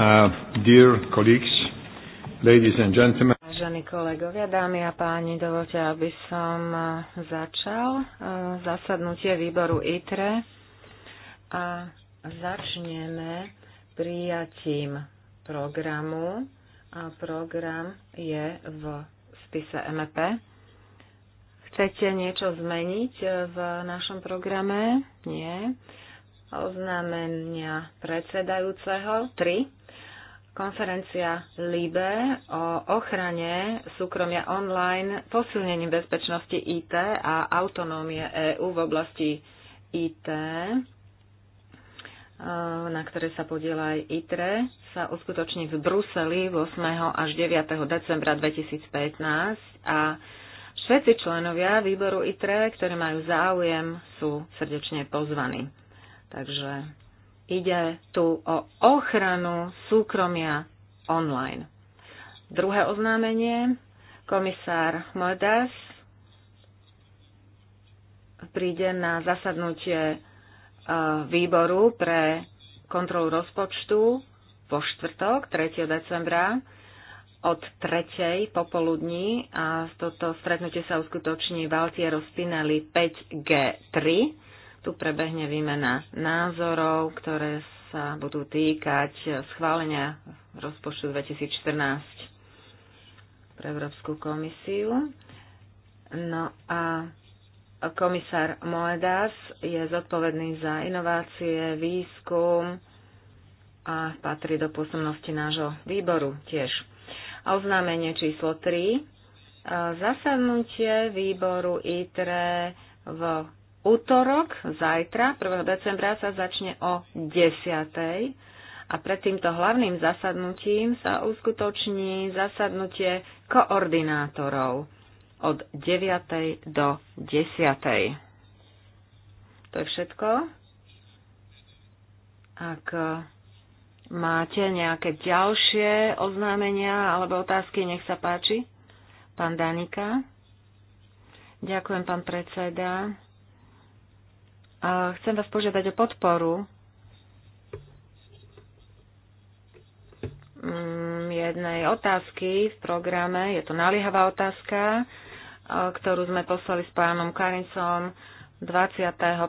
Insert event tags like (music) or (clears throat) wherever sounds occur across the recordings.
Uh, dear colleagues, ladies and gentlemen. Vážení kolegovia, dámy a páni, dovolte, aby som uh, začal uh, zasadnutie výboru ITRE a začneme prijatím programu a program je v spise MEP. Chcete niečo zmeniť uh, v našom programe? Nie. Oznámenia predsedajúceho 3 konferencia LIBE o ochrane súkromia online, posilnení bezpečnosti IT a autonómie EÚ v oblasti IT, e, na ktorej sa podiela aj ITRE, sa uskutoční v Bruseli 8. až 9. decembra 2015 a všetci členovia výboru ITRE, ktorí majú záujem, sú srdečne pozvaní. Takže Ide tu o ochranu súkromia online. Druhé oznámenie. Komisár Moedas príde na zasadnutie e, výboru pre kontrolu rozpočtu vo štvrtok 3. decembra od 3. popoludní a toto stretnutie sa uskutoční Valtiero Spinelli 5G3 tu prebehne výmena názorov, ktoré sa budú týkať schválenia rozpočtu 2014 pre Európsku komisiu. No a komisár Moedas je zodpovedný za inovácie, výskum a patrí do pôsobnosti nášho výboru tiež. A oznámenie číslo 3. Zasadnutie výboru ITRE v útorok, zajtra, 1. decembra sa začne o 10. A pred týmto hlavným zasadnutím sa uskutoční zasadnutie koordinátorov od 9. do 10. To je všetko. Ak máte nejaké ďalšie oznámenia alebo otázky, nech sa páči. Pán Danika. Ďakujem, pán predseda chcem vás požiadať o podporu. Mm, jednej otázky v programe. Je to naliehavá otázka, ktorú sme poslali s pánom Karincom 21.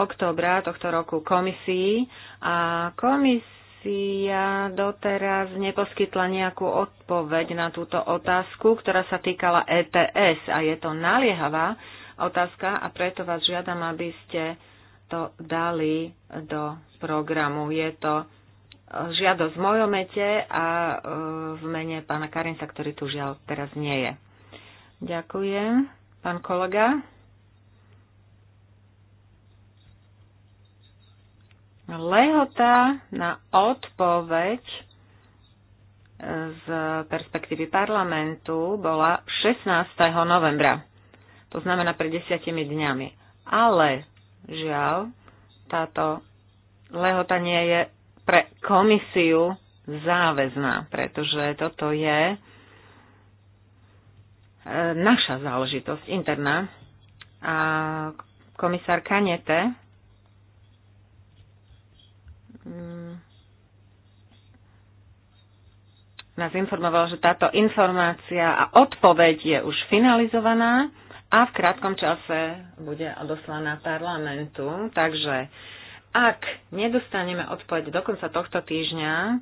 októbra tohto roku komisii a komisia doteraz neposkytla nejakú odpoveď na túto otázku, ktorá sa týkala ETS a je to naliehavá otázka a preto vás žiadam, aby ste to dali do programu. Je to e, žiadosť v mojom mete a e, v mene pána Karinca, ktorý tu žiaľ teraz nie je. Ďakujem. Pán kolega? Lehota na odpoveď e, z perspektívy parlamentu bola 16. novembra. To znamená pred desiatimi dňami. Ale Žiaľ, táto lehota nie je pre komisiu záväzná, pretože toto je e, naša záležitosť interná. A komisár Kanete mm, nás informoval, že táto informácia a odpoveď je už finalizovaná a v krátkom čase bude odoslaná parlamentu. Takže ak nedostaneme odpoveď do konca tohto týždňa,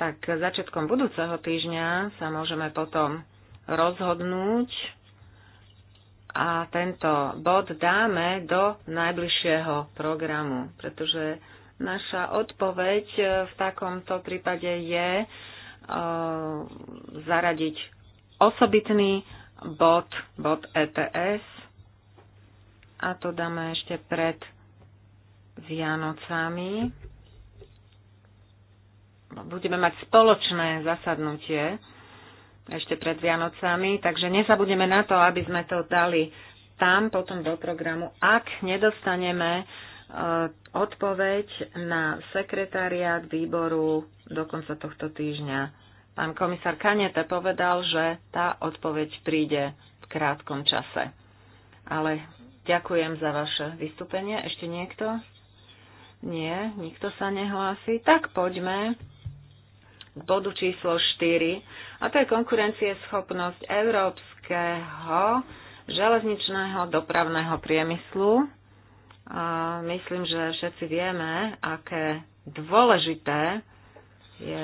tak začiatkom budúceho týždňa sa môžeme potom rozhodnúť a tento bod dáme do najbližšieho programu, pretože naša odpoveď v takomto prípade je eh, zaradiť osobitný bod, bod ETS a to dáme ešte pred Vianocami. Budeme mať spoločné zasadnutie ešte pred Vianocami, takže nezabudeme na to, aby sme to dali tam potom do programu. Ak nedostaneme e, odpoveď na sekretariát výboru do konca tohto týždňa, Pán komisár Kanete povedal, že tá odpoveď príde v krátkom čase. Ale ďakujem za vaše vystúpenie. Ešte niekto? Nie, nikto sa nehlási. Tak poďme k bodu číslo 4. A to je konkurencieschopnosť európskeho železničného dopravného priemyslu. A myslím, že všetci vieme, aké dôležité je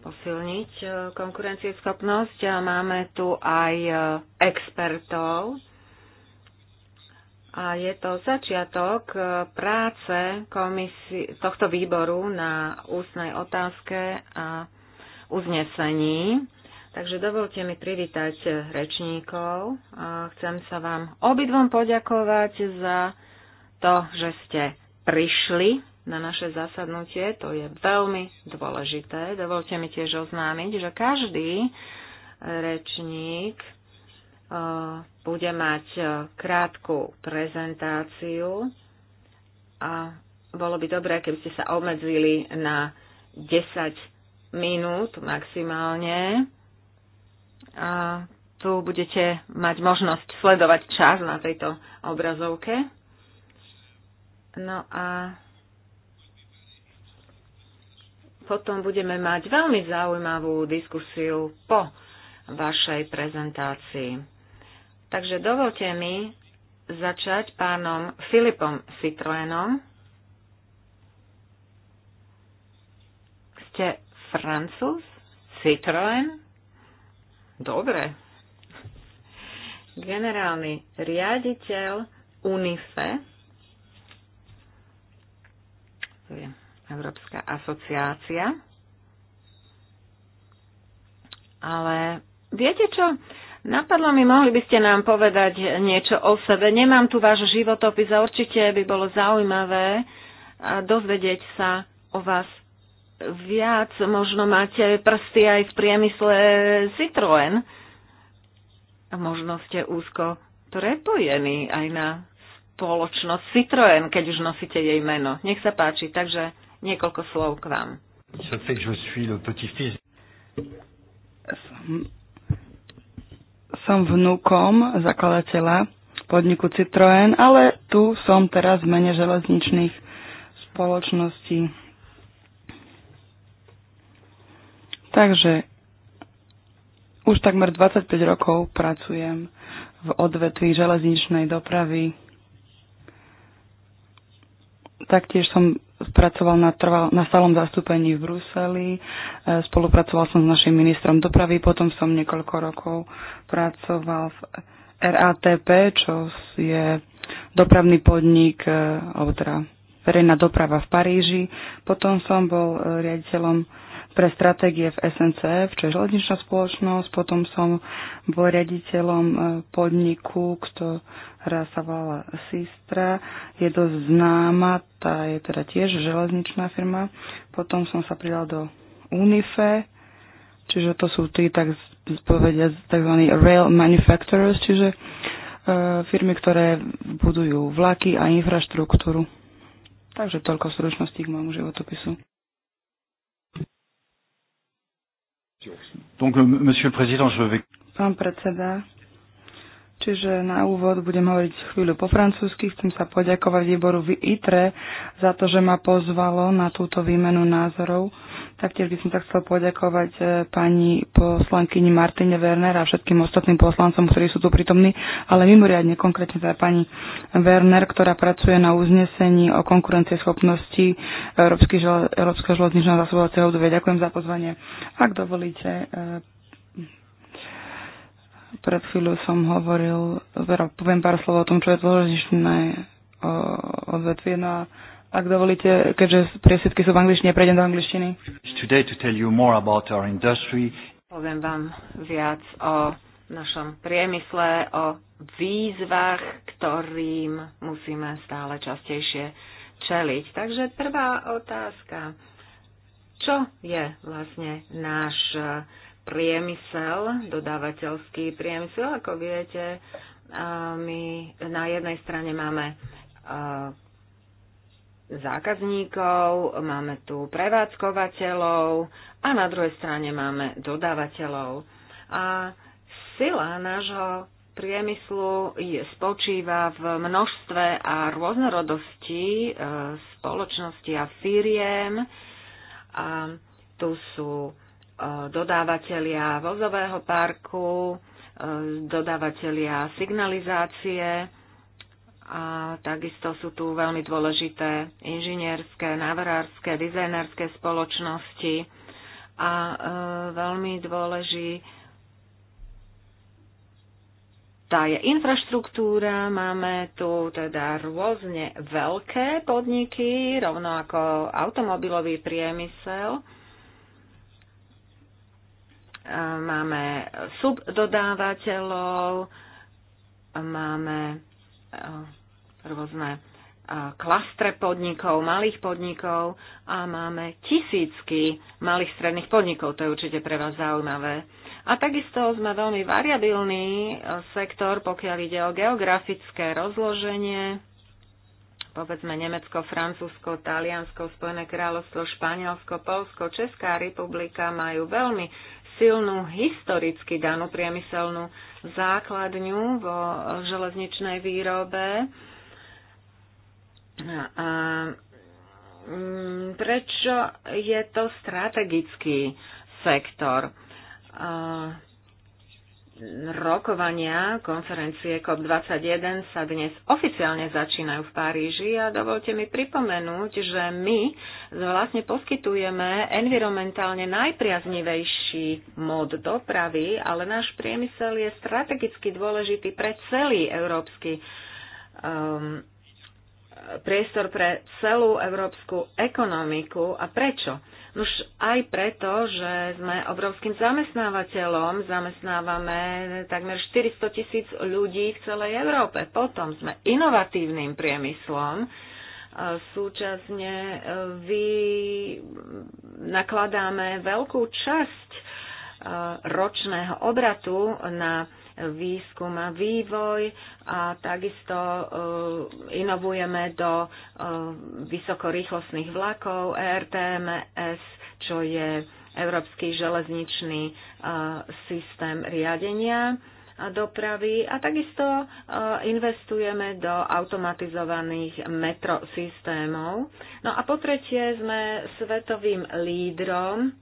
posilniť e, konkurencieschopnosť. Máme tu aj e, expertov a je to začiatok e, práce komisi- tohto výboru na ústnej otázke a uznesení. Takže dovolte mi privítať rečníkov. Chcem sa vám obidvom poďakovať za to, že ste prišli na naše zasadnutie. To je veľmi dôležité. Dovolte mi tiež oznámiť, že každý rečník e, bude mať e, krátku prezentáciu a bolo by dobré, keby ste sa obmedzili na 10 minút maximálne. A tu budete mať možnosť sledovať čas na tejto obrazovke. No a potom budeme mať veľmi zaujímavú diskusiu po vašej prezentácii. Takže dovolte mi začať pánom Filipom Citroenom. Ste Francúz? Citroen? Dobre. Generálny riaditeľ UNIFE. Viem Európska asociácia. Ale viete čo? Napadlo mi, mohli by ste nám povedať niečo o sebe. Nemám tu váš životopis a určite by bolo zaujímavé dozvedieť sa o vás viac. Možno máte prsty aj v priemysle Citroën. A možno ste úzko prepojení aj na spoločnosť Citroën, keď už nosíte jej meno. Nech sa páči. Takže niekoľko slov k vám. Som, som vnúkom zakladateľa podniku Citroën, ale tu som teraz v mene železničných spoločností. Takže už takmer 25 rokov pracujem v odvetví železničnej dopravy. Taktiež som pracoval na, trval, na stálom zastúpení v Bruseli, e, spolupracoval som s našim ministrom dopravy, potom som niekoľko rokov pracoval v RATP, čo je dopravný podnik, e, alebo teda verejná doprava v Paríži. Potom som bol e, riaditeľom pre stratégie v SNCF, čo je železničná spoločnosť. Potom som bol riaditeľom e, podniku, ktorá sa volala Sistra. Je dosť známa, tá je teda tiež železničná firma. Potom som sa pridal do Unife, čiže to sú tí tak povedia tzv. rail manufacturers, čiže e, firmy, ktoré budujú vlaky a infraštruktúru. Takže toľko v stručnosti k môjmu životopisu. Euh, Pán predseda, Čiže na úvod budem hovoriť chvíľu po francúzsky. Chcem sa poďakovať výboru v ITRE za to, že ma pozvalo na túto výmenu názorov Taktiež by som sa chcel poďakovať e, pani poslankyni Martine Werner a všetkým ostatným poslancom, ktorí sú tu prítomní, ale mimoriadne konkrétne teda pani Werner, ktorá pracuje na uznesení o konkurencieschopnosti Európskeho železničného zásobovacieho obdobia. Ďakujem za pozvanie. Ak dovolíte, e, pred chvíľou som hovoril, teda poviem pár slov o tom, čo je dôležitné odvetvie. No a ak dovolíte, keďže priesvedky sú v angličtine, prejdem do angličtiny. Poviem vám viac o našom priemysle, o výzvach, ktorým musíme stále častejšie čeliť. Takže prvá otázka. Čo je vlastne náš priemysel, dodávateľský priemysel? Ako viete, my na jednej strane máme zákazníkov, máme tu prevádzkovateľov a na druhej strane máme dodávateľov. A sila nášho priemyslu spočíva v množstve a rôznorodosti e, spoločnosti a firiem. A tu sú e, dodávateľia vozového parku, e, dodávateľia signalizácie, a takisto sú tu veľmi dôležité inžinierské, návrárske, dizajnerské spoločnosti a e, veľmi dôleží tá je infraštruktúra, máme tu teda rôzne veľké podniky, rovno ako automobilový priemysel. E, máme subdodávateľov, máme e, rôzne klastre podnikov, malých podnikov a máme tisícky malých stredných podnikov. To je určite pre vás zaujímavé. A takisto sme veľmi variabilný e, sektor, pokiaľ ide o geografické rozloženie, povedzme Nemecko, Francúzsko, Taliansko, Spojené kráľovstvo, Španielsko, Polsko, Česká republika majú veľmi silnú historicky danú priemyselnú základňu vo železničnej výrobe a mm, prečo je to strategický sektor? rokovania konferencie COP21 sa dnes oficiálne začínajú v Paríži a dovolte mi pripomenúť, že my vlastne poskytujeme environmentálne najpriaznivejší mod dopravy, ale náš priemysel je strategicky dôležitý pre celý európsky um, priestor pre celú európsku ekonomiku. A prečo? Už aj preto, že sme obrovským zamestnávateľom, zamestnávame takmer 400 tisíc ľudí v celej Európe. Potom sme inovatívnym priemyslom, súčasne e, vy nakladáme veľkú časť e, ročného obratu na výskum a vývoj a takisto eh, inovujeme do eh, vysokorýchlostných vlakov ERTMS, čo je Európsky železničný eh, systém riadenia dopravy a takisto investujeme do automatizovaných metrosystémov. No a po tretie sme svetovým lídrom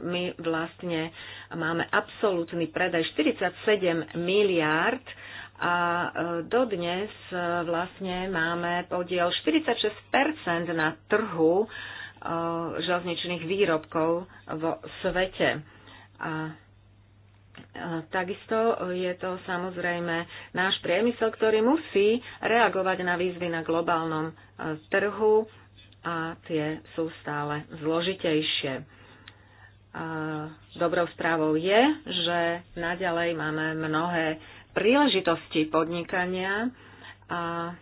my vlastne máme absolútny predaj 47 miliárd a e, dodnes e, vlastne máme podiel 46 na trhu e, železničných výrobkov vo svete. A Takisto je to samozrejme náš priemysel, ktorý musí reagovať na výzvy na globálnom trhu a tie sú stále zložitejšie dobrou správou je, že naďalej máme mnohé príležitosti podnikania a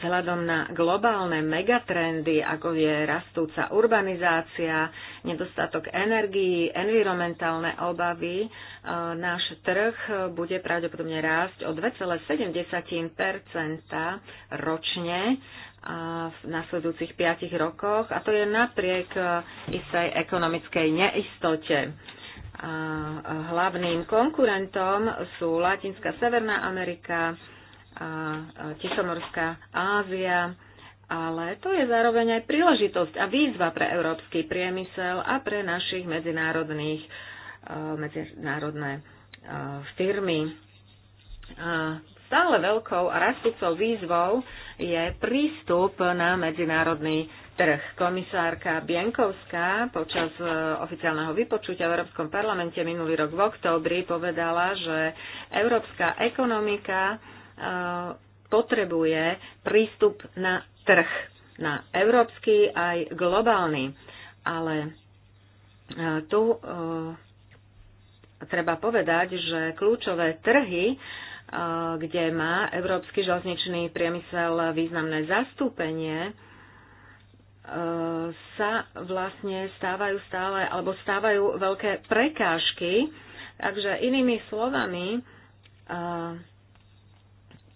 vzhľadom na globálne megatrendy, ako je rastúca urbanizácia, nedostatok energií, environmentálne obavy, e, náš trh bude pravdepodobne rásť o 2,7 ročne v nasledujúcich piatich rokoch a to je napriek e, istej ekonomickej neistote. A e, hlavným konkurentom sú Latinská Severná Amerika, a e, Tichomorská Ázia, ale to je zároveň aj príležitosť a výzva pre európsky priemysel a pre našich medzinárodných, medzinárodné firmy. A stále veľkou a rastúcou výzvou je prístup na medzinárodný trh. Komisárka Bienkovská počas e, oficiálneho vypočutia v Európskom parlamente minulý rok v októbri povedala, že európska ekonomika e, potrebuje prístup na trh, na európsky aj globálny. Ale e, tu treba povedať, že kľúčové trhy kde má európsky železničný priemysel významné zastúpenie, e, sa vlastne stávajú stále, alebo stávajú veľké prekážky. Takže inými slovami, e,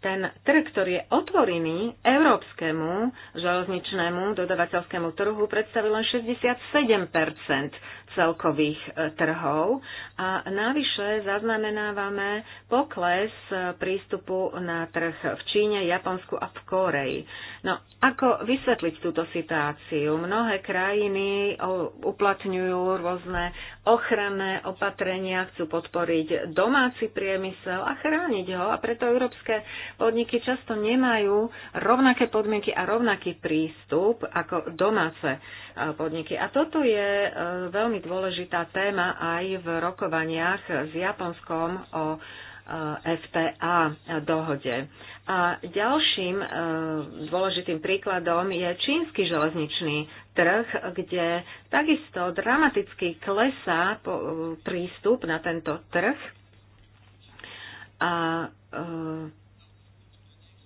ten trh, ktorý je otvorený európskemu železničnému dodavateľskému trhu, predstavil len 67 celkových e, trhov a navyše zaznamenávame pokles e, prístupu na trh v Číne, Japonsku a v Koreji. No, ako vysvetliť túto situáciu? Mnohé krajiny uplatňujú rôzne ochranné opatrenia, chcú podporiť domáci priemysel a chrániť ho a preto európske podniky často nemajú rovnaké podmienky a rovnaký prístup ako domáce e, podniky. A toto je veľmi dôležitá téma aj v rokovaniach s Japonskom o e, FTA dohode. A ďalším e, dôležitým príkladom je čínsky železničný trh, kde takisto dramaticky klesá e, prístup na tento trh. A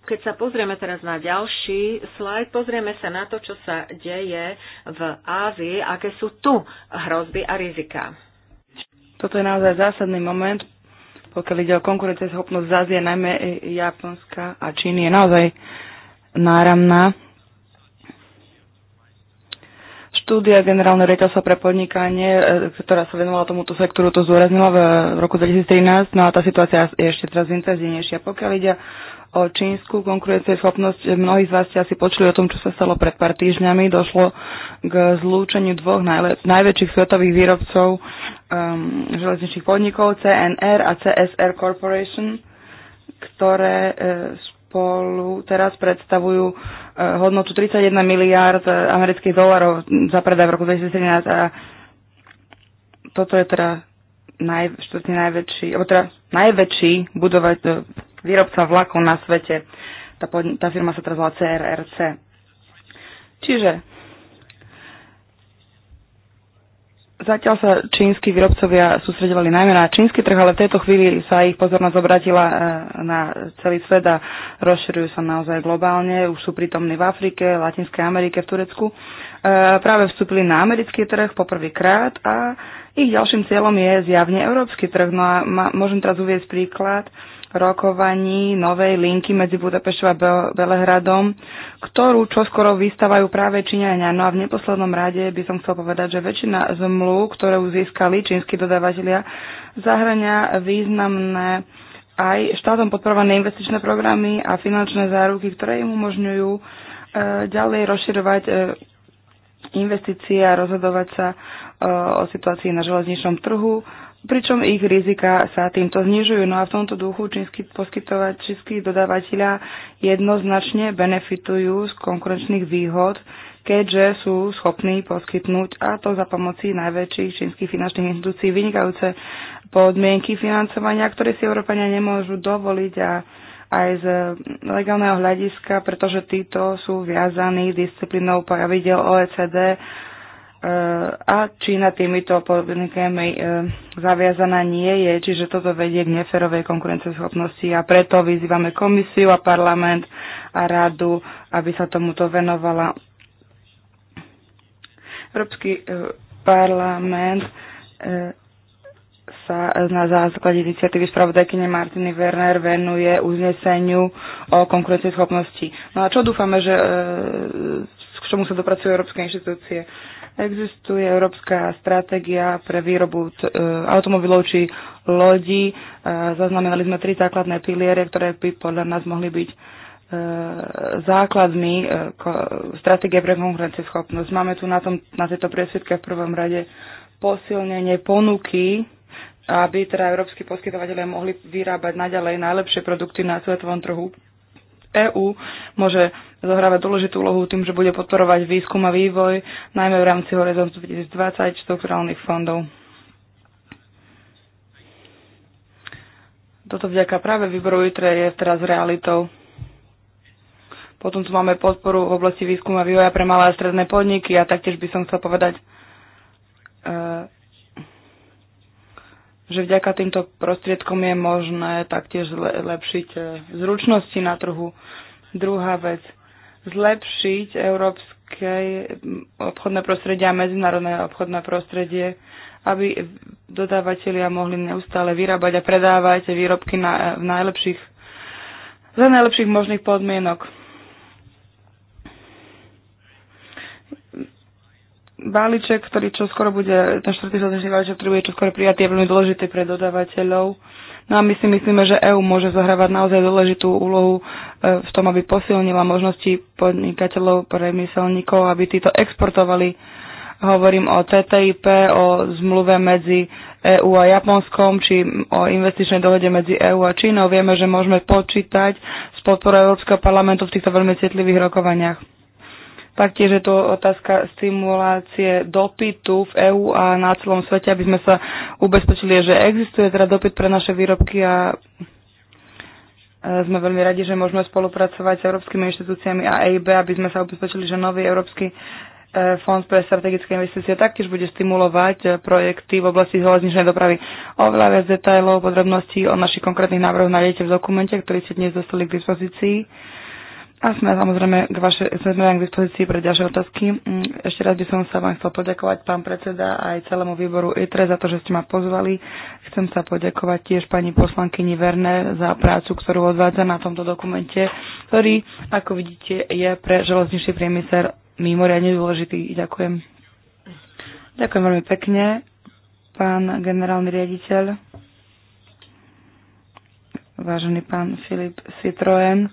keď sa pozrieme teraz na ďalší slajd, pozrieme sa na to, čo sa deje v Ázii, aké sú tu hrozby a rizika. Toto je naozaj zásadný moment, pokiaľ ide o konkurencieschopnosť z Ázie, najmä Japonska a Číny, je naozaj náramná. Štúdia generálneho reťazstva pre podnikanie, e, ktorá sa venovala tomuto sektoru, to zúraznila v roku 2013, no a tá situácia je ešte teraz intenzívnejšia. Pokiaľ ide o čínsku konkurencieschopnosť. Mnohí z vás ste asi počuli o tom, čo sa stalo pred pár týždňami. Došlo k zlúčeniu dvoch najväčších svetových výrobcov um, železničných podnikov CNR a CSR Corporation, ktoré uh, spolu teraz predstavujú uh, hodnotu 31 miliárd e, amerických dolarov za predaj v roku 2017 a toto je teda naj, najväčší, alebo teda najväčší budovať, výrobca vlakov na svete. Tá, tá firma sa teraz volá CRRC. Čiže zatiaľ sa čínsky výrobcovia sústredovali najmä na čínsky trh, ale v tejto chvíli sa ich pozornosť obratila e, na celý svet a rozširujú sa naozaj globálne. Už sú prítomní v Afrike, Latinskej Amerike, v Turecku. E, práve vstúpili na americký trh poprvýkrát a ich ďalším cieľom je zjavne európsky trh. No a môžem teraz uvieť príklad rokovaní novej linky medzi Budapešťou a Belehradom, ktorú čoskoro vystávajú práve Číňania. No a v neposlednom rade by som chcel povedať, že väčšina zmluv, ktoré získali čínsky dodávateľia, zahrania významné aj štátom podporované investičné programy a finančné záruky, ktoré im umožňujú e, ďalej rozširovať e, investície a rozhodovať sa e, o situácii na železničnom trhu, pričom ich rizika sa týmto znižujú. No a v tomto duchu čínsky poskytovať čínsky dodávateľa jednoznačne benefitujú z konkurenčných výhod, keďže sú schopní poskytnúť, a to za pomoci najväčších čínskych finančných inštitúcií, vynikajúce podmienky financovania, ktoré si Európania nemôžu dovoliť a aj z legálneho hľadiska, pretože títo sú viazaní disciplínou pravidel OECD a Čína týmito podnikami e, zaviazaná nie je, čiže toto vedie k neferovej konkurenceschopnosti a preto vyzývame komisiu a parlament a radu, aby sa tomuto venovala. Európsky e, parlament e, sa na základe iniciatívy spravodajkyne Martiny Werner venuje uzneseniu o konkurencieschopnosti. No a čo dúfame, že k čomu sa dopracujú európske inštitúcie? Existuje európska stratégia pre výrobu t- e, automobilov či lodí. E, zaznamenali sme tri základné piliere, ktoré by podľa nás mohli byť e, základmi stratégie pre konkurencieschopnosť. Máme tu na, tom, na tejto presvedke v prvom rade posilnenie ponuky, aby teda európsky poskytovateľe mohli vyrábať naďalej najlepšie produkty na svetovom trhu. EÚ môže zohráva dôležitú úlohu tým, že bude podporovať výskum a vývoj, najmä v rámci Horizontu 2020 štrukturálnych fondov. Toto vďaka práve výboru ITRE je teraz realitou. Potom tu máme podporu v oblasti výskuma a vývoja pre malé a stredné podniky a taktiež by som chcel povedať, eh, že vďaka týmto prostriedkom je možné taktiež zlepšiť eh, zručnosti na trhu. Druhá vec, zlepšiť európske obchodné prostredie a medzinárodné obchodné prostredie, aby dodávateľia mohli neustále vyrábať a predávať výrobky na, v najlepších, za najlepších možných podmienok. balíček, ktorý čo skoro bude, ten štvrtý železničný balíček, ktorý bude čo skoro prijatý, je veľmi dôležitý pre dodávateľov No a my si myslíme, že EÚ môže zohrávať naozaj dôležitú úlohu e, v tom, aby posilnila možnosti podnikateľov, priemyselníkov, aby títo exportovali. Hovorím o TTIP, o zmluve medzi EÚ a Japonskom, či o investičnej dohode medzi EÚ a Čínou. Vieme, že môžeme počítať s podporou Európskeho parlamentu v týchto veľmi citlivých rokovaniach. Taktiež je to otázka stimulácie dopytu v EÚ a na celom svete, aby sme sa ubezpečili, že existuje teda dopyt pre naše výrobky a e, sme veľmi radi, že môžeme spolupracovať s európskymi inštitúciami a EIB, aby sme sa ubezpečili, že nový európsky e, Fond pre strategické investície taktiež bude stimulovať e, projekty v oblasti železničnej dopravy. Oveľa viac detajlov, podrobností o našich konkrétnych návrhoch nájdete v dokumente, ktorý ste dnes dostali k dispozícii. A sme samozrejme k vašej, sme k dispozícii pre ďalšie otázky. Mm, ešte raz by som sa vám chcel poďakovať, pán predseda, aj celému výboru ITRE za to, že ste ma pozvali. Chcem sa poďakovať tiež pani poslankyni Verne za prácu, ktorú odvádza na tomto dokumente, ktorý, ako vidíte, je pre železničný priemysel mimoriadne dôležitý. Ďakujem. Ďakujem veľmi pekne, pán generálny riaditeľ, vážený pán Filip Citroen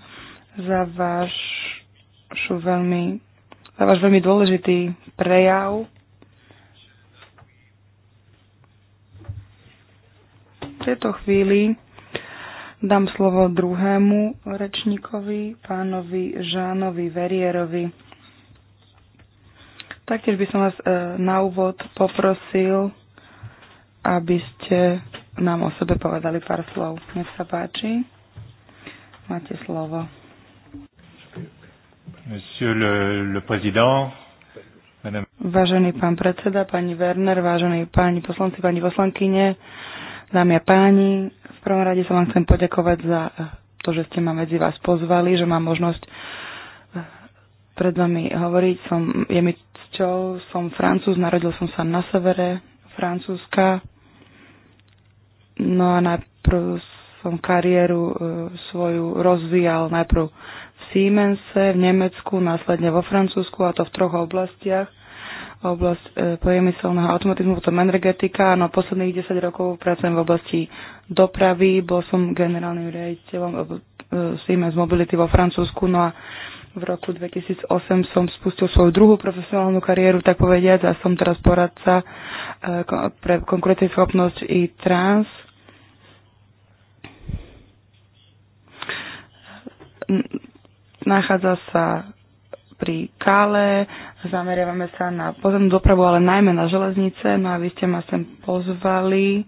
za váš veľmi, za váš veľmi dôležitý prejav. V tejto chvíli dám slovo druhému rečníkovi, pánovi Žánovi Verierovi. Taktiež by som vás e, na úvod poprosil, aby ste nám o sebe povedali pár slov. Nech sa páči. Máte slovo. Vážený pán predseda, pani Werner, vážení páni poslanci, pani poslankyne, dámy a páni, v prvom rade sa vám chcem poďakovať za eh, to, že ste ma medzi vás pozvali, že mám možnosť eh, pred vami hovoriť. Som, je mi cťou, som francúz, narodil som sa na severe Francúzska. No a najprv som kariéru eh, svoju rozvíjal najprv Siemense v Nemecku, následne vo Francúzsku a to v troch oblastiach. Oblasť e, priemyselného automatizmu, potom energetika. No posledných 10 rokov pracujem v oblasti dopravy, bol som generálnym riaditeľom e, e Siemens Mobility vo Francúzsku, no a v roku 2008 som spustil svoju druhú profesionálnu kariéru, tak povediať, a som teraz poradca e, pre schopnosť i trans. Nachádza sa pri Kále, zameriavame sa na pozemnú dopravu, ale najmä na železnice. No a vy ste ma sem pozvali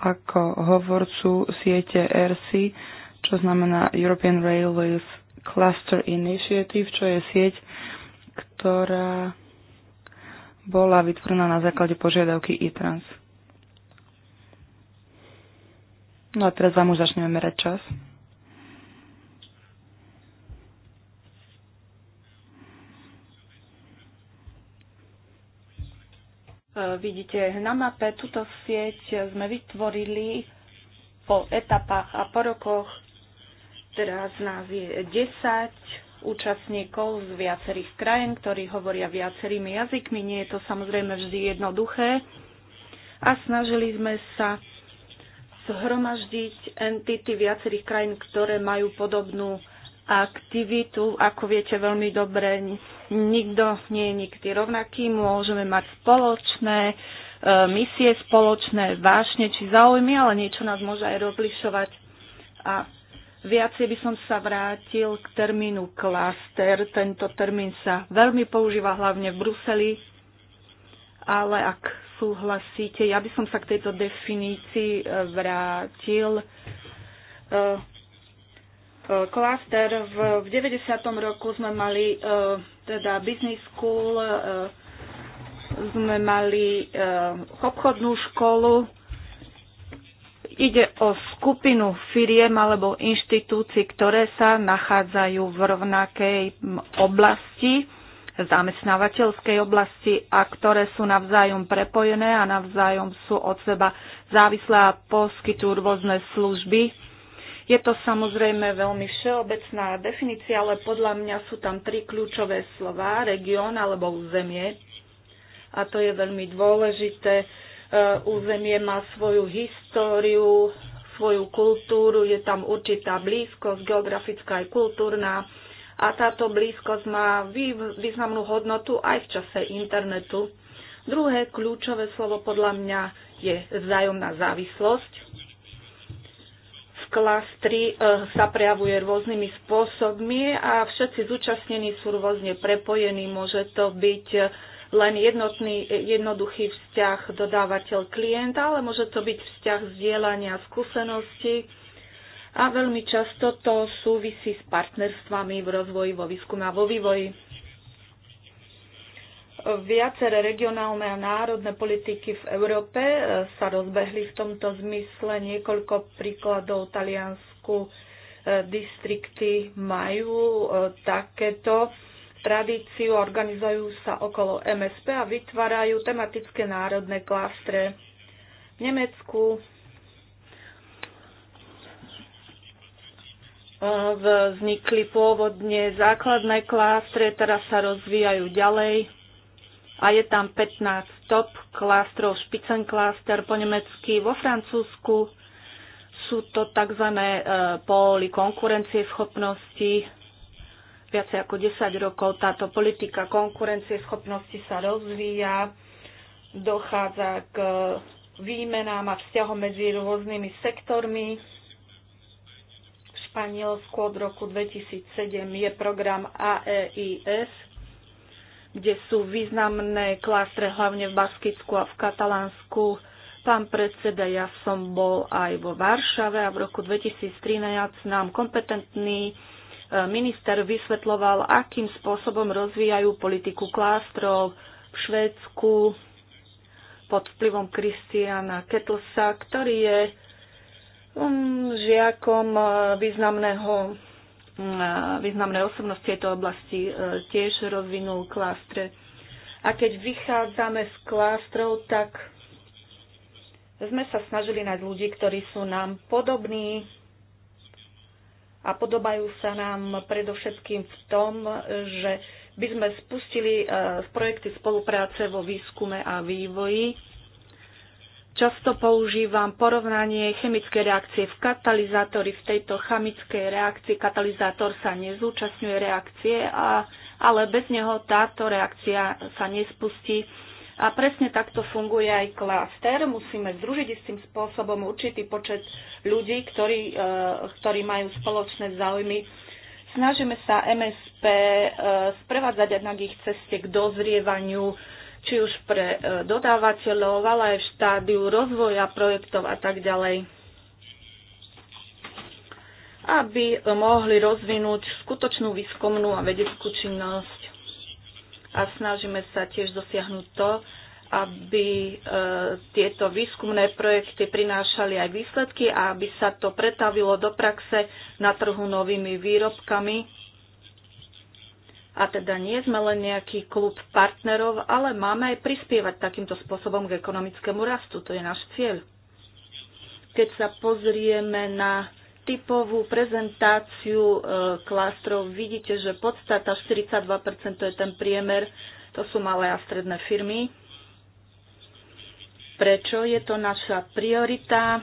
ako hovorcu siete ERSI, čo znamená European Railways Cluster Initiative, čo je sieť, ktorá bola vytvorená na základe požiadavky e-trans. No a teraz vám už začneme merať čas. Eh, vidíte na mape, túto sieť sme vytvorili po etapách a po rokoch. Teraz nás je 10 účastníkov z viacerých krajín, ktorí hovoria viacerými jazykmi. Nie je to samozrejme vždy jednoduché. A snažili sme sa zhromaždiť entity viacerých krajín, ktoré majú podobnú aktivitu. Ako viete veľmi dobre, nikto nie je nikdy rovnaký. Môžeme mať spoločné e, misie, spoločné vášne či záujmy, ale niečo nás môže aj rozlišovať. A viacej by som sa vrátil k termínu klaster. Tento termín sa veľmi používa hlavne v Bruseli, ale ak súhlasíte, ja by som sa k tejto definícii e, vrátil. E, klaster. V, v 90. roku sme mali e, teda business school, e, sme mali e, obchodnú školu. Ide o skupinu firiem alebo inštitúcií, ktoré sa nachádzajú v rovnakej oblasti, zamestnávateľskej oblasti a ktoré sú navzájom prepojené a navzájom sú od seba závislé a poskytujú rôzne služby je to samozrejme veľmi všeobecná definícia, ale podľa mňa sú tam tri kľúčové slova, región alebo územie. A to je veľmi dôležité. E, územie má svoju históriu, svoju kultúru, je tam určitá blízkosť, geografická aj kultúrna. A táto blízkosť má významnú hodnotu aj v čase internetu. Druhé kľúčové slovo podľa mňa je vzájomná závislosť klastry eh, sa prejavuje rôznymi spôsobmi a všetci zúčastnení sú rôzne prepojení. Môže to byť eh, len jednotný, eh, jednoduchý vzťah dodávateľ-klient, ale môže to byť vzťah zdieľania skúseností a veľmi často to súvisí s partnerstvami v rozvoji, vo výskume a vo vývoji. Viaceré regionálne a národné politiky v Európe e, sa rozbehli v tomto zmysle. Niekoľko príkladov Taliansku e, distrikty majú e, takéto tradíciu, organizujú sa okolo MSP a vytvárajú tematické národné klastre. V Nemecku vznikli pôvodne základné klástre, teraz sa rozvíjajú ďalej a je tam 15 top klástrov, špicenkláster po nemecky, vo Francúzsku sú to tzv. E, poli konkurencie schopnosti. Viacej ako 10 rokov táto politika konkurencie schopnosti sa rozvíja, dochádza k výmenám a vzťahom medzi rôznymi sektormi. V Španielsku od roku 2007 je program AEIS, kde sú významné klastre, hlavne v Baskicku a v Katalánsku. Pán predseda, ja som bol aj vo Varšave a v roku 2013 nám kompetentný e, minister vysvetloval, akým spôsobom rozvíjajú politiku klástrov v Švédsku pod vplyvom Kristiana Ketlsa, ktorý je mm, žiakom e, významného významné osobnosti tejto oblasti e, tiež rozvinul klástre. A keď vychádzame z klástrov, tak sme sa snažili nájsť ľudí, ktorí sú nám podobní a podobajú sa nám predovšetkým v tom, že by sme spustili e, projekty spolupráce vo výskume a vývoji Často používam porovnanie chemickej reakcie v katalizátori. V tejto chemickej reakcii katalizátor sa nezúčastňuje reakcie, a, ale bez neho táto reakcia sa nespustí. A presne takto funguje aj klaster. Musíme združiť istým spôsobom určitý počet ľudí, ktorí, e, ktorí majú spoločné záujmy. Snažíme sa MSP e, sprevádzať na ich ceste k dozrievaniu, či už pre e, dodávateľov, ale aj v štádiu rozvoja projektov a tak ďalej aby mohli rozvinúť skutočnú výskumnú a vedeckú činnosť. A snažíme sa tiež dosiahnuť to, aby e, tieto výskumné projekty prinášali aj výsledky a aby sa to pretavilo do praxe na trhu novými výrobkami a teda nie sme len nejaký klub partnerov, ale máme aj prispievať takýmto spôsobom k ekonomickému rastu. To je náš cieľ. Keď sa pozrieme na typovú prezentáciu e, klástrov, vidíte, že podstata 42% to je ten priemer, to sú malé a stredné firmy. Prečo je to naša priorita?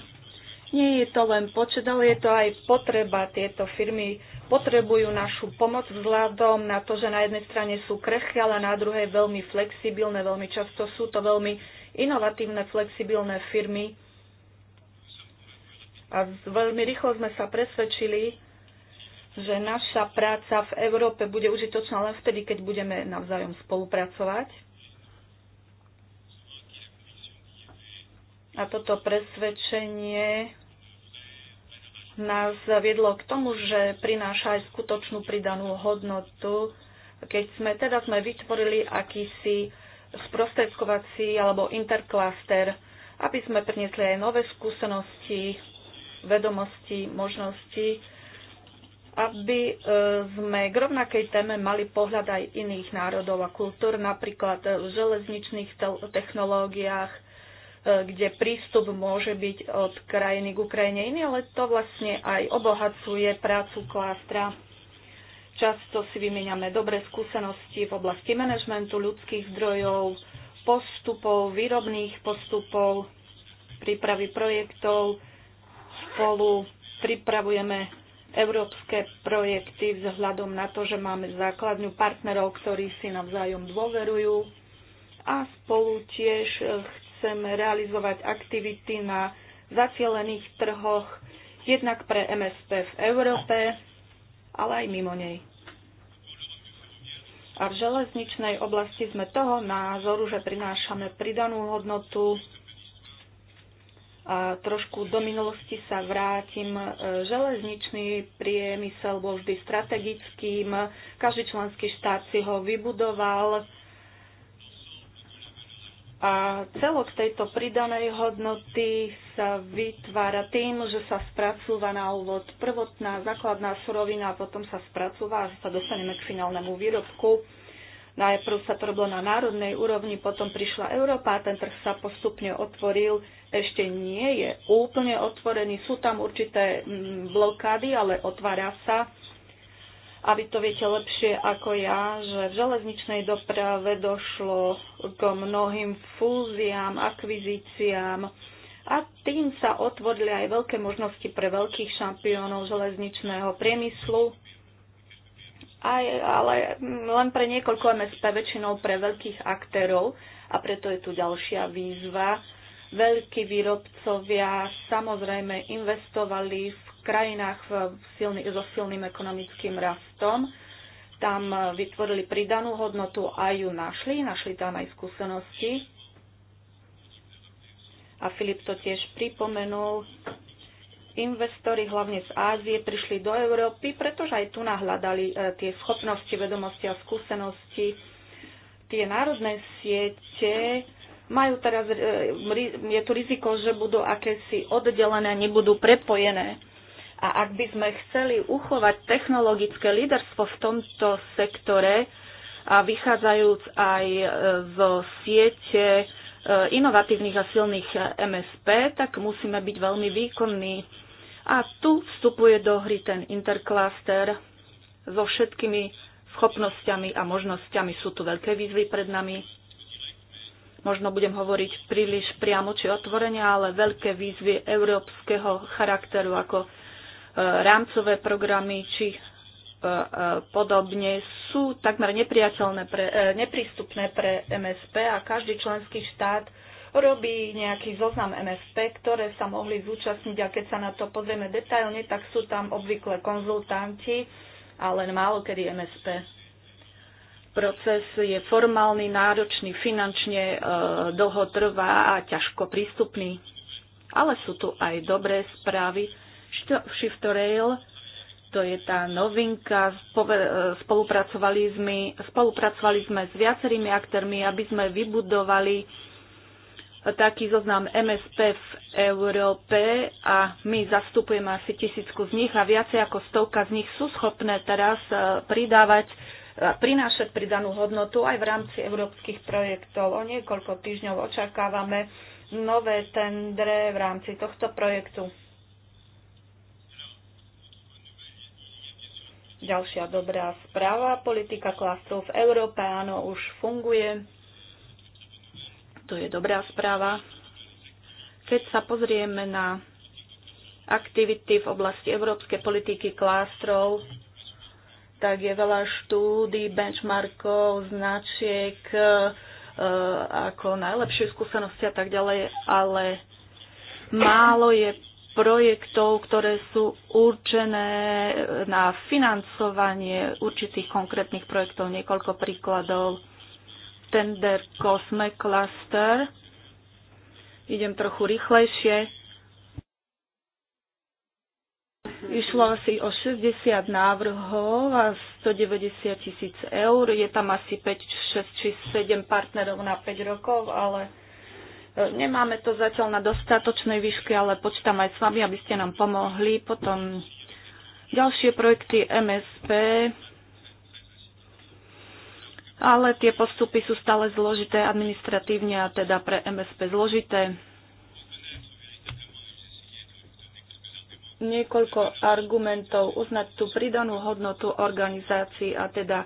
Nie je to len počet, ale je to aj potreba. Tieto firmy potrebujú našu pomoc vzhľadom na to, že na jednej strane sú krehké, ale na druhej veľmi flexibilné. Veľmi často sú to veľmi inovatívne, flexibilné firmy. A veľmi rýchlo sme sa presvedčili, že naša práca v Európe bude užitočná len vtedy, keď budeme navzájom spolupracovať. A toto presvedčenie nás viedlo k tomu, že prináša aj skutočnú pridanú hodnotu, keď sme teda sme vytvorili akýsi sprostredkovací alebo interklaster, aby sme priniesli aj nové skúsenosti, vedomosti, možnosti, aby e, sme k rovnakej téme mali pohľad aj iných národov a kultúr, napríklad v železničných technológiách, kde prístup môže byť od krajiny k Ukrajine iný, ale to vlastne aj obohacuje prácu klástra. Často si vymeniame dobré skúsenosti v oblasti manažmentu ľudských zdrojov, postupov, výrobných postupov, prípravy projektov. Spolu pripravujeme európske projekty vzhľadom na to, že máme základňu partnerov, ktorí si navzájom dôverujú a spolu tiež chceme realizovať aktivity na zacielených trhoch, jednak pre MSP v Európe, ale aj mimo nej. A v železničnej oblasti sme toho názoru, že prinášame pridanú hodnotu. A trošku do minulosti sa vrátim. E, železničný priemysel bol vždy strategickým. Každý členský štát si ho vybudoval a celok tejto pridanej hodnoty sa vytvára tým, že sa spracúva na úvod prvotná základná surovina a potom sa spracúva, až sa dostaneme k finálnemu výrobku. Najprv sa to robilo na národnej úrovni, potom prišla Európa a ten trh sa postupne otvoril. Ešte nie je úplne otvorený, sú tam určité mm, blokády, ale otvára sa a vy to viete lepšie ako ja, že v železničnej doprave došlo k mnohým fúziám, akvizíciám a tým sa otvorili aj veľké možnosti pre veľkých šampiónov železničného priemyslu, aj, ale len pre niekoľko MSP, väčšinou pre veľkých aktérov a preto je tu ďalšia výzva. Veľkí výrobcovia samozrejme investovali v krajinách silný, so silným ekonomickým rastom. Tam eh, vytvorili pridanú hodnotu a ju našli, našli tam aj skúsenosti. A Filip to tiež pripomenul, investori hlavne z Ázie prišli do Európy, pretože aj tu nahľadali eh, tie schopnosti, vedomosti a skúsenosti. Tie národné siete majú teraz, eh, je tu riziko, že budú akési oddelené, nebudú prepojené. A ak by sme chceli uchovať technologické líderstvo v tomto sektore a vychádzajúc aj e, zo siete e, inovatívnych a silných MSP, tak musíme byť veľmi výkonní. A tu vstupuje do hry ten interklaster so všetkými schopnosťami a možnosťami. Sú tu veľké výzvy pred nami. Možno budem hovoriť príliš priamo či otvorene, ale veľké výzvy európskeho charakteru ako rámcové programy či e, e, podobne sú takmer nepriateľné pre, e, neprístupné pre MSP a každý členský štát robí nejaký zoznam MSP, ktoré sa mohli zúčastniť a keď sa na to pozrieme detailne, tak sú tam obvykle konzultanti a len málo kedy MSP. Proces je formálny, náročný, finančne e, dlho trvá a ťažko prístupný. Ale sú tu aj dobré správy. Shift Rail, to je tá novinka, spolupracovali sme, spolupracovali sme s viacerými aktérmi, aby sme vybudovali taký zoznam MSP v Európe a my zastupujeme asi tisícku z nich a viacej ako stovka z nich sú schopné teraz e, pridávať e, prinášať pridanú hodnotu aj v rámci európskych projektov. O niekoľko týždňov očakávame nové tendre v rámci tohto projektu. Ďalšia dobrá správa. Politika klasov v Európe, áno, už funguje. To je dobrá správa. Keď sa pozrieme na aktivity v oblasti európskej politiky klástrov, tak je veľa štúdí, benchmarkov, značiek, e, ako najlepšie skúsenosti a tak ďalej, ale málo je projektov, ktoré sú určené na financovanie určitých konkrétnych projektov. Niekoľko príkladov. Tender Cosme Cluster. Idem trochu rýchlejšie. Išlo asi o 60 návrhov a 190 tisíc eur. Je tam asi 5, 6 či 7 partnerov na 5 rokov, ale Nemáme to zatiaľ na dostatočnej výške, ale počítam aj s vami, aby ste nám pomohli. Potom ďalšie projekty MSP, ale tie postupy sú stále zložité administratívne a teda pre MSP zložité. Niekoľko argumentov uznať tú pridanú hodnotu organizácií a teda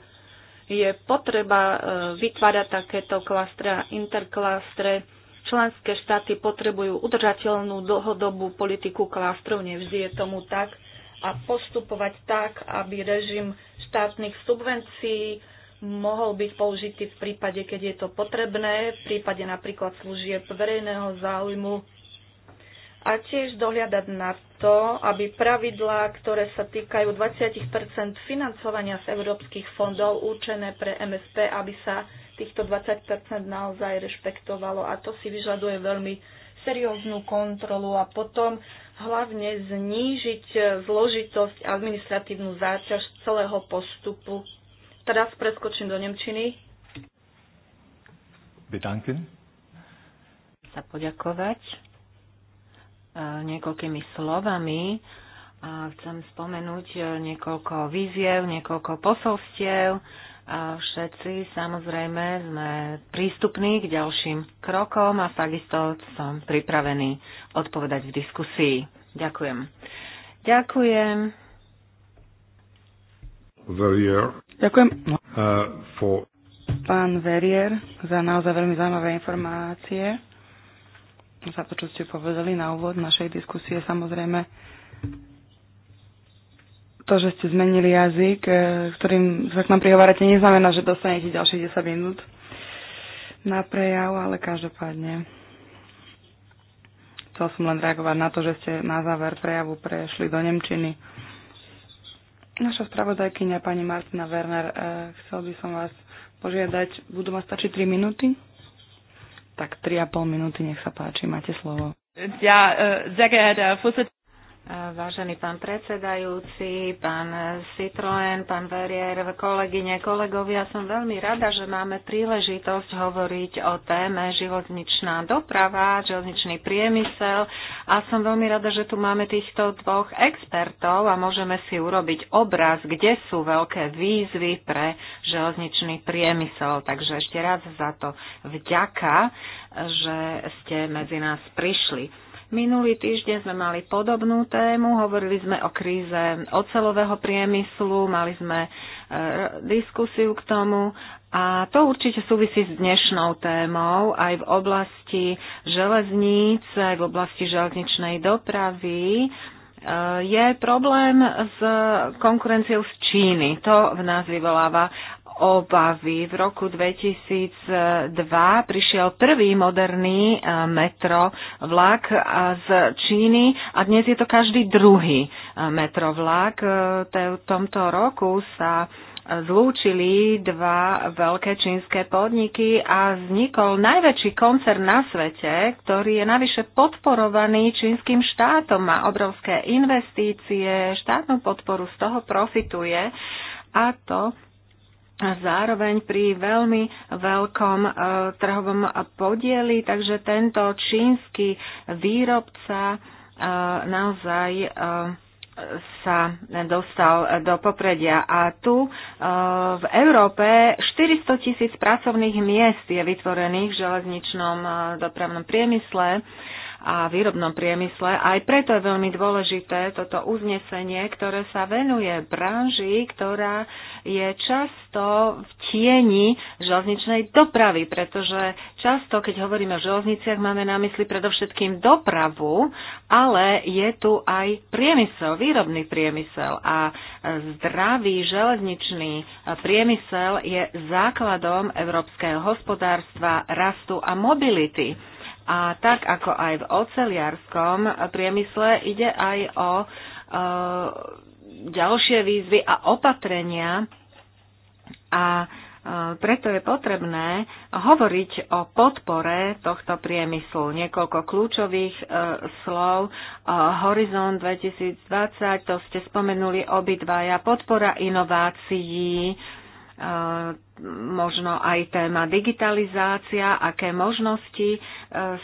je potreba e, vytvárať takéto klastre a interklastre Členské štáty potrebujú udržateľnú dlhodobú politiku klástrov, nevždy je tomu tak, a postupovať tak, aby režim štátnych subvencií mohol byť použitý v prípade, keď je to potrebné, v prípade napríklad služieb verejného záujmu a tiež dohľadať na to, aby pravidlá, ktoré sa týkajú 20 financovania z európskych fondov určené pre MSP, aby sa týchto 20 naozaj rešpektovalo a to si vyžaduje veľmi serióznu kontrolu a potom hlavne znížiť zložitosť a administratívnu záťaž celého postupu. Teraz preskočím do Nemčiny. Bedanken. Sa poďakovať e, niekoľkými slovami. A chcem spomenúť e, niekoľko víziev, niekoľko posolstiev, a všetci samozrejme sme prístupní k ďalším krokom a takisto som pripravený odpovedať v diskusii. Ďakujem. Ďakujem. Verier. Ďakujem. Uh, for... Pán Verier za naozaj veľmi zaujímavé informácie za to, čo ste povedali na úvod našej diskusie. Samozrejme, to, že ste zmenili jazyk, e, ktorým sa k nám prihovárate, neznamená, že dostanete ďalších 10 minút na prejav, ale každopádne chcel som len reagovať na to, že ste na záver prejavu prešli do Nemčiny. Naša spravodajkynia pani Martina Werner, e, chcel by som vás požiadať, budú ma stačiť 3 minúty? Tak 3,5 minúty, nech sa páči, máte slovo. Ja, e, sehr geehrter Vorsitzender. Vážený pán predsedajúci, pán Citroen, pán Verier, kolegyne, kolegovia, som veľmi rada, že máme príležitosť hovoriť o téme železničná doprava, železničný priemysel a som veľmi rada, že tu máme týchto dvoch expertov a môžeme si urobiť obraz, kde sú veľké výzvy pre železničný priemysel. Takže ešte raz za to vďaka, že ste medzi nás prišli. Minulý týždeň sme mali podobnú tému, hovorili sme o kríze ocelového priemyslu, mali sme e, diskusiu k tomu a to určite súvisí s dnešnou témou aj v oblasti železníc, aj v oblasti železničnej dopravy. Eh, je problém s konkurenciou z Číny. To v nás vyvoláva obavy. V roku 2002 prišiel prvý moderný eh, metro vlak eh, z Číny a dnes je to každý druhý metro vlak. V tomto roku sa zlúčili dva veľké čínske podniky a vznikol najväčší koncern na svete, ktorý je navyše podporovaný čínskym štátom, má obrovské investície, štátnu podporu z toho profituje a to zároveň pri veľmi veľkom e, trhovom podieli, takže tento čínsky výrobca e, naozaj e, sa dostal do popredia. A tu e, v Európe 400 tisíc pracovných miest je vytvorených v železničnom e, dopravnom priemysle a výrobnom priemysle. Aj preto je veľmi dôležité toto uznesenie, ktoré sa venuje branži, ktorá je často v tieni železničnej dopravy, pretože často, keď hovoríme o železniciach, máme na mysli predovšetkým dopravu, ale je tu aj priemysel, výrobný priemysel a zdravý železničný priemysel je základom európskeho hospodárstva, rastu a mobility. A tak ako aj v oceliarskom priemysle ide aj o e, ďalšie výzvy a opatrenia a e, preto je potrebné hovoriť o podpore tohto priemyslu. Niekoľko kľúčových e, slov. E, Horizon 2020, to ste spomenuli obidvaja, podpora inovácií, e, možno aj téma digitalizácia, aké možnosti e,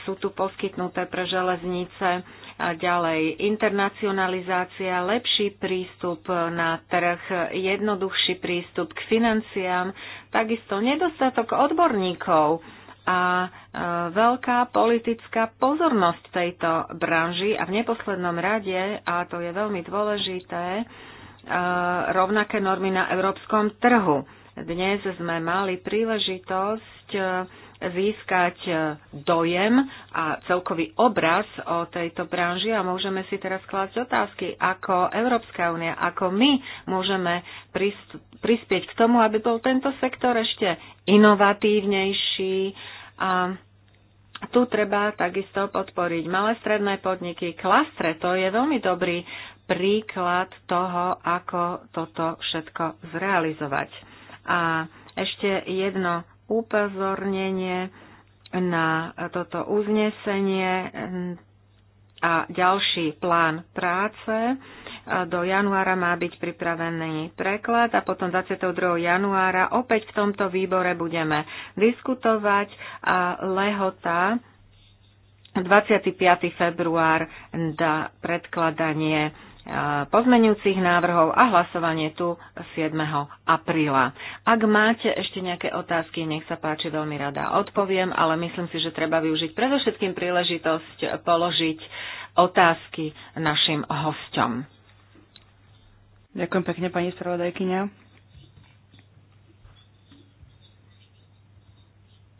sú tu poskytnuté pre železnice a ďalej internacionalizácia, lepší prístup na trh, jednoduchší prístup k financiám, takisto nedostatok odborníkov a e, veľká politická pozornosť tejto branži a v neposlednom rade, a to je veľmi dôležité, e, rovnaké normy na európskom trhu. Dnes sme mali príležitosť eh, získať eh, dojem a celkový obraz o tejto branži a môžeme si teraz klásť otázky, ako Európska únia, ako my môžeme prispieť k tomu, aby bol tento sektor ešte inovatívnejší a tu treba takisto podporiť malé stredné podniky. Klastre to je veľmi dobrý príklad toho, ako toto všetko zrealizovať. A ešte jedno upozornenie na toto uznesenie mm, a ďalší plán práce. Do januára má byť pripravený preklad a potom 22. januára opäť v tomto výbore budeme diskutovať a lehota 25. február na predkladanie pozmenujúcich návrhov a hlasovanie tu 7. apríla. Ak máte ešte nejaké otázky, nech sa páči, veľmi rada odpoviem, ale myslím si, že treba využiť predovšetkým príležitosť položiť otázky našim hostom. Ďakujem pekne, pani spravodajkyňa.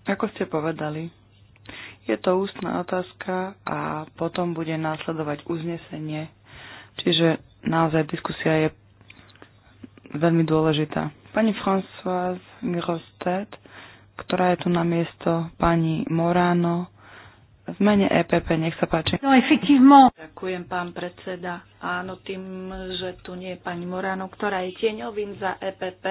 Ako ste povedali, je to ústna otázka a potom bude následovať uznesenie Čiže naozaj diskusia je veľmi dôležitá. Pani Françoise Grostet, ktorá je tu na miesto pani Morano, v mene EPP, nech sa páči. No, efektívmo. Ďakujem, pán predseda. Áno, tým, že tu nie je pani Morano, ktorá je tieňovým za EPP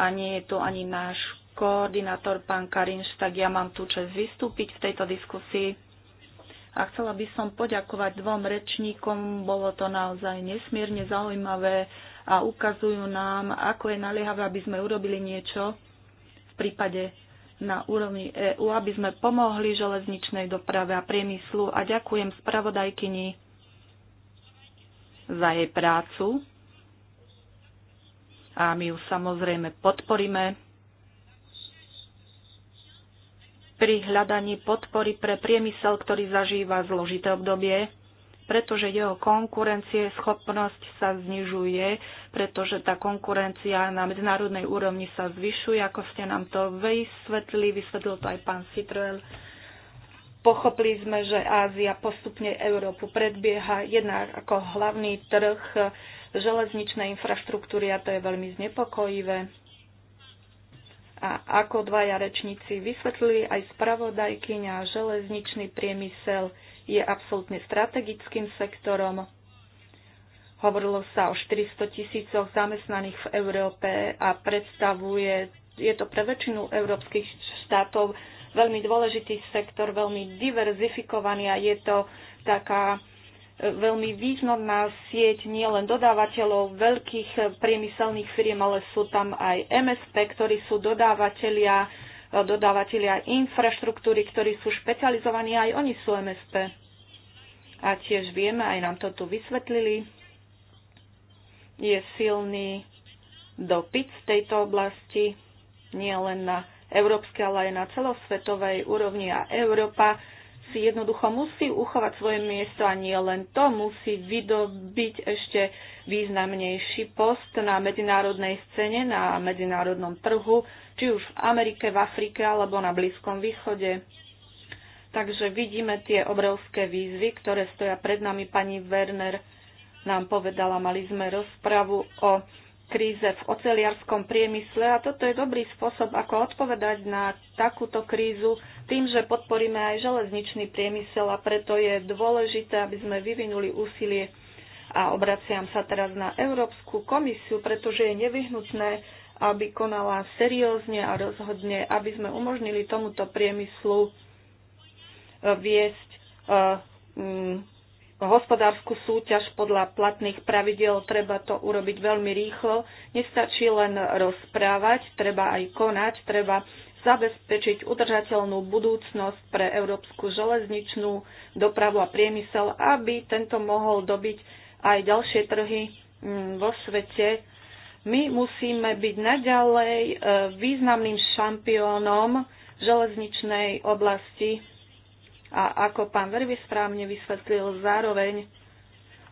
a nie je tu ani náš koordinátor, pán Karinš, tak ja mám tu čas vystúpiť v tejto diskusii a chcela by som poďakovať dvom rečníkom, bolo to naozaj nesmierne zaujímavé a ukazujú nám, ako je naliehavé, aby sme urobili niečo v prípade na úrovni EÚ, aby sme pomohli železničnej doprave a priemyslu a ďakujem spravodajkyni za jej prácu a my ju samozrejme podporíme pri hľadaní podpory pre priemysel, ktorý zažíva zložité obdobie, pretože jeho konkurencie schopnosť sa znižuje, pretože tá konkurencia na medzinárodnej úrovni sa zvyšuje, ako ste nám to vysvetli, vysvetlil to aj pán Citroel. Pochopili sme, že Ázia postupne Európu predbieha jednak ako hlavný trh železničnej infraštruktúry a to je veľmi znepokojivé. A ako dvaja rečníci vysvetlili, aj spravodajkyňa železničný priemysel je absolútne strategickým sektorom. Hovorilo sa o 400 tisícoch zamestnaných v Európe a predstavuje, je to pre väčšinu európskych štátov veľmi dôležitý sektor, veľmi diverzifikovaný a je to taká veľmi významná sieť nielen dodávateľov veľkých priemyselných firiem, ale sú tam aj MSP, ktorí sú dodávateľia, dodávateľia infraštruktúry, ktorí sú špecializovaní, aj oni sú MSP. A tiež vieme, aj nám to tu vysvetlili, je silný dopyt v tejto oblasti, nie len na európskej, ale aj na celosvetovej úrovni a Európa si jednoducho musí uchovať svoje miesto a nie len to, musí vydobiť ešte významnejší post na medzinárodnej scéne, na medzinárodnom trhu, či už v Amerike, v Afrike alebo na Blízkom východe. Takže vidíme tie obrovské výzvy, ktoré stoja pred nami. Pani Werner nám povedala, mali sme rozpravu o kríze v oceliarskom priemysle a toto je dobrý spôsob, ako odpovedať na takúto krízu tým, že podporíme aj železničný priemysel a preto je dôležité, aby sme vyvinuli úsilie a obraciam sa teraz na Európsku komisiu, pretože je nevyhnutné, aby konala seriózne a rozhodne, aby sme umožnili tomuto priemyslu eh, viesť eh, hospodárskú súťaž podľa platných pravidel, treba to urobiť veľmi rýchlo. Nestačí len rozprávať, treba aj konať, treba zabezpečiť udržateľnú budúcnosť pre európsku železničnú dopravu a priemysel, aby tento mohol dobiť aj ďalšie trhy mm, vo svete. My musíme byť naďalej e, významným šampiónom železničnej oblasti a ako pán Verby správne vysvetlil, zároveň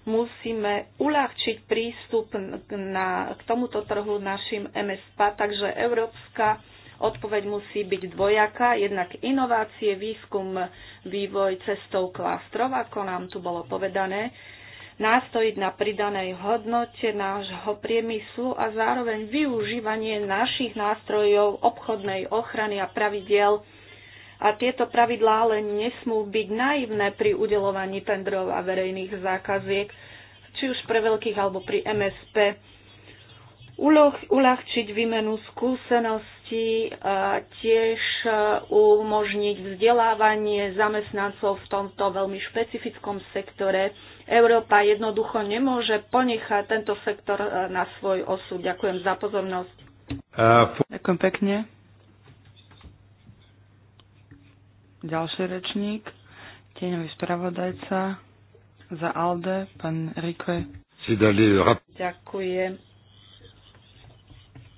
musíme uľahčiť prístup na, k tomuto trhu našim MSP, takže európska odpoveď musí byť dvojaká, jednak inovácie, výskum, vývoj cestou klástrov, ako nám tu bolo povedané, nástojiť na pridanej hodnote nášho priemyslu a zároveň využívanie našich nástrojov obchodnej ochrany a pravidiel a tieto pravidlá ale nesmú byť naivné pri udelovaní tendrov a verejných zákaziek, či už pre veľkých alebo pri MSP. Uloh, uľahčiť výmenu skúseností, a tiež uh, umožniť vzdelávanie zamestnancov v tomto veľmi špecifickom sektore. Európa jednoducho nemôže ponechať tento sektor uh, na svoj osud. Ďakujem za pozornosť. Ďakujem pekne. Ďalší rečník, tieňový spravodajca za ALDE, pán Rikve. Ďakujem.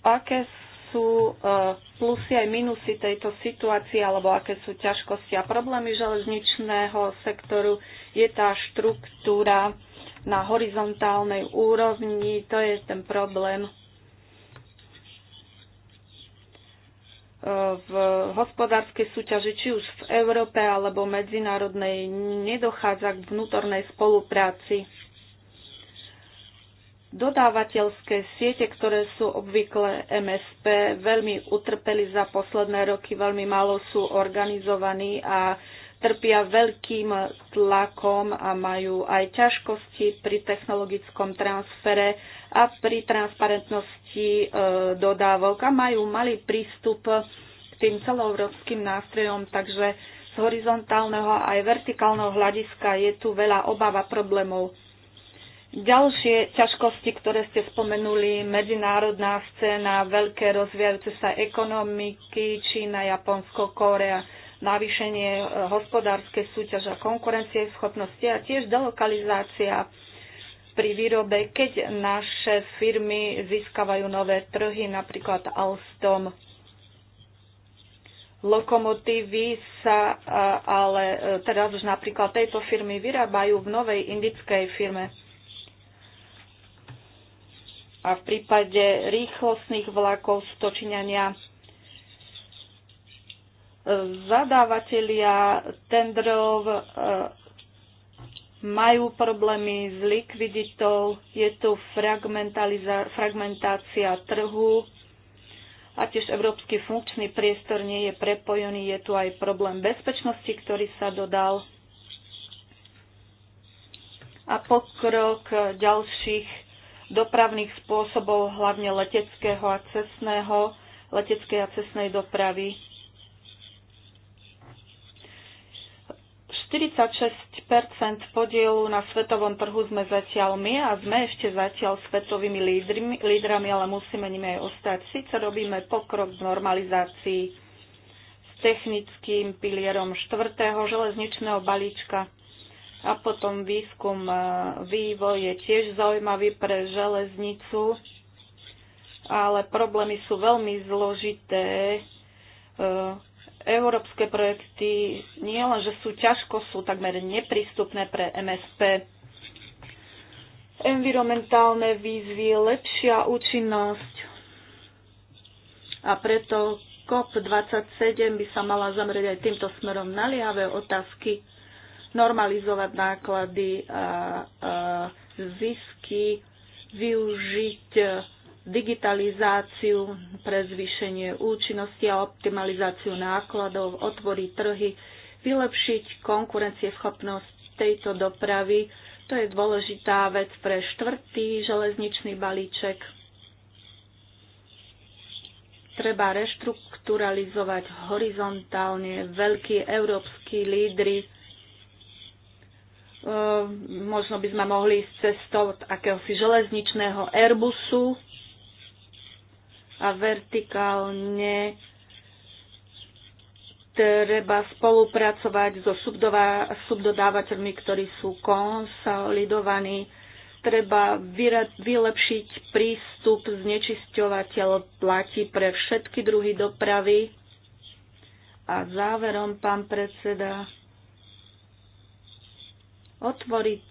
Aké sú e, plusy aj minusy tejto situácie, alebo aké sú ťažkosti a problémy železničného sektoru, je tá štruktúra na horizontálnej úrovni, to je ten problém. v hospodárskej súťaži, či už v Európe alebo medzinárodnej, nedochádza k vnútornej spolupráci. Dodávateľské siete, ktoré sú obvykle MSP, veľmi utrpeli za posledné roky, veľmi málo sú organizovaní a trpia veľkým tlakom a majú aj ťažkosti pri technologickom transfere a pri transparentnosti e, dodávok a majú malý prístup k tým celoeurópskym nástrojom, takže z horizontálneho aj vertikálneho hľadiska je tu veľa obava problémov. Ďalšie ťažkosti, ktoré ste spomenuli, medzinárodná scéna, veľké rozvíjajúce sa ekonomiky, Čína, Japonsko, Kórea navýšenie e, hospodárskej súťaže a konkurencie schopnosti a tiež delokalizácia pri výrobe, keď naše firmy získavajú nové trhy, napríklad Alstom. Lokomotívy sa e, ale e, teraz už napríklad tejto firmy vyrábajú v novej indickej firme. A v prípade rýchlostných vlakov stočinania zadávateľia tendrov e, majú problémy s likviditou, je tu fragmentácia trhu a tiež európsky funkčný priestor nie je prepojený, je tu aj problém bezpečnosti, ktorý sa dodal a pokrok ďalších dopravných spôsobov, hlavne leteckého a cestného, leteckej a cestnej dopravy 46 podielu na svetovom trhu sme zatiaľ my a sme ešte zatiaľ svetovými lídrami, lídrami ale musíme nimi aj ostať. Sice robíme pokrok v normalizácii s technickým pilierom štvrtého železničného balíčka a potom výskum e, vývoj je tiež zaujímavý pre železnicu, ale problémy sú veľmi zložité e, Európske projekty nie len, že sú ťažko, sú takmer neprístupné pre MSP. Environmentálne výzvy, lepšia účinnosť a preto COP27 by sa mala zamerať aj týmto smerom naliehavé otázky, normalizovať náklady a, a zisky, využiť digitalizáciu pre zvýšenie účinnosti a optimalizáciu nákladov, otvoriť trhy, vylepšiť konkurencieschopnosť tejto dopravy. To je dôležitá vec pre štvrtý železničný balíček. Treba reštrukturalizovať horizontálne veľkí európsky lídry, ehm, možno by sme mohli ísť cestou akéhosi železničného Airbusu, a vertikálne treba spolupracovať so subdodávateľmi, ktorí sú konsolidovaní. Treba vylepšiť prístup znečisťovateľ platí pre všetky druhy dopravy. A záverom, pán predseda, otvoriť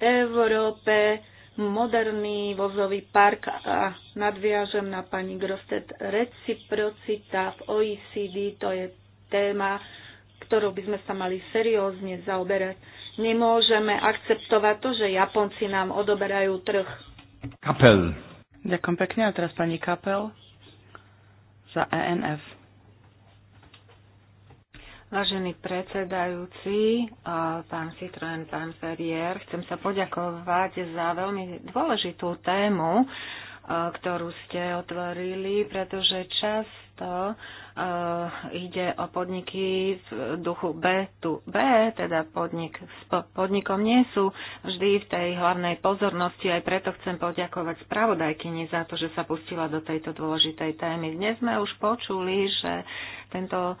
v Európe moderný vozový park a nadviažem na pani Grosted. Reciprocita v OECD to je téma, ktorou by sme sa mali seriózne zaoberať. Nemôžeme akceptovať to, že Japonci nám odoberajú trh. Kapel. Ďakujem pekne a teraz pani Kapel za ENF. Vážený predsedajúci, pán Citroen, pán Ferrier, chcem sa poďakovať za veľmi dôležitú tému, ktorú ste otvorili, pretože často eh, ide o podniky v duchu B tu B, teda podnik s podnikom nie sú vždy v tej hlavnej pozornosti, aj preto chcem poďakovať spravodajkyni za to, že sa pustila do tejto dôležitej témy. Dnes sme už počuli, že tento eh,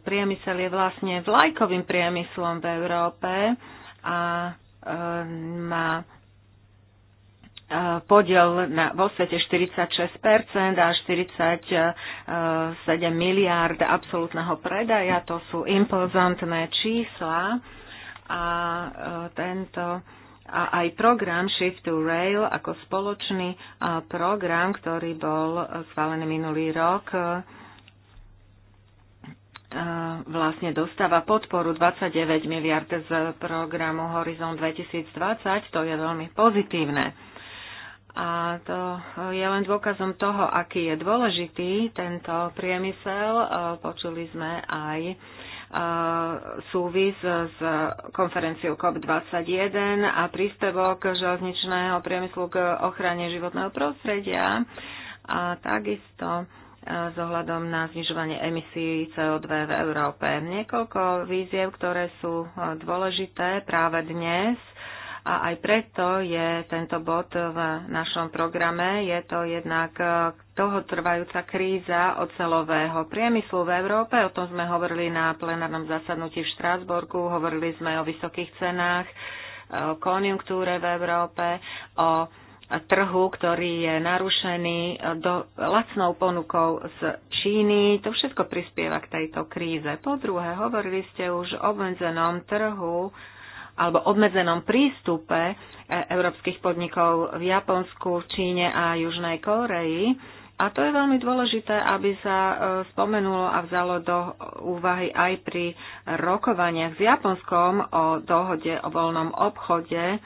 priemysel je vlastne vlajkovým priemyslom v Európe a eh, má podiel na, vo svete 46% a 47 miliárd absolútneho predaja. To sú impozantné čísla a e, tento a aj program Shift to Rail ako spoločný e, program, ktorý bol schválený minulý rok, e, vlastne dostáva podporu 29 miliard z programu Horizon 2020. To je veľmi pozitívne. A to je len dôkazom toho, aký je dôležitý tento priemysel. E, počuli sme aj e, súvis s konferenciou COP21 a príspevok železničného priemyslu k ochrane životného prostredia a takisto e, s ohľadom na znižovanie emisí CO2 v Európe. Niekoľko víziev, ktoré sú dôležité práve dnes a aj preto je tento bod v našom programe. Je to jednak e, trvajúca kríza ocelového priemyslu v Európe. O tom sme hovorili na plenárnom zasadnutí v Štrásburgu. Hovorili sme o vysokých cenách, e, o konjunktúre v Európe, o trhu, ktorý je narušený e, do lacnou ponukou z Číny. To všetko prispieva k tejto kríze. Po druhé, hovorili ste už o obmedzenom trhu alebo obmedzenom prístupe e, európskych podnikov v Japonsku, v Číne a Južnej Koreji. A to je veľmi dôležité, aby sa e, spomenulo a vzalo do úvahy aj pri rokovaniach s Japonskom o dohode o voľnom obchode, e,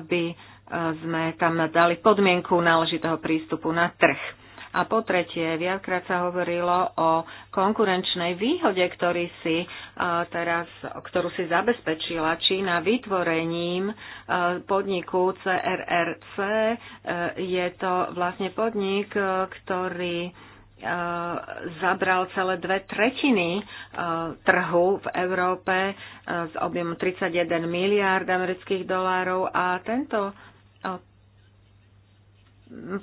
aby sme tam dali podmienku náležitého prístupu na trh. A po tretie, viackrát sa hovorilo o konkurenčnej výhode, ktorý si, e, teraz, ktorú si zabezpečila Čína vytvorením e, podniku CRRC. E, je to vlastne podnik, ktorý zabral celé dve tretiny trhu v Európe s objemom 31 miliárd amerických dolárov a tento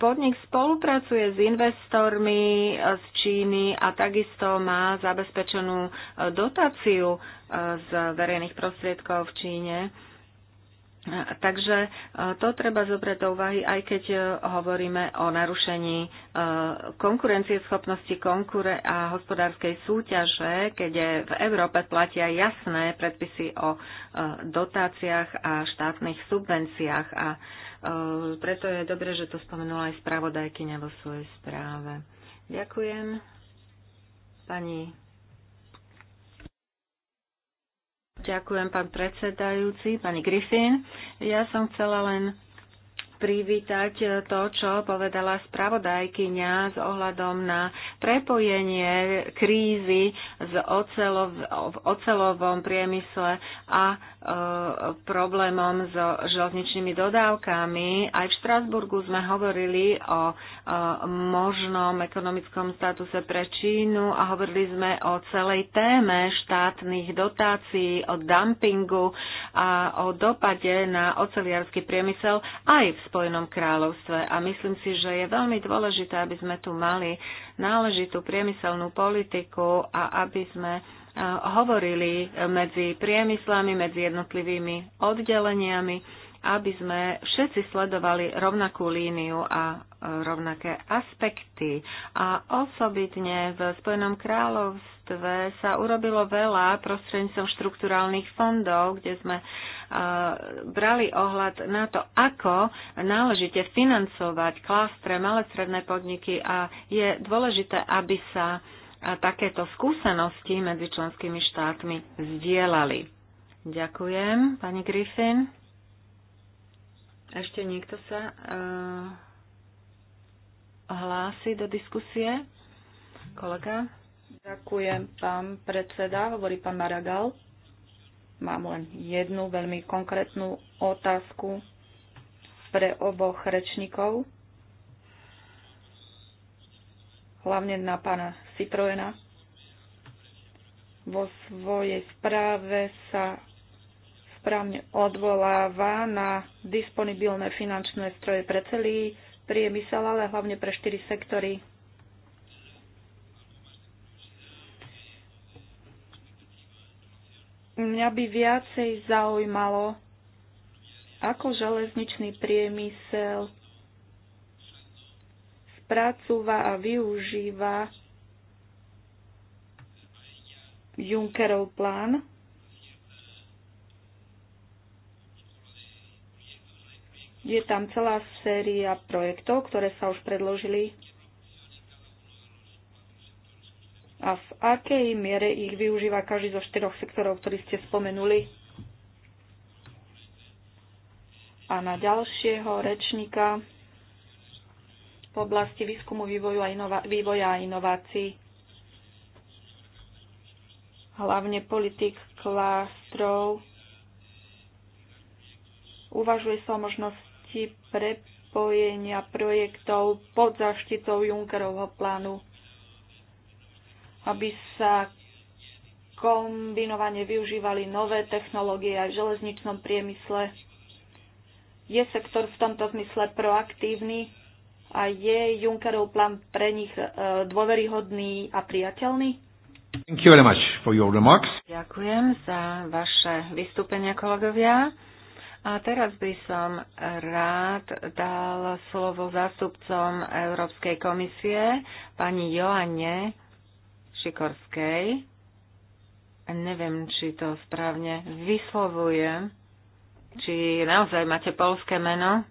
podnik spolupracuje s investormi z Číny a takisto má zabezpečenú e, dotáciu e, z verejných prostriedkov v Číne. E, takže to treba zobrať do úvahy, aj keď hovoríme o narušení konkurencieschopnosti konkure a hospodárskej súťaže, keď je v Európe platia jasné predpisy o dotáciách a štátnych subvenciách. A Eh, preto je dobre, že to spomenula aj spravodajkyňa vo svojej správe. Ďakujem. Pani. Ďakujem, pán predsedajúci, pani Griffin. Ja som chcela len privítať e, to, čo povedala spravodajkyňa s ohľadom na prepojenie krízy z ocelov, v ocelovom priemysle a e, problémom so železničnými dodávkami. Aj v Štrasburgu sme hovorili o e, možnom ekonomickom statuse pre Čínu a hovorili sme o celej téme štátnych dotácií, o dumpingu a o dopade na oceliarský priemysel aj v Spojenom kráľovstve. A myslím si, že je veľmi dôležité, aby sme tu mali náležitú priemyselnú politiku a aby sme eh, hovorili medzi priemyslami, medzi jednotlivými oddeleniami, aby sme všetci sledovali rovnakú líniu a rovnaké aspekty. A osobitne v Spojenom kráľovstve sa urobilo veľa prostredníctvom štrukturálnych fondov, kde sme brali ohľad na to, ako náležite financovať klástre, malé stredné podniky a je dôležité, aby sa takéto skúsenosti medzi členskými štátmi zdieľali. Ďakujem, pani Griffin. Ešte niekto sa uh hlási do diskusie? Kolega? Ďakujem, pán predseda, hovorí pán Maragal. Mám len jednu veľmi konkrétnu otázku pre oboch rečníkov, hlavne na pána Citroena. Vo svojej správe sa správne odvoláva na disponibilné finančné stroje pre celý priemysel, ale hlavne pre štyri sektory. Mňa by viacej zaujímalo, ako železničný priemysel spracúva a využíva Junckerov plán Je tam celá séria projektov, ktoré sa už predložili a v akej miere ich využíva každý zo štyroch sektorov, ktorý ste spomenuli. A na ďalšieho rečníka v oblasti výskumu vývoju a inova- vývoja a inovácií hlavne politik klástrov. Uvažuje sa o možnosti možnosti prepojenia projektov pod zaštitou Junckerovho plánu, aby sa kombinovane využívali nové technológie aj v železničnom priemysle. Je sektor v tomto zmysle proaktívny a je Junckerov plán pre nich e, dôveryhodný a priateľný? Thank you very much for your remarks. Ďakujem za vaše vystúpenia, kolegovia. A teraz by som rád dal slovo zástupcom Európskej komisie, pani Joanne Šikorskej. Neviem, či to správne vyslovujem, či naozaj máte polské meno.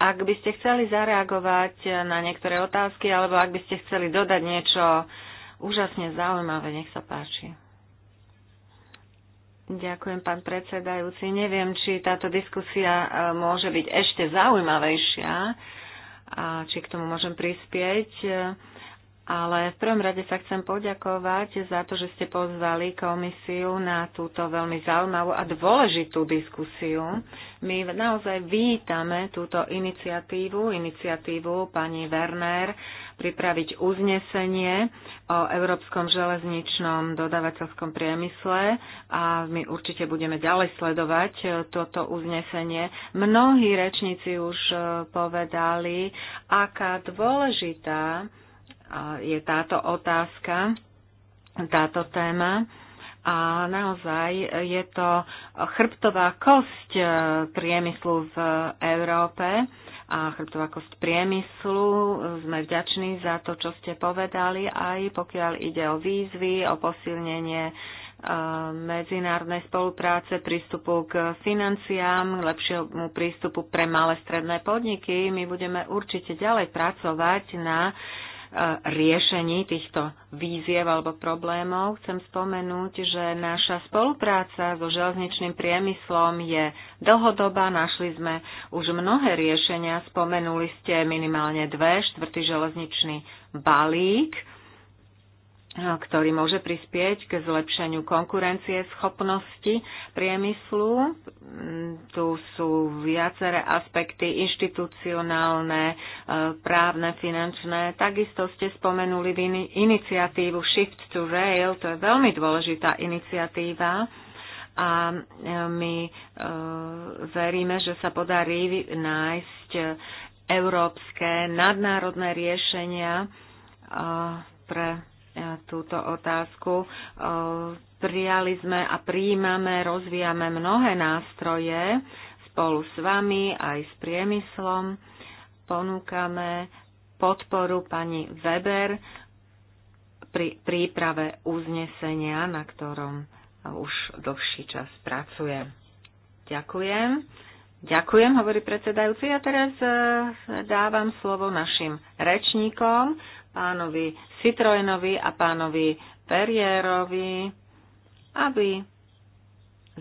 Ak by ste chceli zareagovať na niektoré otázky, alebo ak by ste chceli dodať niečo úžasne zaujímavé, nech sa páči. Ďakujem, pán predsedajúci. Neviem, či táto diskusia e, môže byť ešte zaujímavejšia, a či k tomu môžem prispieť. E, ale v prvom rade sa chcem poďakovať za to, že ste pozvali komisiu na túto veľmi zaujímavú a dôležitú diskusiu. My naozaj vítame túto iniciatívu, iniciatívu pani Werner, pripraviť uznesenie o európskom železničnom dodávateľskom priemysle a my určite budeme ďalej sledovať e, toto uznesenie. Mnohí rečníci už e, povedali, aká dôležitá je táto otázka, táto téma a naozaj je to chrbtová kosť e, priemyslu v Európe a chrbtovakosť priemyslu. Sme vďační za to, čo ste povedali, aj pokiaľ ide o výzvy, o posilnenie e, medzinárodnej spolupráce, prístupu k financiám, lepšiemu prístupu pre malé stredné podniky. My budeme určite ďalej pracovať na uh, riešení týchto výziev alebo problémov. Chcem spomenúť, že naša spolupráca so železničným priemyslom je dlhodobá. Našli sme už mnohé riešenia. Spomenuli ste minimálne dve, štvrtý železničný balík ktorý môže prispieť k zlepšeniu konkurencie schopnosti priemyslu. Tu sú viaceré aspekty inštitucionálne, e, právne, finančné. Takisto ste spomenuli iniciatívu Shift to Rail, to je veľmi dôležitá iniciatíva a e, my e, veríme, že sa podarí nájsť európske nadnárodné riešenia pre túto otázku. Prijali sme a prijímame, rozvíjame mnohé nástroje spolu s vami aj s priemyslom. Ponúkame podporu pani Weber pri príprave uznesenia, na ktorom už dlhší čas pracuje. Ďakujem. Ďakujem, hovorí predsedajúci. A teraz e, dávam slovo našim rečníkom pánovi Citroenovi a pánovi Perierovi, aby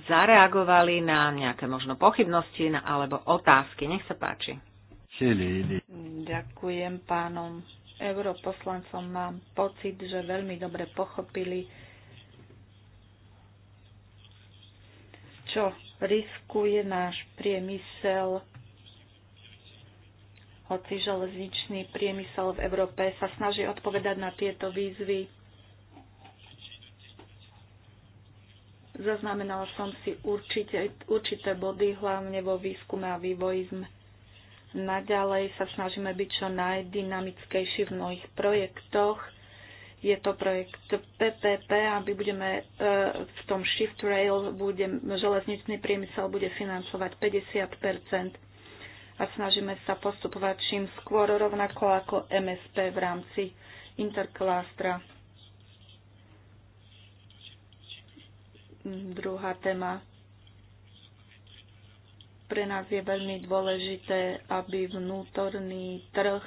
zareagovali na nejaké možno pochybnosti alebo otázky. Nech sa páči. Ďakujem pánom europoslancom. Mám pocit, že veľmi dobre pochopili, čo riskuje náš priemysel hoci železničný priemysel v Európe sa snaží odpovedať na tieto výzvy. Zaznamenala som si určite, určité body, hlavne vo výskume a vývoji Naďalej sa snažíme byť čo najdynamickejší v mnohých projektoch. Je to projekt PPP a my budeme e, v tom Shift Rail, budem, železničný priemysel bude financovať 50 a snažíme sa postupovať čím skôr rovnako ako MSP v rámci interklástra. Druhá téma. Pre nás je veľmi dôležité, aby vnútorný trh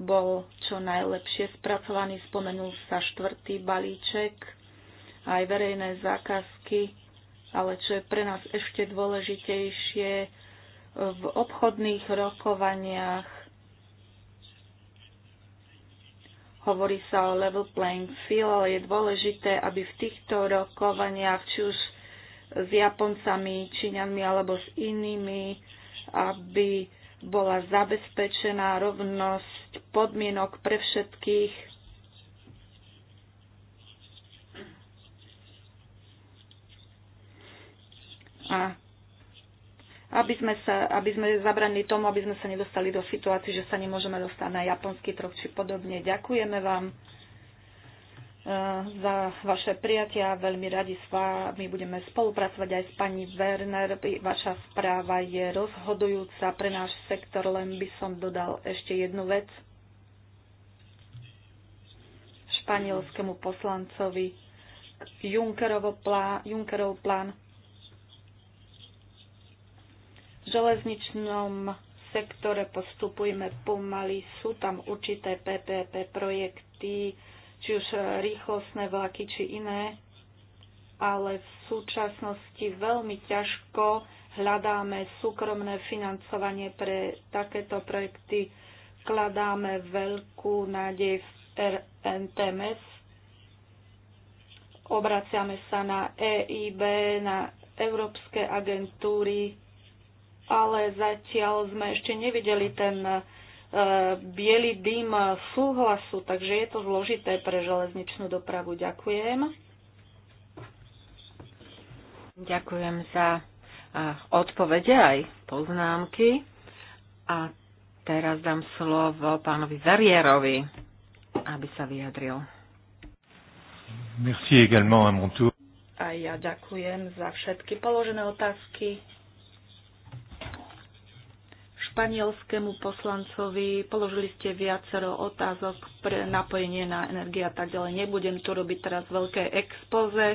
bol čo najlepšie spracovaný. Spomenul sa štvrtý balíček, aj verejné zákazky, ale čo je pre nás ešte dôležitejšie, v obchodných rokovaniach. Hovorí sa o level playing field, ale je dôležité, aby v týchto rokovaniach, či už s Japoncami, Číňanmi alebo s inými, aby bola zabezpečená rovnosť podmienok pre všetkých a aby sme, sa, aby sme zabranili tomu, aby sme sa nedostali do situácií, že sa nemôžeme dostať na japonský trh či podobne. Ďakujeme vám e, za vaše prijatia. Veľmi radi s vami budeme spolupracovať aj s pani Werner. Vaša správa je rozhodujúca pre náš sektor, len by som dodal ešte jednu vec španielskému poslancovi plán, Junckerov plán v železničnom sektore postupujeme pomaly, sú tam určité PPP projekty, či už rýchlostné vlaky, či iné, ale v súčasnosti veľmi ťažko hľadáme súkromné financovanie pre takéto projekty. Kladáme veľkú nádej v RNTMS. Obraciame sa na EIB, na európske agentúry ale zatiaľ sme ešte nevideli ten e, biely dým súhlasu, takže je to zložité pre železničnú dopravu. Ďakujem. Ďakujem za odpovede aj poznámky. A teraz dám slovo pánovi Zarierovi, aby sa vyjadril. Merci également à mon tour. A ja ďakujem za všetky položené otázky španielskému poslancovi. Položili ste viacero otázok pre napojenie na energie a tak ďalej. Nebudem tu robiť teraz veľké expoze,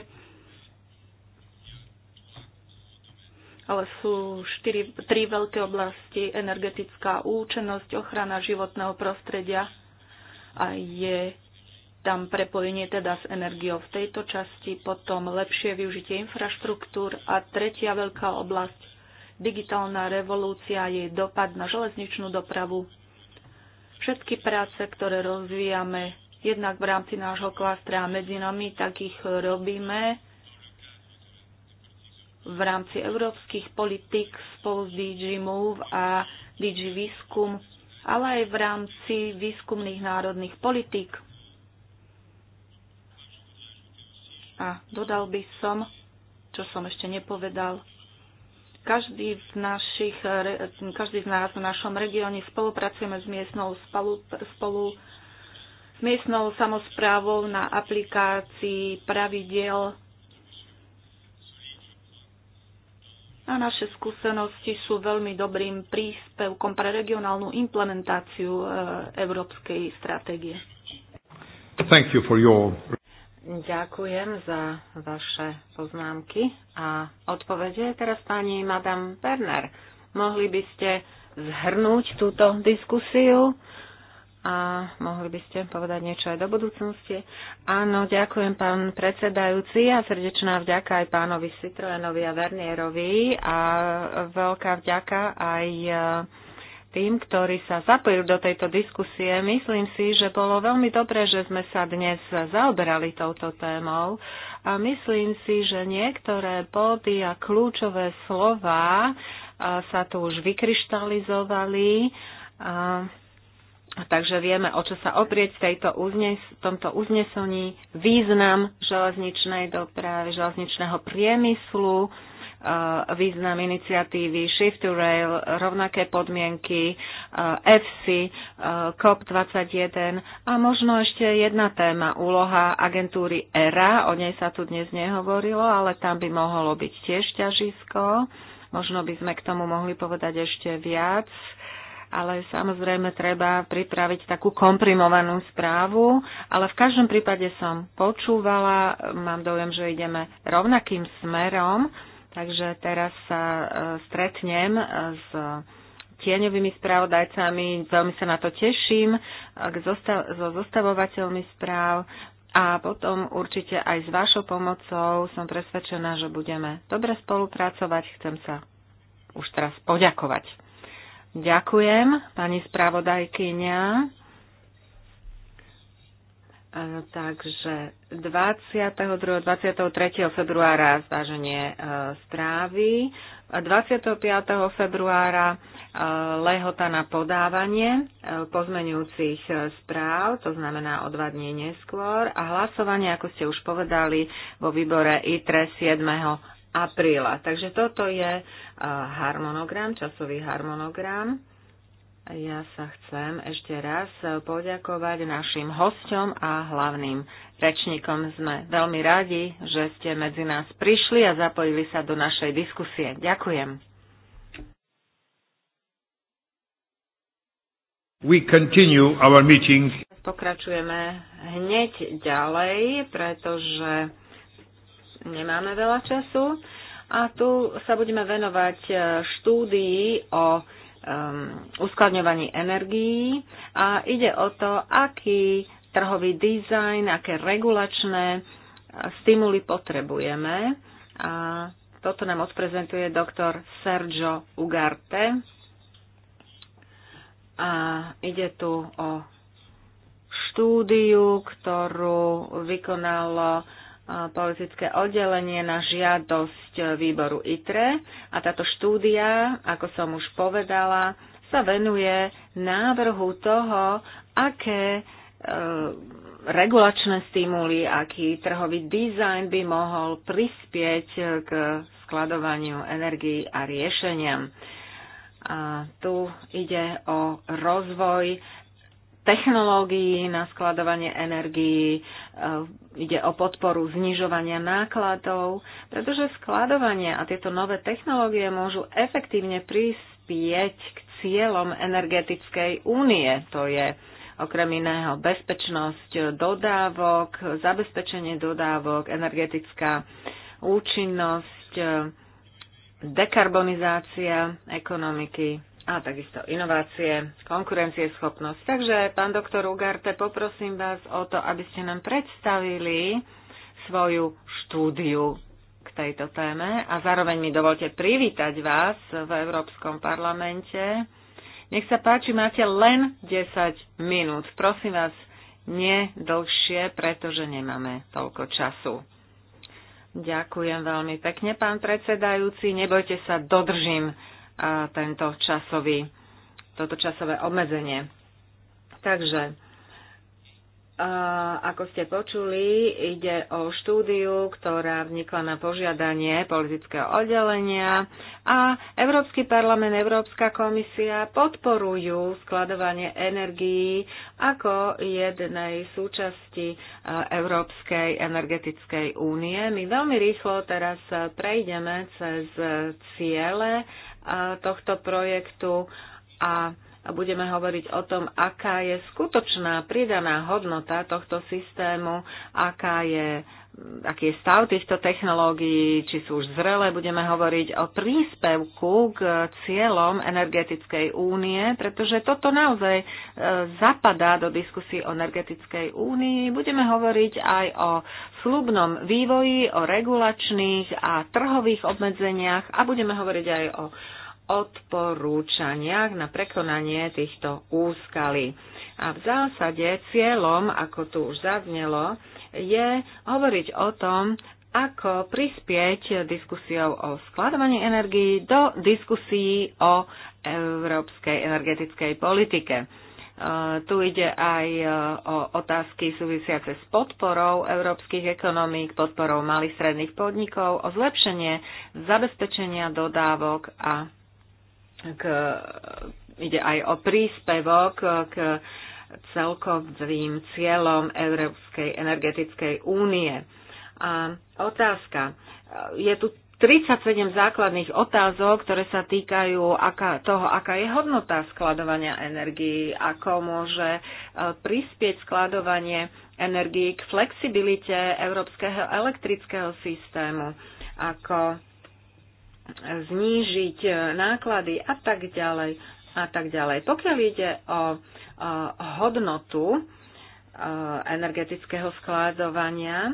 ale sú štyri, tri veľké oblasti. Energetická účinnosť, ochrana životného prostredia a je tam prepojenie teda s energiou v tejto časti, potom lepšie využitie infraštruktúr a tretia veľká oblasť digitálna revolúcia a jej dopad na železničnú dopravu. Všetky práce, ktoré rozvíjame jednak v rámci nášho klastra a medzi nami, tak ich robíme v rámci európskych politik spolu s DG Move a DG Výskum, ale aj v rámci výskumných národných politik. A dodal by som, čo som ešte nepovedal, každý z, našich, každý z nás v našom regióne spolupracujeme s miestnou, spolu, spolu, s miestnou samozprávou na aplikácii pravidiel a naše skúsenosti sú veľmi dobrým príspevkom pre regionálnu implementáciu e, európskej stratégie. Thank you for your... Ďakujem za vaše poznámky a odpovede. Teraz pani Madame Werner, mohli by ste zhrnúť túto diskusiu a mohli by ste povedať niečo aj do budúcnosti. Áno, ďakujem pán predsedajúci a srdečná vďaka aj pánovi Citroenovi a Vernierovi a veľká vďaka aj tým, ktorí sa zapojili do tejto diskusie. Myslím si, že bolo veľmi dobré, že sme sa dnes zaoberali touto témou a myslím si, že niektoré body a kľúčové slova sa tu už vykryštalizovali. A Takže vieme, o čo sa oprieť v tejto uznes, tomto uznesení, význam železničnej dopravy, železničného priemyslu, Eh, význam iniciatívy Shift to Rail, rovnaké podmienky, eh, FC eh, COP21 a možno ešte jedna téma, úloha agentúry ERA, o nej sa tu dnes nehovorilo, ale tam by mohlo byť tiež ťažisko. Možno by sme k tomu mohli povedať ešte viac ale samozrejme treba pripraviť takú komprimovanú správu. Ale v každom prípade som počúvala, mám dojem, že ideme rovnakým smerom Takže teraz sa e, stretnem e, s tieňovými spravodajcami, veľmi sa na to teším, e, so zostavovateľmi správ a potom určite aj s vašou pomocou som presvedčená, že budeme dobre spolupracovať. Chcem sa už teraz poďakovať. Ďakujem, pani spravodajkyňa. Takže 22. 23. februára zváženie e, správy, 25. februára e, lehota na podávanie e, pozmenujúcich správ, to znamená o dva dní neskôr, a hlasovanie, ako ste už povedali, vo výbore ITRE 7 apríla. Takže toto je harmonogram, časový harmonogram. Ja sa chcem ešte raz poďakovať našim hosťom a hlavným rečníkom. Sme veľmi radi, že ste medzi nás prišli a zapojili sa do našej diskusie. Ďakujem. We continue our meeting. Pokračujeme hneď ďalej, pretože nemáme veľa času. A tu sa budeme venovať eh, štúdii o Um, uskladňovaní energií a ide o to, aký trhový dizajn, aké regulačné stimuly potrebujeme. A toto nám odprezentuje doktor Sergio Ugarte. A ide tu o štúdiu, ktorú vykonalo politické oddelenie na žiadosť e, výboru ITRE a táto štúdia, ako som už povedala, sa venuje návrhu toho, aké e, regulačné stimuly, aký trhový dizajn by mohol prispieť e, k skladovaniu energií a riešeniam. A tu ide o rozvoj technológií na skladovanie energií, e, ide o podporu znižovania nákladov, pretože skladovanie a tieto nové technológie môžu efektívne prispieť k cieľom energetickej únie. To je okrem iného bezpečnosť dodávok, zabezpečenie dodávok, energetická účinnosť, e, dekarbonizácia ekonomiky a takisto inovácie, konkurencieschopnosť. Takže, pán doktor Ugarte, poprosím vás o to, aby ste nám predstavili svoju štúdiu k tejto téme a zároveň mi dovolte privítať vás v Európskom parlamente. Nech sa páči, máte len 10 minút. Prosím vás, nie dlhšie, pretože nemáme toľko času. Ďakujem veľmi pekne, pán predsedajúci. Nebojte sa, dodržím tento časový, toto časové obmedzenie. Takže, ako ste počuli, ide o štúdiu, ktorá vznikla na požiadanie politického oddelenia a Európsky parlament, Európska komisia podporujú skladovanie energií ako jednej súčasti Európskej energetickej únie. My veľmi rýchlo teraz prejdeme cez ciele tohto projektu a budeme hovoriť o tom, aká je skutočná pridaná hodnota tohto systému, aká je aký je stav týchto technológií, či sú už zrelé, budeme hovoriť o príspevku k cieľom energetickej únie, pretože toto naozaj e, zapadá do diskusí o energetickej únii. Budeme hovoriť aj o slubnom vývoji, o regulačných a trhových obmedzeniach a budeme hovoriť aj o odporúčaniach na prekonanie týchto úskalí. A v zásade cieľom, ako tu už zaznelo, je hovoriť o tom, ako prispieť diskusiou o skladovaní energií do diskusí o európskej energetickej politike. E, tu ide aj e, o otázky súvisiace s podporou európskych ekonomík, podporou malých stredných podnikov, o zlepšenie zabezpečenia dodávok a k, ide aj o príspevok k celkovým cieľom Európskej energetickej únie. A otázka. Je tu 37 základných otázok, ktoré sa týkajú aká, toho, aká je hodnota skladovania energií, ako môže e, prispieť skladovanie energií k flexibilite európskeho elektrického systému, ako znížiť e, náklady a tak ďalej a tak ďalej. Pokiaľ ide o hodnotu e, energetického skladovania, e,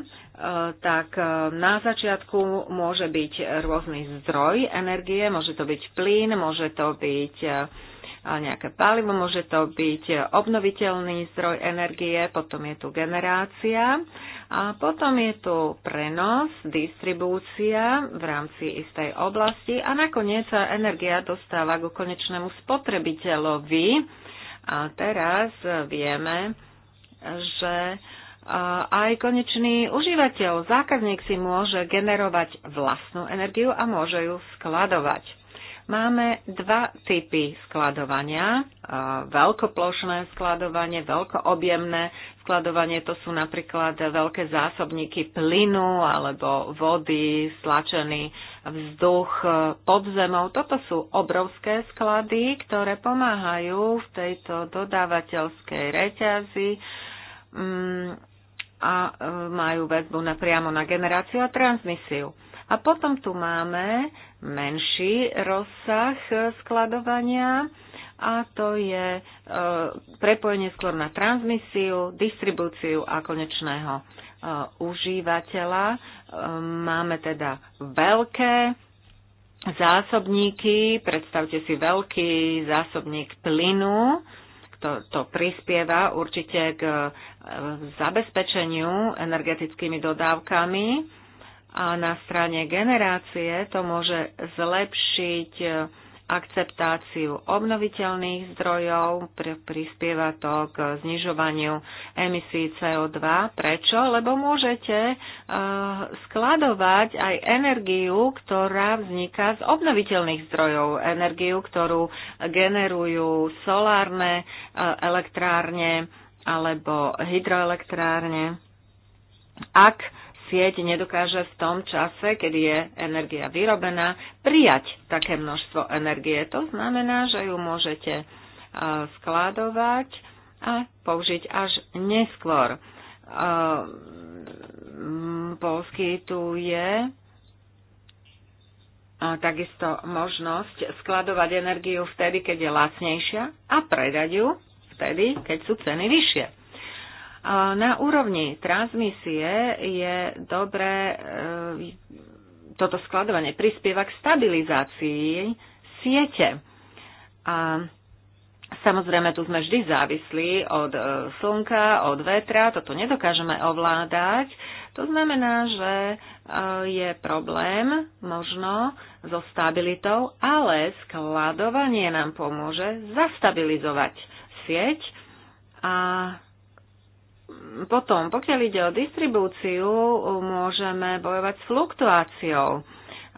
tak e, na začiatku môže byť rôzny zdroj energie, môže to byť plyn, môže to byť nejaké palivo, môže to byť obnoviteľný zdroj energie, potom je tu generácia a potom je tu prenos, distribúcia v rámci istej oblasti a nakoniec sa energia dostáva ku konečnému spotrebiteľovi. A teraz vieme, že aj konečný užívateľ, zákazník si môže generovať vlastnú energiu a môže ju skladovať. Máme dva typy skladovania. E, veľkoplošné skladovanie, veľkoobjemné skladovanie, to sú napríklad veľké zásobníky plynu alebo vody, stlačený vzduch e, pod zemou. Toto sú obrovské sklady, ktoré pomáhajú v tejto dodávateľskej reťazi mm, a e, majú väzbu na, priamo na generáciu a transmisiu. A potom tu máme menší rozsah skladovania a to je e, prepojenie skôr na transmisiu, distribúciu a konečného e, užívateľa. E, máme teda veľké zásobníky, predstavte si veľký zásobník plynu, to, to prispieva určite k zabezpečeniu energetickými dodávkami a na strane generácie to môže zlepšiť e, akceptáciu obnoviteľných zdrojov, prispieva to k znižovaniu emisí CO2. Prečo? Lebo môžete e, skladovať aj energiu, ktorá vzniká z obnoviteľných zdrojov, energiu, ktorú generujú solárne e, elektrárne alebo hydroelektrárne. Ak sieť nedokáže v tom čase, kedy je energia vyrobená, prijať také množstvo energie. To znamená, že ju môžete e, skladovať a použiť až neskôr. E, Poskytuje takisto možnosť skladovať energiu vtedy, keď je lacnejšia a predať ju vtedy, keď sú ceny vyššie. Na úrovni transmisie je dobré e, toto skladovanie prispieva k stabilizácii siete. A samozrejme, tu sme vždy závislí od e, slnka, od vetra, toto nedokážeme ovládať. To znamená, že e, je problém možno so stabilitou, ale skladovanie nám pomôže zastabilizovať sieť a potom, pokiaľ ide o distribúciu, môžeme bojovať s fluktuáciou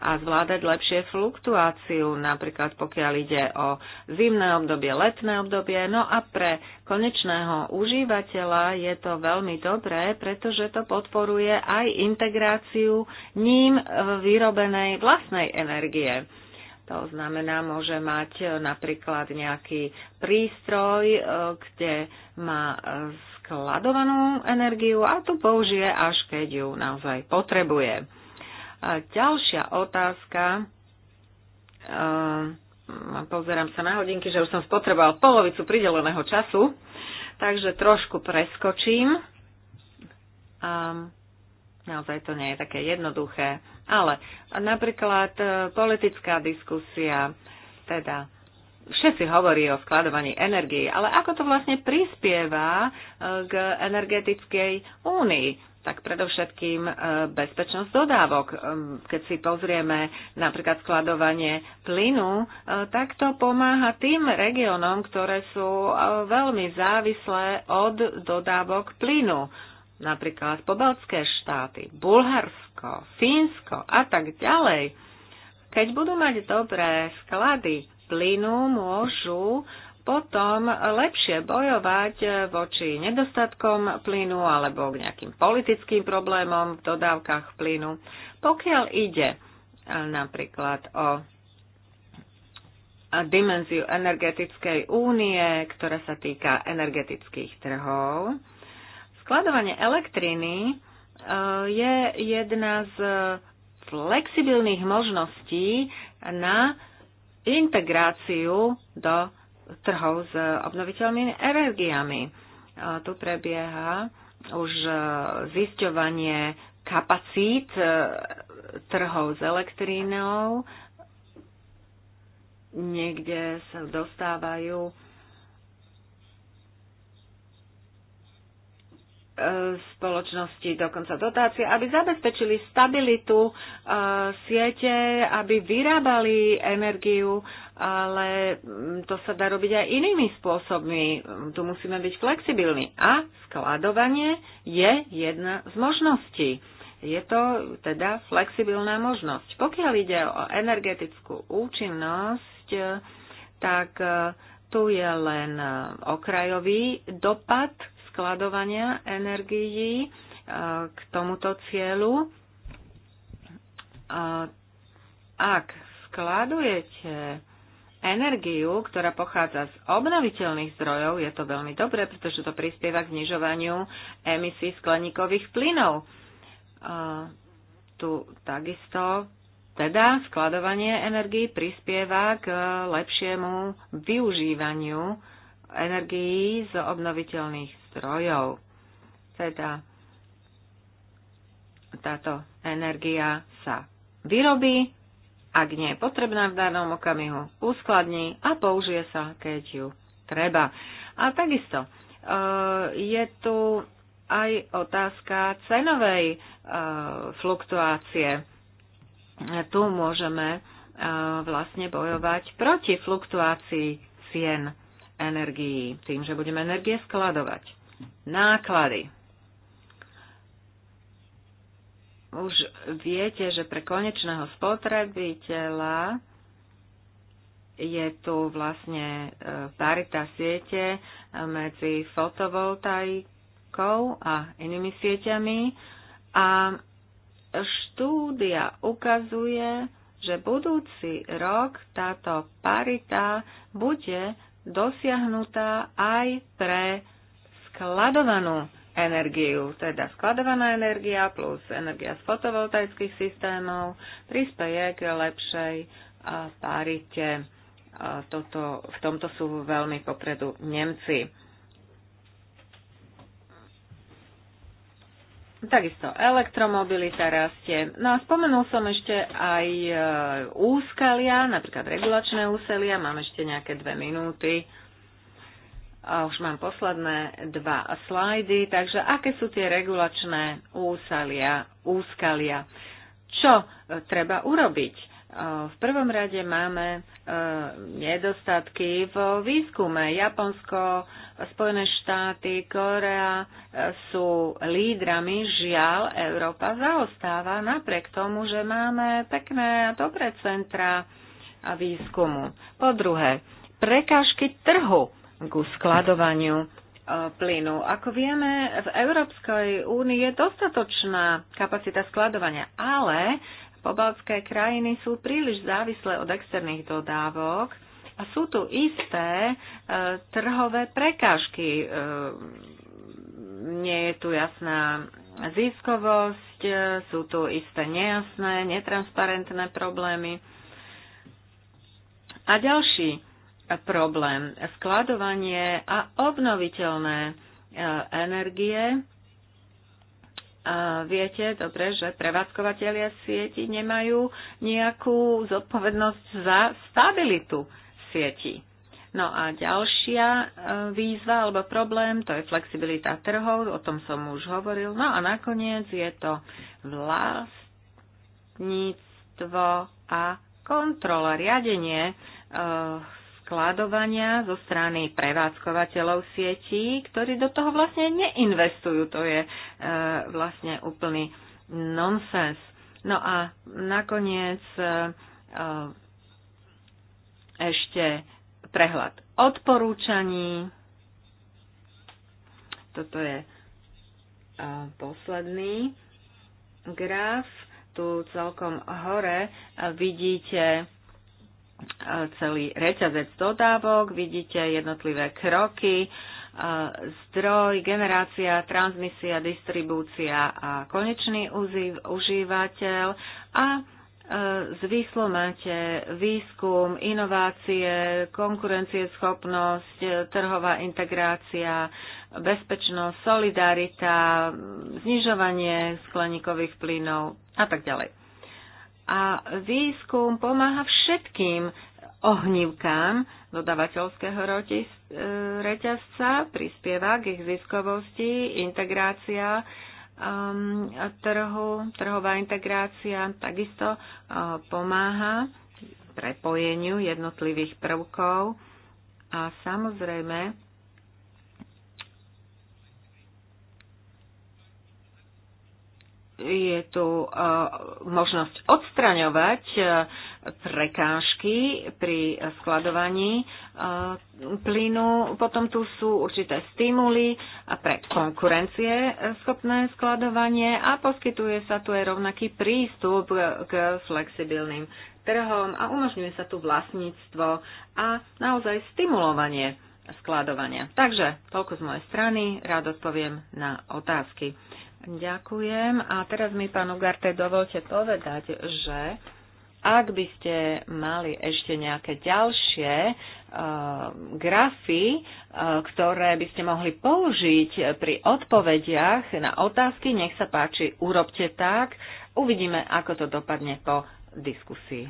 a zvládať lepšie fluktuáciu, napríklad pokiaľ ide o zimné obdobie, letné obdobie. No a pre konečného užívateľa je to veľmi dobré, pretože to podporuje aj integráciu ním vyrobenej vlastnej energie. To znamená, môže mať napríklad nejaký prístroj, e, kde má skladovanú energiu a tu použije až keď ju naozaj potrebuje. A ďalšia otázka. Ehm, pozerám sa na hodinky, že už som spotreboval polovicu prideleného času, takže trošku preskočím. A ehm, naozaj to nie je také jednoduché. Ale napríklad e, politická diskusia, teda všetci hovorí o skladovaní energie, ale ako to vlastne prispieva e, k energetickej únii? tak predovšetkým e, bezpečnosť dodávok. E, keď si pozrieme napríklad skladovanie plynu, tak to pomáha tým regiónom, ktoré sú veľmi závislé od dodávok plynu. Napríklad pobaltské štáty, Bulharsko, Fínsko a tak ďalej. Keď budú mať dobré sklady plynu môžu potom lepšie bojovať voči nedostatkom plynu alebo k nejakým politickým problémom v dodávkach plynu. Pokiaľ ide e, napríklad o dimenziu energetickej únie, ktorá sa týka energetických trhov. Skladovanie elektriny e, je jedna z flexibilných možností na integráciu do trhov s obnoviteľnými energiami. Tu prebieha už e, zisťovanie kapacít e, trhov s elektrínou. Niekde sa dostávajú spoločnosti, dokonca dotácie, aby zabezpečili stabilitu e, siete, aby vyrábali energiu, ale mm, to sa dá robiť aj inými spôsobmi. Mm, tu musíme byť flexibilní. A skladovanie je jedna z možností. Je to teda flexibilná možnosť. Pokiaľ ide o energetickú účinnosť, e, tak e, tu je len okrajový dopad skladovania energií e, k tomuto cieľu. E, ak skladujete energiu, ktorá pochádza z obnoviteľných zdrojov, je to veľmi dobré, pretože to prispieva k znižovaniu emisí skleníkových plynov. E, tu takisto teda skladovanie energii prispieva k lepšiemu využívaniu energií z obnoviteľných zdrojov. Teda táto energia sa vyrobí, ak nie je potrebná v danom okamihu, uskladní a použije sa, keď ju treba. A takisto e, je tu aj otázka cenovej e, fluktuácie. Tu môžeme e, vlastne bojovať proti fluktuácii cien energií, tým, že budeme energie skladovať náklady. Už viete, že pre konečného spotrebiteľa je tu vlastne e, parita siete e, medzi fotovoltaikou a inými sieťami a štúdia ukazuje, že budúci rok táto parita bude dosiahnutá aj pre skladovanú energiu, teda skladovaná energia plus energia z fotovoltaických systémov prispieje k lepšej parite. Toto, v tomto sú veľmi popredu Nemci. Takisto elektromobilita rastie. No a spomenul som ešte aj e, úskalia, napríklad regulačné úselia. Mám ešte nejaké dve minúty. A už mám posledné dva slajdy, takže aké sú tie regulačné úsalia, úskalia? Čo e, treba urobiť? E, v prvom rade máme e, nedostatky v výskume. Japonsko, Spojené štáty, Korea sú lídrami, žiaľ, Európa zaostáva napriek tomu, že máme pekné a dobré centra výskumu. Po druhé, prekážky trhu ku skladovaniu e, plynu. Ako vieme, v Európskej únii je dostatočná kapacita skladovania, ale pobaltské krajiny sú príliš závislé od externých dodávok a sú tu isté e, trhové prekážky. E, nie je tu jasná ziskovosť, sú tu isté nejasné, netransparentné problémy. A ďalší problém. Skladovanie a obnoviteľné e, energie. A viete dobre, že prevádzkovateľia sieti nemajú nejakú zodpovednosť za stabilitu sieti. No a ďalšia e, výzva alebo problém, to je flexibilita trhov, o tom som už hovoril. No a nakoniec je to vlastníctvo a kontrola, riadenie e, skladovania zo strany prevádzkovateľov sietí, ktorí do toho vlastne neinvestujú. To je e, vlastne úplný nonsens. No a nakoniec e, e ešte prehľad odporúčaní. Toto je e, posledný graf. Tu celkom hore e, vidíte celý reťazec dodávok, vidíte jednotlivé kroky, e, zdroj, generácia, transmisia, distribúcia a konečný užívateľ a e, zvislo máte výskum, inovácie, konkurencieschopnosť, trhová integrácia, bezpečnosť, solidarita, znižovanie skleníkových plynov a tak ďalej. A výskum pomáha všetkým ohnívkám dodavateľského reťazca, prispieva k ich ziskovosti, integrácia um, trhu, trhová integrácia takisto uh, pomáha prepojeniu jednotlivých prvkov a samozrejme je tu e, možnosť odstraňovať e, prekážky pri skladovaní e, plynu. Potom tu sú určité stimuly pre konkurencie schopné skladovanie a poskytuje sa tu aj rovnaký prístup k flexibilným trhom a umožňuje sa tu vlastníctvo a naozaj stimulovanie skladovania. Takže toľko z mojej strany, rád odpoviem na otázky. Ďakujem. A teraz mi, pán Ugarte, dovolte povedať, že ak by ste mali ešte nejaké ďalšie uh, grafy, uh, ktoré by ste mohli použiť pri odpovediach na otázky, nech sa páči, urobte tak. Uvidíme, ako to dopadne po diskusii.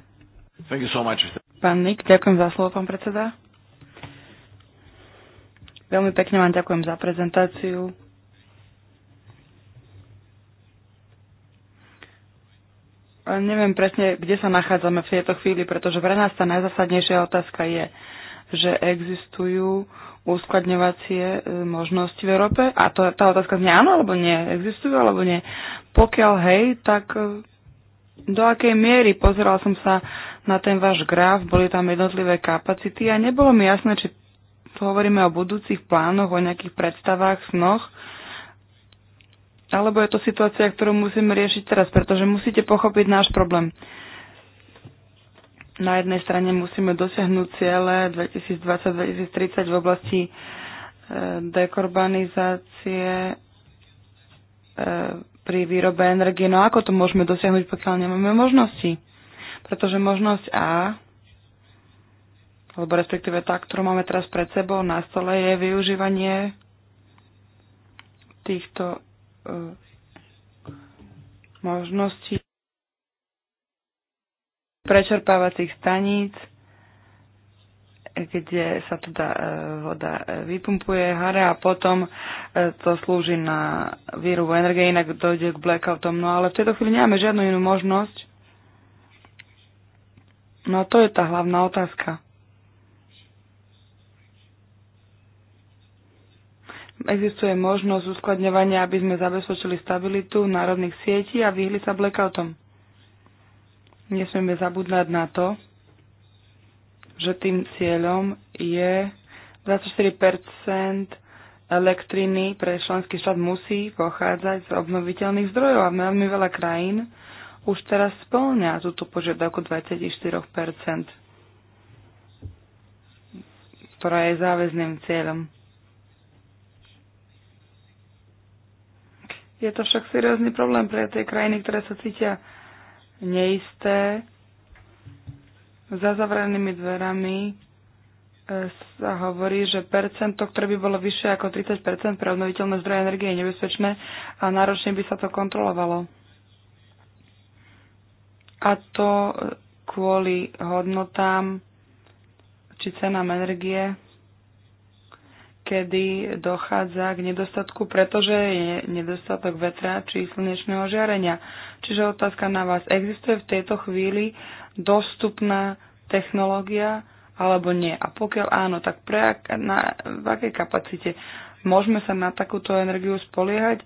Thank you so much. Pán Nik, ďakujem za slovo, pán predseda. Veľmi pekne vám ďakujem za prezentáciu. neviem presne, kde sa nachádzame v tejto chvíli, pretože pre nás tá najzasadnejšia otázka je, že existujú uskladňovacie e, možnosti v Európe? A to, tá otázka znie áno alebo nie, existujú alebo nie. Pokiaľ hej, tak e, do akej miery pozeral som sa na ten váš graf, boli tam jednotlivé kapacity a nebolo mi jasné, či hovoríme o budúcich plánoch, o nejakých predstavách, snoch, alebo je to situácia, ktorú musíme riešiť teraz, pretože musíte pochopiť náš problém. Na jednej strane musíme dosiahnuť ciele 2020-2030 v oblasti e, dekorbanizácie e, pri výrobe energie. No ako to môžeme dosiahnuť, pokiaľ nemáme možnosti? Pretože možnosť A, alebo respektíve tá, ktorú máme teraz pred sebou na stole, je využívanie týchto E, možností prečerpávacích staníc, kde sa teda e, voda e, vypumpuje, hare a potom to slúži na výrobu energie, inak dojde k blackoutom. No ale v tejto chvíli nemáme žiadnu inú možnosť. No to je tá hlavná otázka. Existuje možnosť uskladňovania, aby sme zabezpečili stabilitu národných sietí a vyhli sa blackoutom. Nesmieme zabudnať na to, že tým cieľom je 24 elektriny pre členský štát musí pochádzať z obnoviteľných zdrojov a veľmi veľa krajín už teraz spĺňa túto požiadavku 24 ktorá je záväzným cieľom. Je to však seriózny problém pre tie krajiny, ktoré sa cítia neisté, za zavrenými dverami e, sa hovorí, že percento, ktoré by bolo vyššie ako 30% pre obnoviteľné zdroje energie je nebezpečné a náročne by sa to kontrolovalo. A to e, kvôli hodnotám či cenám energie kedy dochádza k nedostatku, pretože je nedostatok vetra či slnečného žiarenia. Čiže otázka na vás, existuje v tejto chvíli dostupná technológia alebo nie? A pokiaľ áno, tak pre ak, na, v akej kapacite môžeme sa na takúto energiu spoliehať?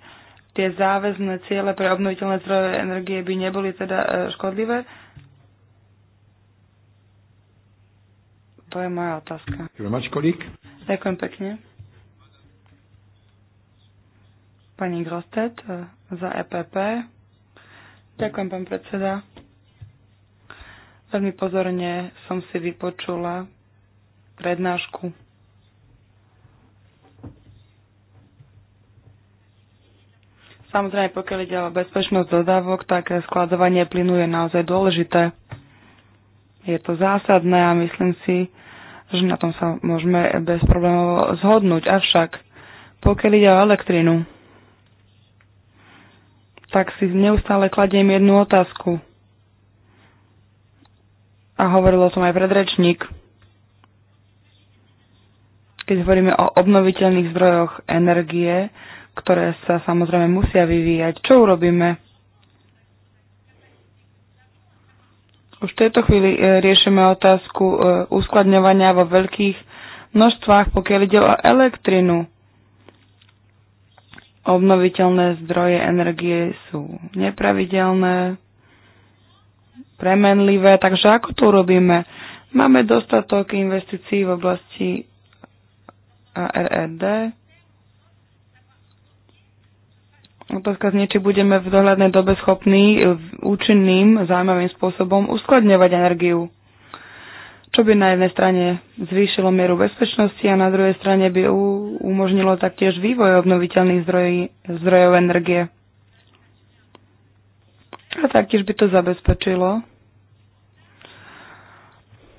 Tie záväzné ciele pre obnoviteľné zdroje energie by neboli teda e, škodlivé? To je moja otázka. Ďakujem pekne. Pani Grostet eh, za EPP. Ďakujem, pán predseda. Veľmi pozorne som si vypočula prednášku. Samozrejme, pokiaľ ide o bezpečnosť dodávok, tak skladovanie plynu je naozaj dôležité. Je to zásadné a myslím si, že na tom sa môžeme bez problémov zhodnúť. Avšak, pokiaľ ide o elektrínu, tak si neustále kladiem jednu otázku. A hovoril o tom aj predrečník. Keď hovoríme o obnoviteľných zdrojoch energie, ktoré sa samozrejme musia vyvíjať, čo urobíme? Už v tejto chvíli e, riešime otázku e, uskladňovania vo veľkých množstvách, pokiaľ ide o elektrinu obnoviteľné zdroje energie sú nepravidelné, premenlivé, takže ako to urobíme? Máme dostatok investícií v oblasti ARED. Otázka znie, či budeme v dohľadnej dobe schopní účinným, zaujímavým spôsobom uskladňovať energiu čo by na jednej strane zvýšilo mieru bezpečnosti a na druhej strane by umožnilo taktiež vývoj obnoviteľných zdroj, zdrojov energie. A taktiež by to zabezpečilo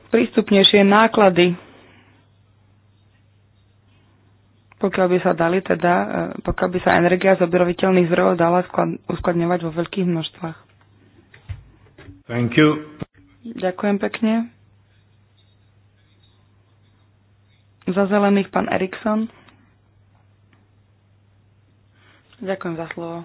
prístupnejšie náklady, pokiaľ by sa dali teda, e, pokiaľ by sa energia z obnoviteľných zdrojov dala uskladňovať vo veľkých množstvách. Thank you. Ďakujem pekne. Za zelených pán Erikson. Ďakujem za slovo.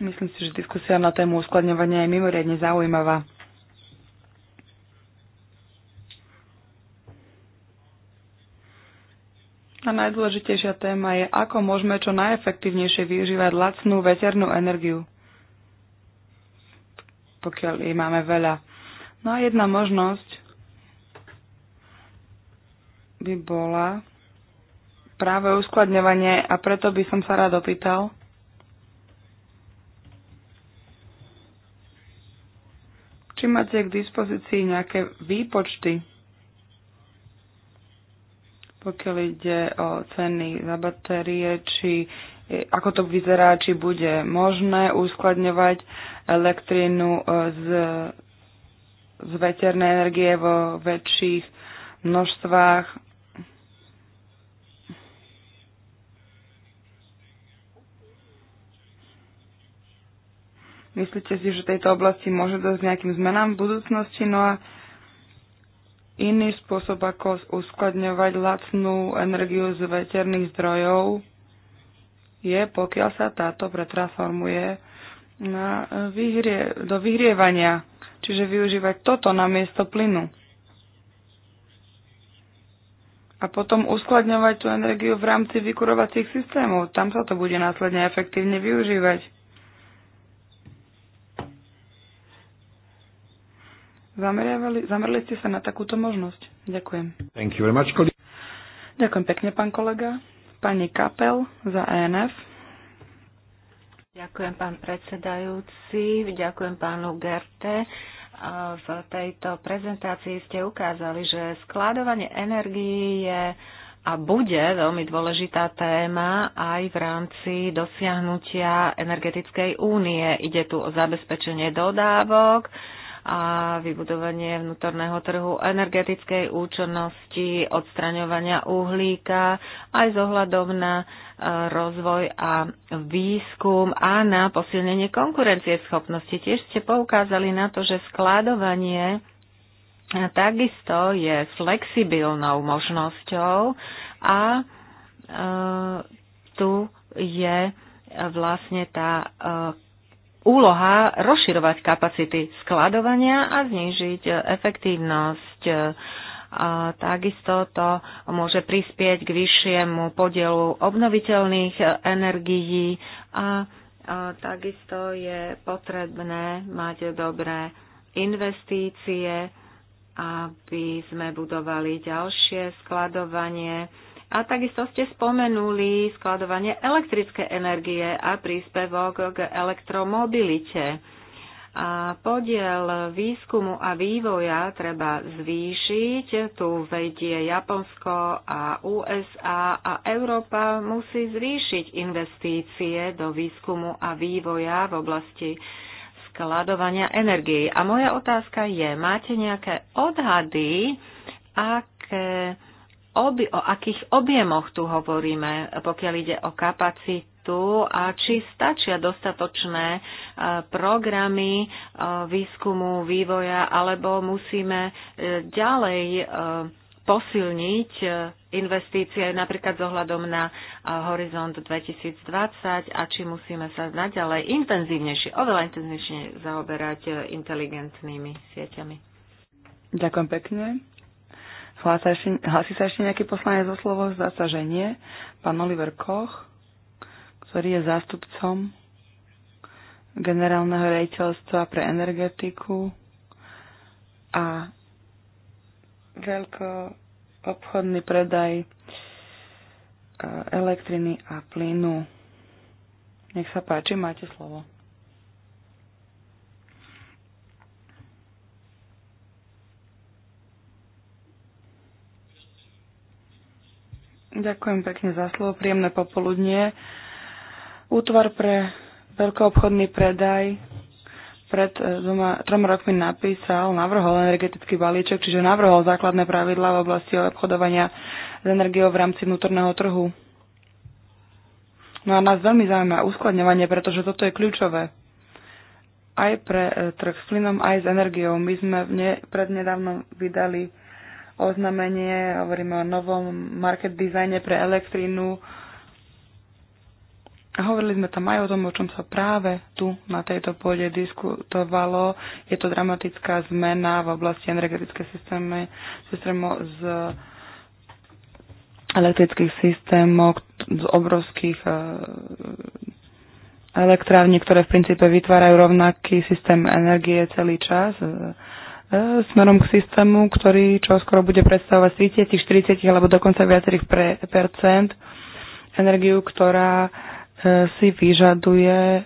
Myslím si, že diskusia na tému uskladňovania je mimoriadne zaujímavá. A najdôležitejšia téma je, ako môžeme čo najefektívnejšie využívať lacnú veternú energiu pokiaľ ich máme veľa. No a jedna možnosť by bola práve uskladňovanie a preto by som sa rád opýtal, či máte k dispozícii nejaké výpočty, pokiaľ ide o ceny za batérie, či ako to vyzerá, či bude možné uskladňovať elektrínu e, z, z veternej energie vo väčších množstvách. Myslíte si, že v tejto oblasti môže dosť nejakým zmenám v budúcnosti? No a iný spôsob, ako uskladňovať lacnú energiu z veterných zdrojov, je, pokiaľ sa táto pretransformuje na vyhrie, do vyhrievania, čiže využívať toto na miesto plynu. A potom uskladňovať tú energiu v rámci vykurovacích systémov. Tam sa to bude následne efektívne využívať. Zamerali ste sa na takúto možnosť. Ďakujem. Thank you very much, Ďakujem pekne, pán kolega. Pani Kapel za ENF. Ďakujem, pán predsedajúci. Ďakujem pánu Gerte. V tejto prezentácii ste ukázali, že skladovanie energií je a bude veľmi dôležitá téma aj v rámci dosiahnutia energetickej únie. Ide tu o zabezpečenie dodávok, a vybudovanie vnútorného trhu, energetickej účinnosti, odstraňovania uhlíka, aj z na e, rozvoj a výskum a na posilnenie konkurencie schopnosti. Tiež ste poukázali na to, že skladovanie takisto je flexibilnou možnosťou a e, tu je vlastne tá e, úloha rozširovať kapacity skladovania a znížiť efektívnosť. A takisto to môže prispieť k vyššiemu podielu obnoviteľných energií a, a takisto je potrebné mať dobré investície, aby sme budovali ďalšie skladovanie a takisto ste spomenuli skladovanie elektrické energie a príspevok k elektromobilite. A podiel výskumu a vývoja treba zvýšiť. Tu vedie Japonsko a USA a Európa musí zvýšiť investície do výskumu a vývoja v oblasti skladovania energií. A moja otázka je, máte nejaké odhady, aké oby, o akých objemoch tu hovoríme, pokiaľ ide o kapacitu a či stačia dostatočné e, programy e, výskumu, vývoja, alebo musíme e, ďalej posilniť investície napríklad s ohľadom na horizont 2020 a či musíme sa naďalej intenzívnejšie, oveľa intenzívnejšie zaoberať inteligentnými sieťami. Ďakujem pekne. Hlasí sa ešte nejaký poslanec zo slovo? Zdá sa, že nie. Pán Oliver Koch, ktorý je zástupcom generálneho rejiteľstva pre energetiku a veľko obchodný predaj e, elektriny a plynu. Nech sa páči, máte slovo. Ďakujem pekne za slovo. Príjemné popoludnie. Útvar pre veľkoobchodný predaj pred e, dvoma, troma rokmi napísal, navrhol energetický balíček, čiže navrhol základné pravidlá v oblasti obchodovania s energiou v rámci vnútorného trhu. No a nás veľmi zaujíma uskladňovanie, pretože toto je kľúčové aj pre e, trh s plynom, aj s energiou. My sme ne, prednedávno vydali oznámenie, hovoríme o novom market dizajne pre elektrínu. A hovorili sme tam aj o tom, o čom sa práve tu na tejto pôde diskutovalo. Je to dramatická zmena v oblasti energetické systémy, systému z elektrických systémov, z obrovských e, elektrární, ktoré v princípe vytvárajú rovnaký systém energie celý čas e, E, smerom k systému, ktorý čo skoro bude predstavovať 30, 40 alebo dokonca viacerých pre, percent energiu, ktorá e, si vyžaduje e,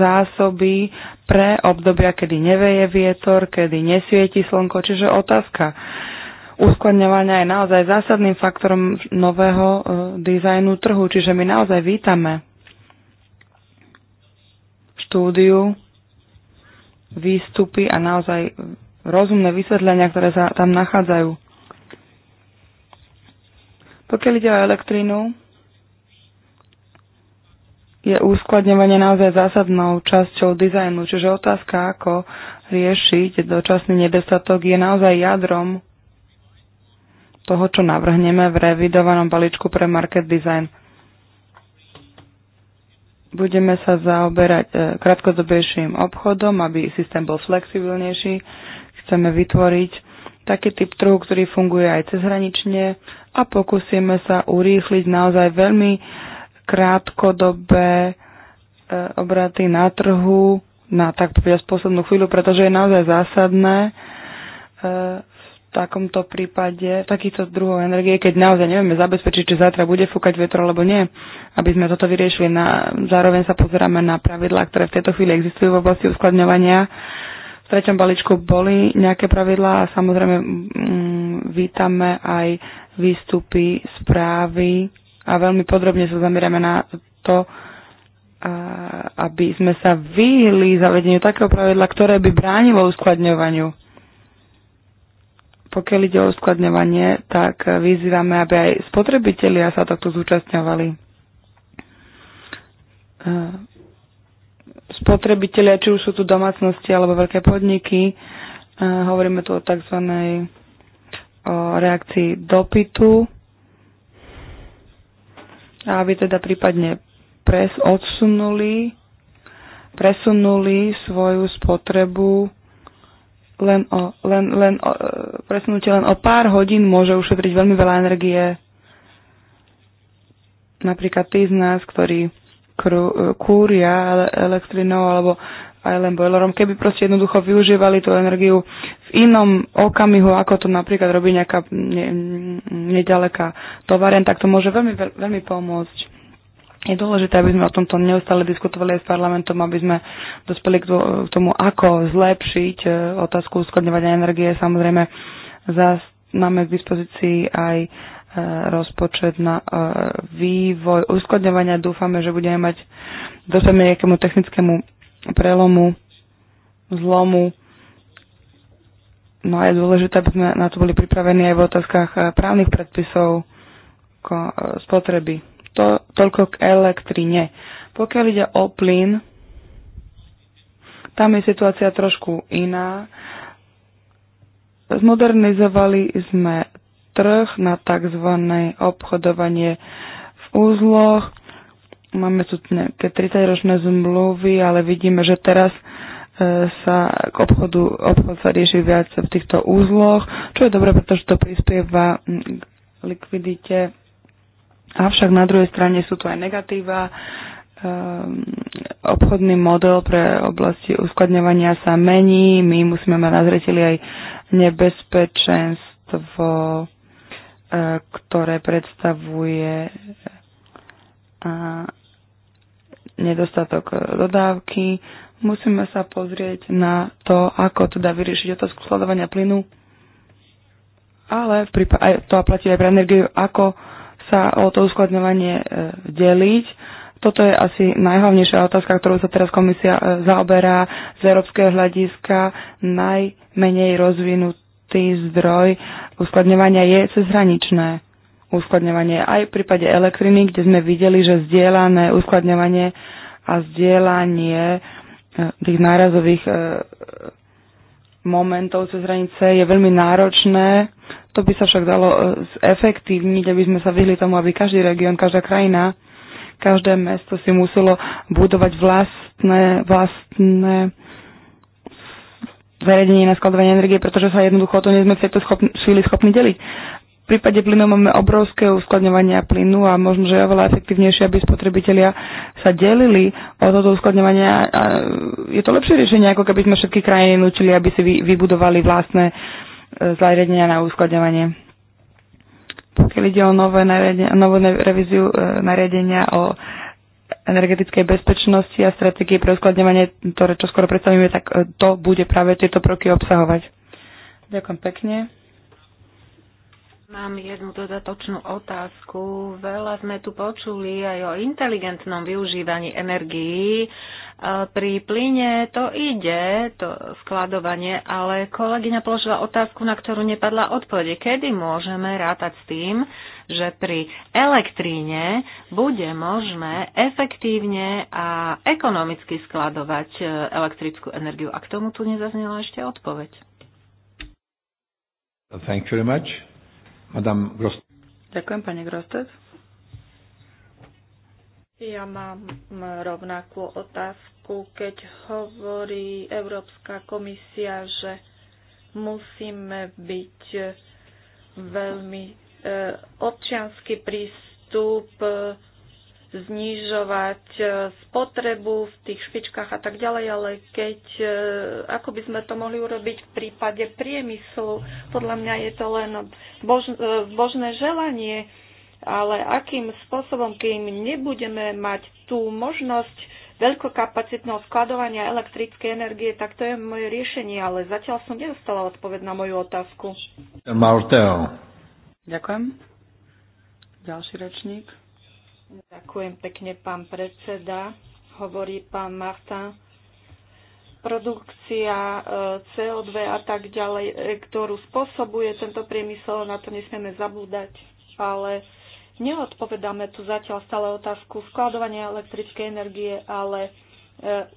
zásoby pre obdobia, kedy neveje vietor, kedy nesvieti slnko. Čiže otázka uskladňovania je naozaj zásadným faktorom nového e, dizajnu trhu, čiže my naozaj vítame štúdiu, výstupy a naozaj rozumné vysvetlenia, ktoré sa tam nachádzajú. Pokiaľ ide o elektrínu, je uskladňovanie naozaj zásadnou časťou dizajnu, čiže otázka, ako riešiť dočasný nedostatok, je naozaj jadrom toho, čo navrhneme v revidovanom balíčku pre market design. Budeme sa zaoberať eh, krátkodobejším obchodom, aby systém bol flexibilnejší, Chceme vytvoriť taký typ trhu, ktorý funguje aj cezhranične a pokúsime sa urýchliť naozaj veľmi krátkodobé e, obraty na trhu na tak povedať poslednú chvíľu, pretože je naozaj zásadné e, v takomto prípade, takýchto druhov energie, keď naozaj nevieme zabezpečiť, či zajtra bude fúkať vetro alebo nie, aby sme toto vyriešili. Na, zároveň sa pozeráme na pravidlá, ktoré v tejto chvíli existujú v oblasti uskladňovania treťom balíčku boli nejaké pravidlá a samozrejme mm, vítame aj výstupy, správy a veľmi podrobne sa zamierame na to, aby sme sa vyhli zavedeniu takého pravidla, ktoré by bránilo uskladňovaniu. Pokiaľ ide o uskladňovanie, tak vyzývame, aby aj spotrebitelia sa takto zúčastňovali spotrebitelia, či už sú tu domácnosti alebo veľké podniky. E, hovoríme tu o tzv. O e, reakcii dopytu, aby teda prípadne pres odsunuli, presunuli svoju spotrebu len o, len, len o, e, presunutie len o pár hodín môže ušetriť veľmi veľa energie. Napríklad tí z nás, ktorí kúria elektrinou alebo aj len boilerom, keby proste jednoducho využívali tú energiu v inom okamihu, ako to napríklad robí nejaká ne, nedaleká továren, tak to môže veľmi, veľmi pomôcť. Je dôležité, aby sme o tomto neustále diskutovali aj s parlamentom, aby sme dospeli k tomu, ako zlepšiť e, otázku uskladňovania energie. Samozrejme, zás máme k dispozícii aj rozpočet na e, vývoj uskladňovania. Dúfame, že budeme mať dosadne nejakému technickému prelomu, zlomu. No a je dôležité, aby sme na to boli pripravení aj v otázkach e, právnych predpisov e, spotreby. To, toľko k elektrine. Pokiaľ ide o plyn, tam je situácia trošku iná. Zmodernizovali sme trh, na tzv. obchodovanie v úzloch. Máme tu nejaké 30-ročné zmluvy, ale vidíme, že teraz e, sa k obchodu, obchod sa rieši viac v týchto úzloch, čo je dobré, pretože to prispieva k likvidite. Avšak na druhej strane sú tu aj negatíva. Um, obchodný model pre oblasti uskladňovania sa mení. My musíme mať na aj nebezpečenstvo ktoré predstavuje nedostatok dodávky. Musíme sa pozrieť na to, ako teda vyriešiť otázku skladovania plynu, ale v prípade, aj to platí aj pre energiu, ako sa o to uskladňovanie e, deliť. Toto je asi najhlavnejšia otázka, ktorú sa teraz komisia e, zaoberá z európskeho hľadiska. Najmenej rozvinutý zdroj uskladňovania je cezhraničné uskladňovanie. Aj v prípade elektriny, kde sme videli, že zdieľané uskladňovanie a zdieľanie e, tých nárazových e, momentov cez hranice je veľmi náročné. To by sa však dalo e, zefektívniť, aby sme sa vyhli tomu, aby každý región, každá krajina, každé mesto si muselo budovať vlastné, vlastné Zariadenie na skladovanie energie, pretože sa jednoducho o to nie sme v tejto chvíli schopní deliť. V prípade plynu máme obrovské uskladňovania plynu a možno, že je oveľa efektívnejšie, aby spotrebitelia sa delili o toto uskladňovanie. A je to lepšie riešenie, ako keby sme všetky krajiny nutili, aby si vybudovali vlastné e, zariadenia na uskladňovanie. Pokiaľ ide o nové, nové novú revíziu e, nariadenia o energetickej bezpečnosti a stratégie pre uskladňovanie, ktoré čo skoro predstavíme, tak e, to bude práve tieto proky obsahovať. Ďakujem pekne. Mám jednu dodatočnú otázku. Veľa sme tu počuli aj o inteligentnom využívaní energií. E, pri plyne to ide, to skladovanie, ale kolegyňa položila otázku, na ktorú nepadla odpoveď. Kedy môžeme rátať s tým, že pri elektríne bude možné efektívne a ekonomicky skladovať e, elektrickú energiu? A k tomu tu nezaznela ešte odpoveď. Thank you very much. Grostet. Ďakujem, pani Grostet. Ja mám rovnakú otázku, keď hovorí Európska komisia, že musíme byť veľmi e, občiansky prístup znižovať e, spotrebu v tých špičkách a tak ďalej, ale keď, e, ako by sme to mohli urobiť v prípade priemyslu, podľa mňa je to len bož, e, božné želanie, ale akým spôsobom, kým nebudeme mať tú možnosť veľkokapacitného skladovania elektrickej energie, tak to je moje riešenie, ale zatiaľ som nedostala odpoveď na moju otázku. Martel. Ďakujem. Ďalší rečník. Ďakujem pekne, pán predseda. Hovorí pán Martin. Produkcia e, CO2 a tak ďalej, e, ktorú spôsobuje tento priemysel, na to nesmieme zabúdať, ale neodpovedáme tu zatiaľ stále otázku skladovania elektrickej energie, ale e,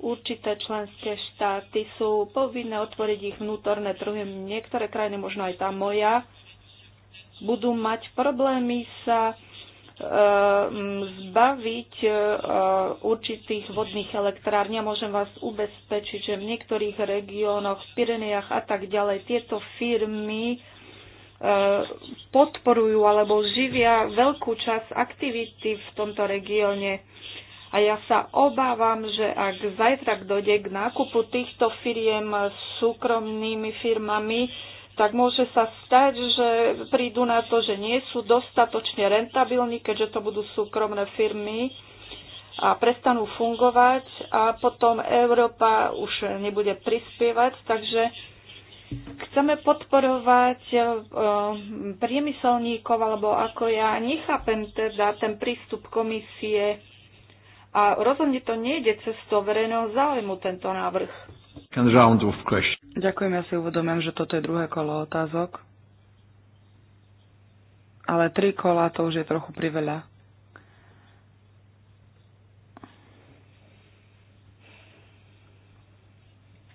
určité členské štáty sú povinné otvoriť ich vnútorné trhy. Niektoré krajiny, možno aj tá moja, budú mať problémy sa Eh, zbaviť eh, určitých vodných elektrární. A môžem vás ubezpečiť, že v niektorých regiónoch, v Pireniach a tak ďalej, tieto firmy eh, podporujú alebo živia veľkú časť aktivity v tomto regióne. A ja sa obávam, že ak zajtra dojde k nákupu týchto firiem súkromnými firmami, tak môže sa stať, že prídu na to, že nie sú dostatočne rentabilní, keďže to budú súkromné firmy a prestanú fungovať a potom Európa už nebude prispievať. Takže chceme podporovať e, priemyselníkov, alebo ako ja nechápem teda ten prístup komisie a rozhodne to nejde to verejného záujmu tento návrh round of questions. Ďakujem, ja si uvedomujem, že toto je druhé kolo otázok. Ale tri kola to už je trochu priveľa.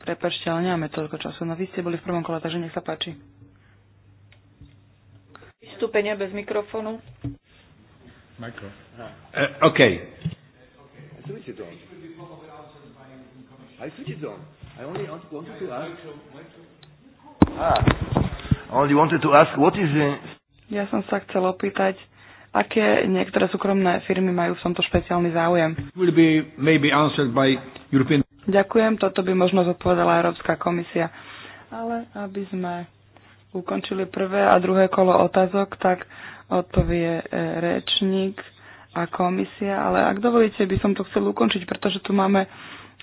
Prepačte, ale nemáme toľko času. No vy ste boli v prvom kole, takže nech sa páči. Vystúpenie bez mikrofónu. Mikro. Uh, e, OK. I switch it on. I switch it on. I only wanted to ask. Ah, only wanted to ask what is the... Ja som sa chcel opýtať, aké niektoré súkromné firmy majú v tomto špeciálny záujem. Will be maybe answered by European... Ďakujem, toto by možno zodpovedala Európska komisia. Ale aby sme ukončili prvé a druhé kolo otázok, tak odpovie e, rečník a komisia, ale ak dovolíte, by som to chcel ukončiť, pretože tu máme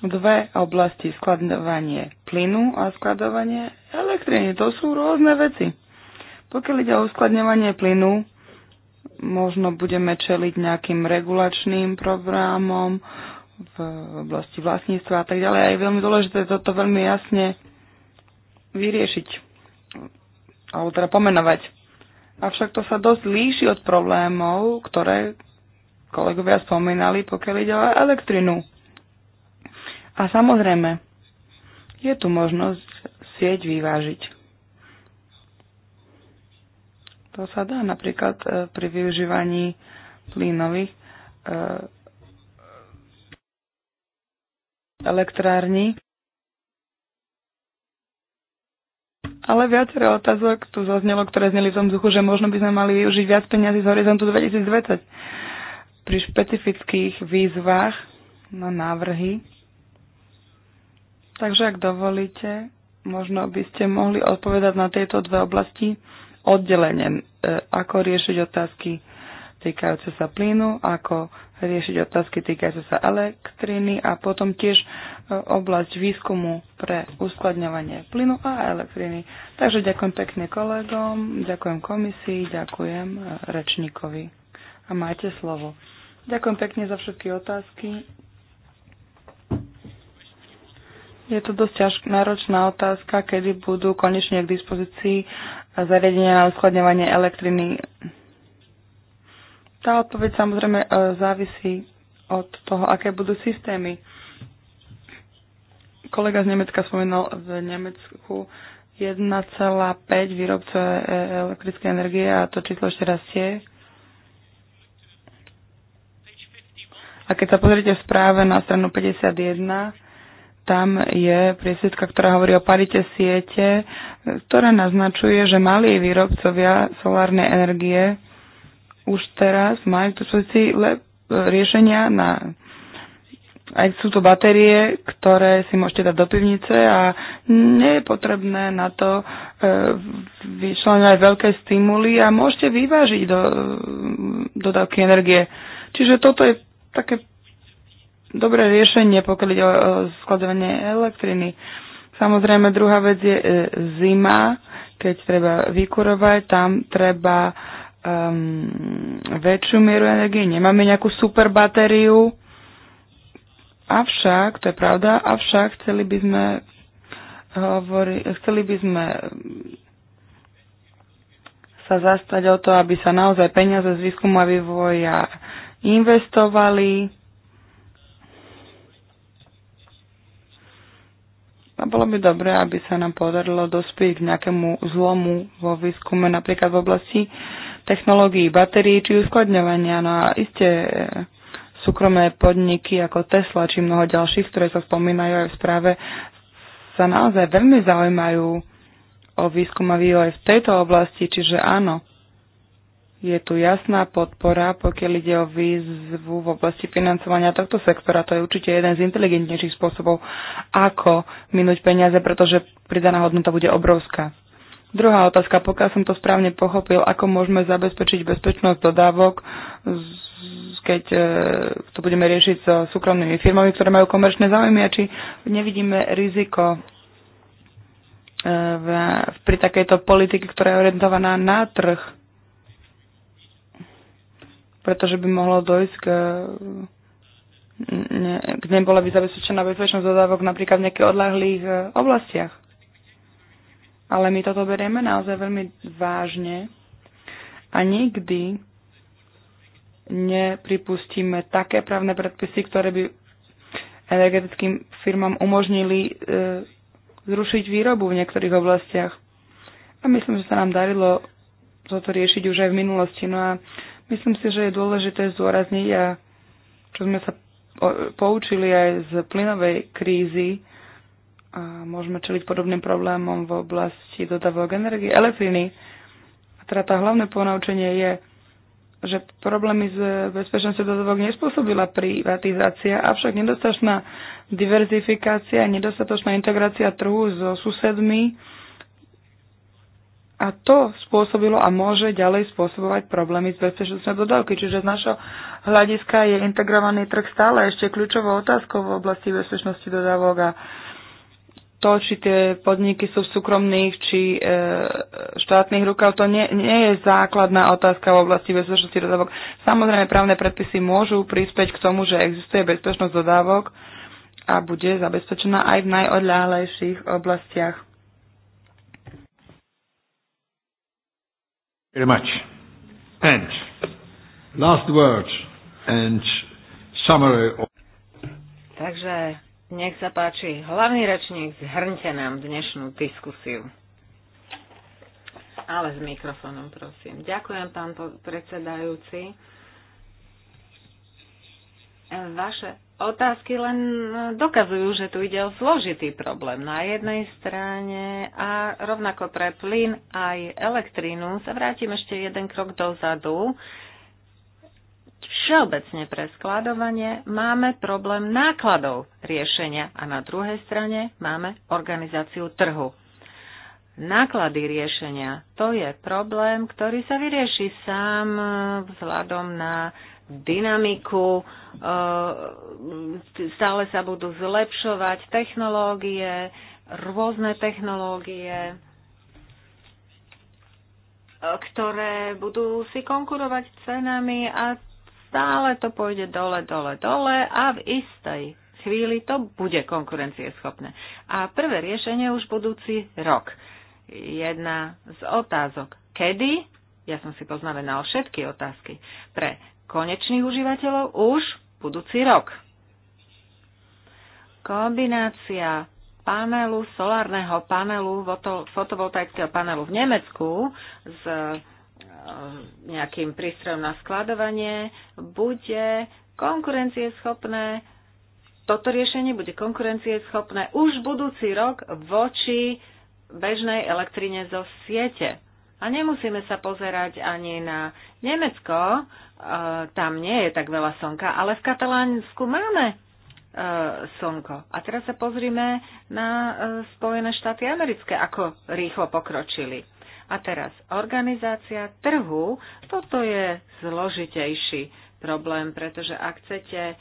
dve oblasti, skladovanie plynu a skladovanie elektriny. To sú rôzne veci. Pokiaľ ide o uskladňovanie plynu, možno budeme čeliť nejakým regulačným programom v oblasti vlastníctva a tak ďalej. A je veľmi dôležité toto veľmi jasne vyriešiť, alebo teda pomenovať. Avšak to sa dosť líši od problémov, ktoré kolegovia spomínali, pokiaľ ide o elektrinu a samozrejme, je tu možnosť sieť vyvážiť. To sa dá napríklad e, pri využívaní plynových e, elektrární. Ale viacero otázok tu zaznelo, ktoré zneli v tom duchu, že možno by sme mali využiť viac peniazy z horizontu 2020 pri špecifických výzvach na návrhy Takže ak dovolíte, možno by ste mohli odpovedať na tieto dve oblasti oddelenie. E, ako riešiť otázky týkajúce sa plynu, ako riešiť otázky týkajúce sa elektriny a potom tiež e, oblasť výskumu pre uskladňovanie plynu a elektriny. Takže ďakujem pekne kolegom, ďakujem komisii, ďakujem e, rečníkovi. A máte slovo. Ďakujem pekne za všetky otázky. Je to dosť ťažká, náročná otázka, kedy budú konečne k dispozícii zariadenia na uskladňovanie elektriny. Tá odpoveď samozrejme e, závisí od toho, aké budú systémy. Kolega z Nemecka spomenul v Nemecku 1,5 výrobcov e, e, elektrickej energie a to číslo ešte rastie. A keď sa pozrite v správe na stranu 51, tam je priesvitka, ktorá hovorí o parite siete, ktorá naznačuje, že malí výrobcovia solárnej energie už teraz majú tu dispozícii riešenia na aj sú to batérie, ktoré si môžete dať do pivnice a nie je potrebné na to e, vyčlenovať veľké stimuly a môžete vyvážiť do, dodávky energie. Čiže toto je také dobré riešenie, pokiaľ ide o skladovanie elektriny. Samozrejme, druhá vec je e, zima, keď treba vykurovať, tam treba um, väčšiu mieru energie. Nemáme nejakú super batériu, avšak, to je pravda, avšak chceli by sme hovori, chceli by sme sa zastať o to, aby sa naozaj peniaze z výskumu a vývoja investovali A bolo by dobré, aby sa nám podarilo dospieť k nejakému zlomu vo výskume napríklad v oblasti technológií batérií či uskladňovania. No a iste e, súkromné podniky ako Tesla či mnoho ďalších, ktoré sa spomínajú aj v správe, sa naozaj veľmi zaujímajú o výskum a vývoj v tejto oblasti, čiže áno, je tu jasná podpora, pokiaľ ide o výzvu v oblasti financovania tohto sektora. To je určite jeden z inteligentnejších spôsobov, ako minúť peniaze, pretože pridaná hodnota bude obrovská. Druhá otázka, pokiaľ som to správne pochopil, ako môžeme zabezpečiť bezpečnosť dodávok, keď e, to budeme riešiť so súkromnými firmami, ktoré majú komerčné záujmy a či nevidíme riziko e, pri takejto politike, ktorá je orientovaná na trh pretože by mohlo dojsť k, ne, k nebola by zabezpečená bezpečnosť dodávok napríklad v nejakých odlahlých e, oblastiach. Ale my toto berieme naozaj veľmi vážne a nikdy nepripustíme také právne predpisy, ktoré by energetickým firmám umožnili e, zrušiť výrobu v niektorých oblastiach. A myslím, že sa nám darilo toto riešiť už aj v minulosti. No a Myslím si, že je dôležité zdôrazniť a čo sme sa poučili aj z plynovej krízy a môžeme čeliť podobným problémom v oblasti dodavok energie, elektriny. A teda tá hlavné ponaučenie je, že problémy s bezpečnosťou dodávok nespôsobila privatizácia, avšak nedostatočná diverzifikácia, nedostatočná integrácia trhu so susedmi a to spôsobilo a môže ďalej spôsobovať problémy s bezpečnosťou dodávky. Čiže z našho hľadiska je integrovaný trh stále ešte kľúčovou otázkou v oblasti bezpečnosti dodávok a to, či tie podniky sú v súkromných či e, štátnych rukách, to nie, nie je základná otázka v oblasti bezpečnosti dodávok. Samozrejme, právne predpisy môžu prispieť k tomu, že existuje bezpečnosť dodávok a bude zabezpečená aj v najodľahlejších oblastiach. Very much. And last word and summary of... Takže nech sa páči, hlavný rečník, zhrňte nám dnešnú diskusiu. Ale s mikrofónom, prosím. Ďakujem, pán predsedajúci. Vaše otázky len dokazujú, že tu ide o zložitý problém na jednej strane a rovnako pre plyn aj elektrínu sa vrátim ešte jeden krok dozadu. Všeobecne pre skladovanie máme problém nákladov riešenia a na druhej strane máme organizáciu trhu. Náklady riešenia to je problém, ktorý sa vyrieši sám vzhľadom na dynamiku, eh, stále sa budú zlepšovať technológie, rôzne technológie, eh, ktoré budú si konkurovať cenami a stále to pôjde dole, dole, dole a v istej chvíli to bude konkurencieschopné. A prvé riešenie už budúci rok. Jedna z otázok. Kedy? Ja som si poznamenal všetky otázky. Pre konečných užívateľov už budúci rok. Kombinácia panelu, solárneho panelu, fotovoltaického panelu v Nemecku s e, nejakým prístrojom na skladovanie bude konkurencieschopné toto riešenie bude konkurencieschopné už budúci rok voči bežnej elektrine zo siete. A nemusíme sa pozerať ani na Nemecko, e, tam nie je tak veľa slnka, ale v Katalánsku máme e, slnko. A teraz sa pozrime na e, Spojené štáty americké, ako rýchlo pokročili. A teraz organizácia trhu, toto je zložitejší problém, pretože ak chcete e,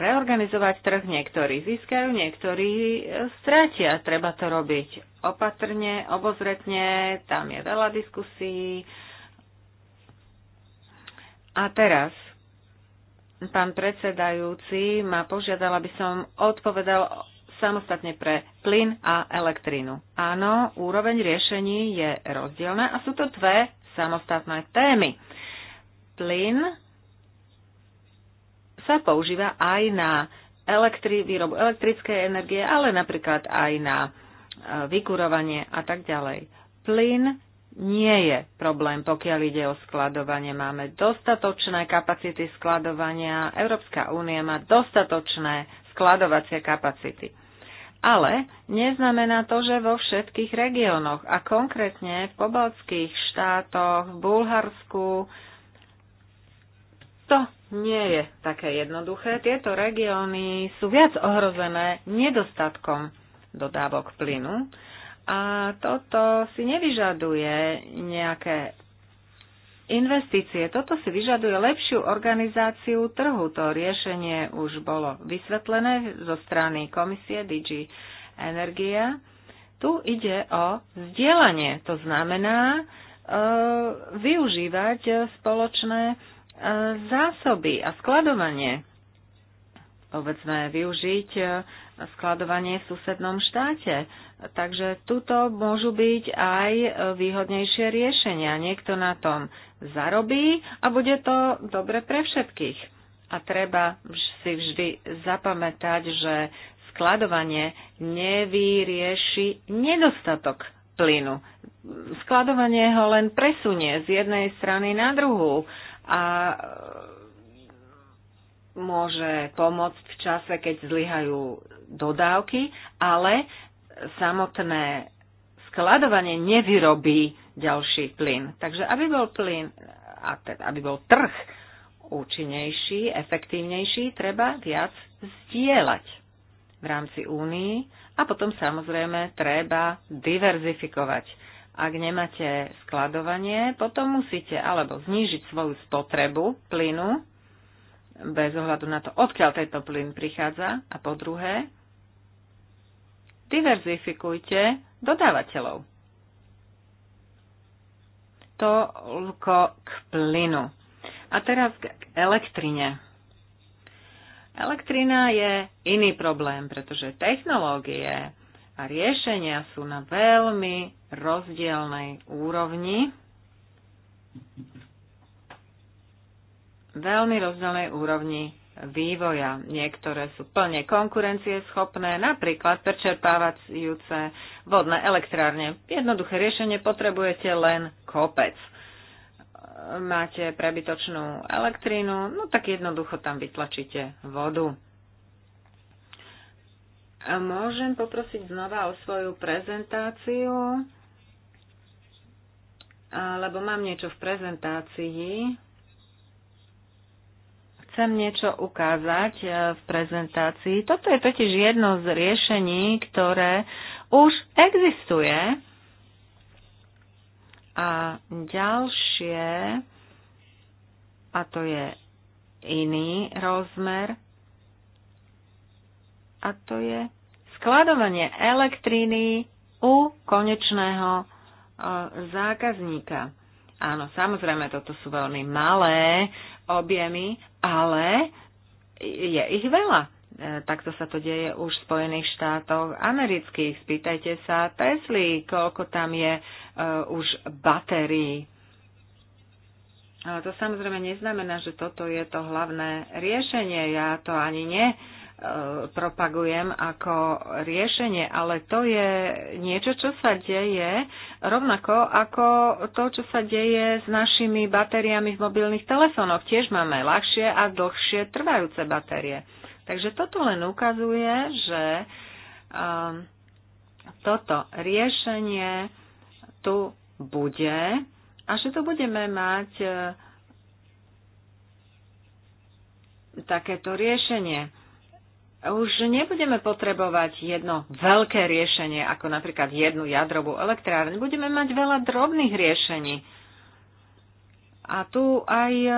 reorganizovať trh, niektorí získajú, niektorí e, strátia. Treba to robiť opatrne, obozretne, tam je veľa diskusí. A teraz, pán predsedajúci ma požiadal, aby som odpovedal samostatne pre plyn a elektrínu. Áno, úroveň riešení je rozdielna a sú to dve samostatné témy. Plyn sa používa aj na elektri, výrobu elektrickej energie, ale napríklad aj na e, vykurovanie a tak ďalej. Plyn nie je problém, pokiaľ ide o skladovanie. Máme dostatočné kapacity skladovania, Európska únia má dostatočné skladovacie kapacity. Ale neznamená to, že vo všetkých regiónoch a konkrétne v pobaltských štátoch, v Bulharsku, to nie je také jednoduché. Tieto regióny sú viac ohrozené nedostatkom dodávok plynu a toto si nevyžaduje nejaké investície. Toto si vyžaduje lepšiu organizáciu trhu. To riešenie už bolo vysvetlené zo strany komisie DG Energia. Tu ide o vzdielanie. To znamená e, využívať spoločné zásoby a skladovanie. Povedzme, využiť e, skladovanie v susednom štáte. Takže tuto môžu byť aj e, výhodnejšie riešenia. Niekto na tom zarobí a bude to dobre pre všetkých. A treba si vždy zapamätať, že skladovanie nevyrieši nedostatok plynu. Skladovanie ho len presunie z jednej strany na druhú a e, môže pomôcť v čase, keď zlyhajú dodávky, ale samotné skladovanie nevyrobí ďalší plyn. Takže aby bol plyn, a teda aby bol trh účinnejší, efektívnejší, treba viac zdieľať v rámci únii a potom samozrejme treba diverzifikovať ak nemáte skladovanie, potom musíte alebo znížiť svoju spotrebu plynu, bez ohľadu na to, odkiaľ tento plyn prichádza. A po druhé, diverzifikujte dodávateľov. Toľko k plynu. A teraz k elektrine. Elektrina je iný problém, pretože technológie, a riešenia sú na veľmi rozdielnej úrovni. Veľmi rozdielnej úrovni vývoja. Niektoré sú plne konkurencieschopné, napríklad prečerpávajúce vodné elektrárne. Jednoduché riešenie potrebujete len kopec. Máte prebytočnú elektrínu, no tak jednoducho tam vytlačíte vodu. Môžem poprosiť znova o svoju prezentáciu, lebo mám niečo v prezentácii. Chcem niečo ukázať e, v prezentácii. Toto je totiž jedno z riešení, ktoré už existuje. A ďalšie, a to je iný rozmer, a to je skladovanie elektriny u konečného e, zákazníka. Áno, samozrejme, toto sú veľmi malé objemy, ale je ich veľa. E, takto sa to deje už v Spojených štátoch amerických. Spýtajte sa Tesly, koľko tam je e, už batérií. Ale to samozrejme neznamená, že toto je to hlavné riešenie. Ja to ani ne propagujem ako riešenie, ale to je niečo, čo sa deje rovnako ako to, čo sa deje s našimi batériami v mobilných telefónoch. Tiež máme ľahšie a dlhšie trvajúce batérie. Takže toto len ukazuje, že um, toto riešenie tu bude a že tu budeme mať uh, takéto riešenie už nebudeme potrebovať jedno veľké riešenie, ako napríklad jednu jadrovú elektrárnu. Budeme mať veľa drobných riešení. A tu aj e,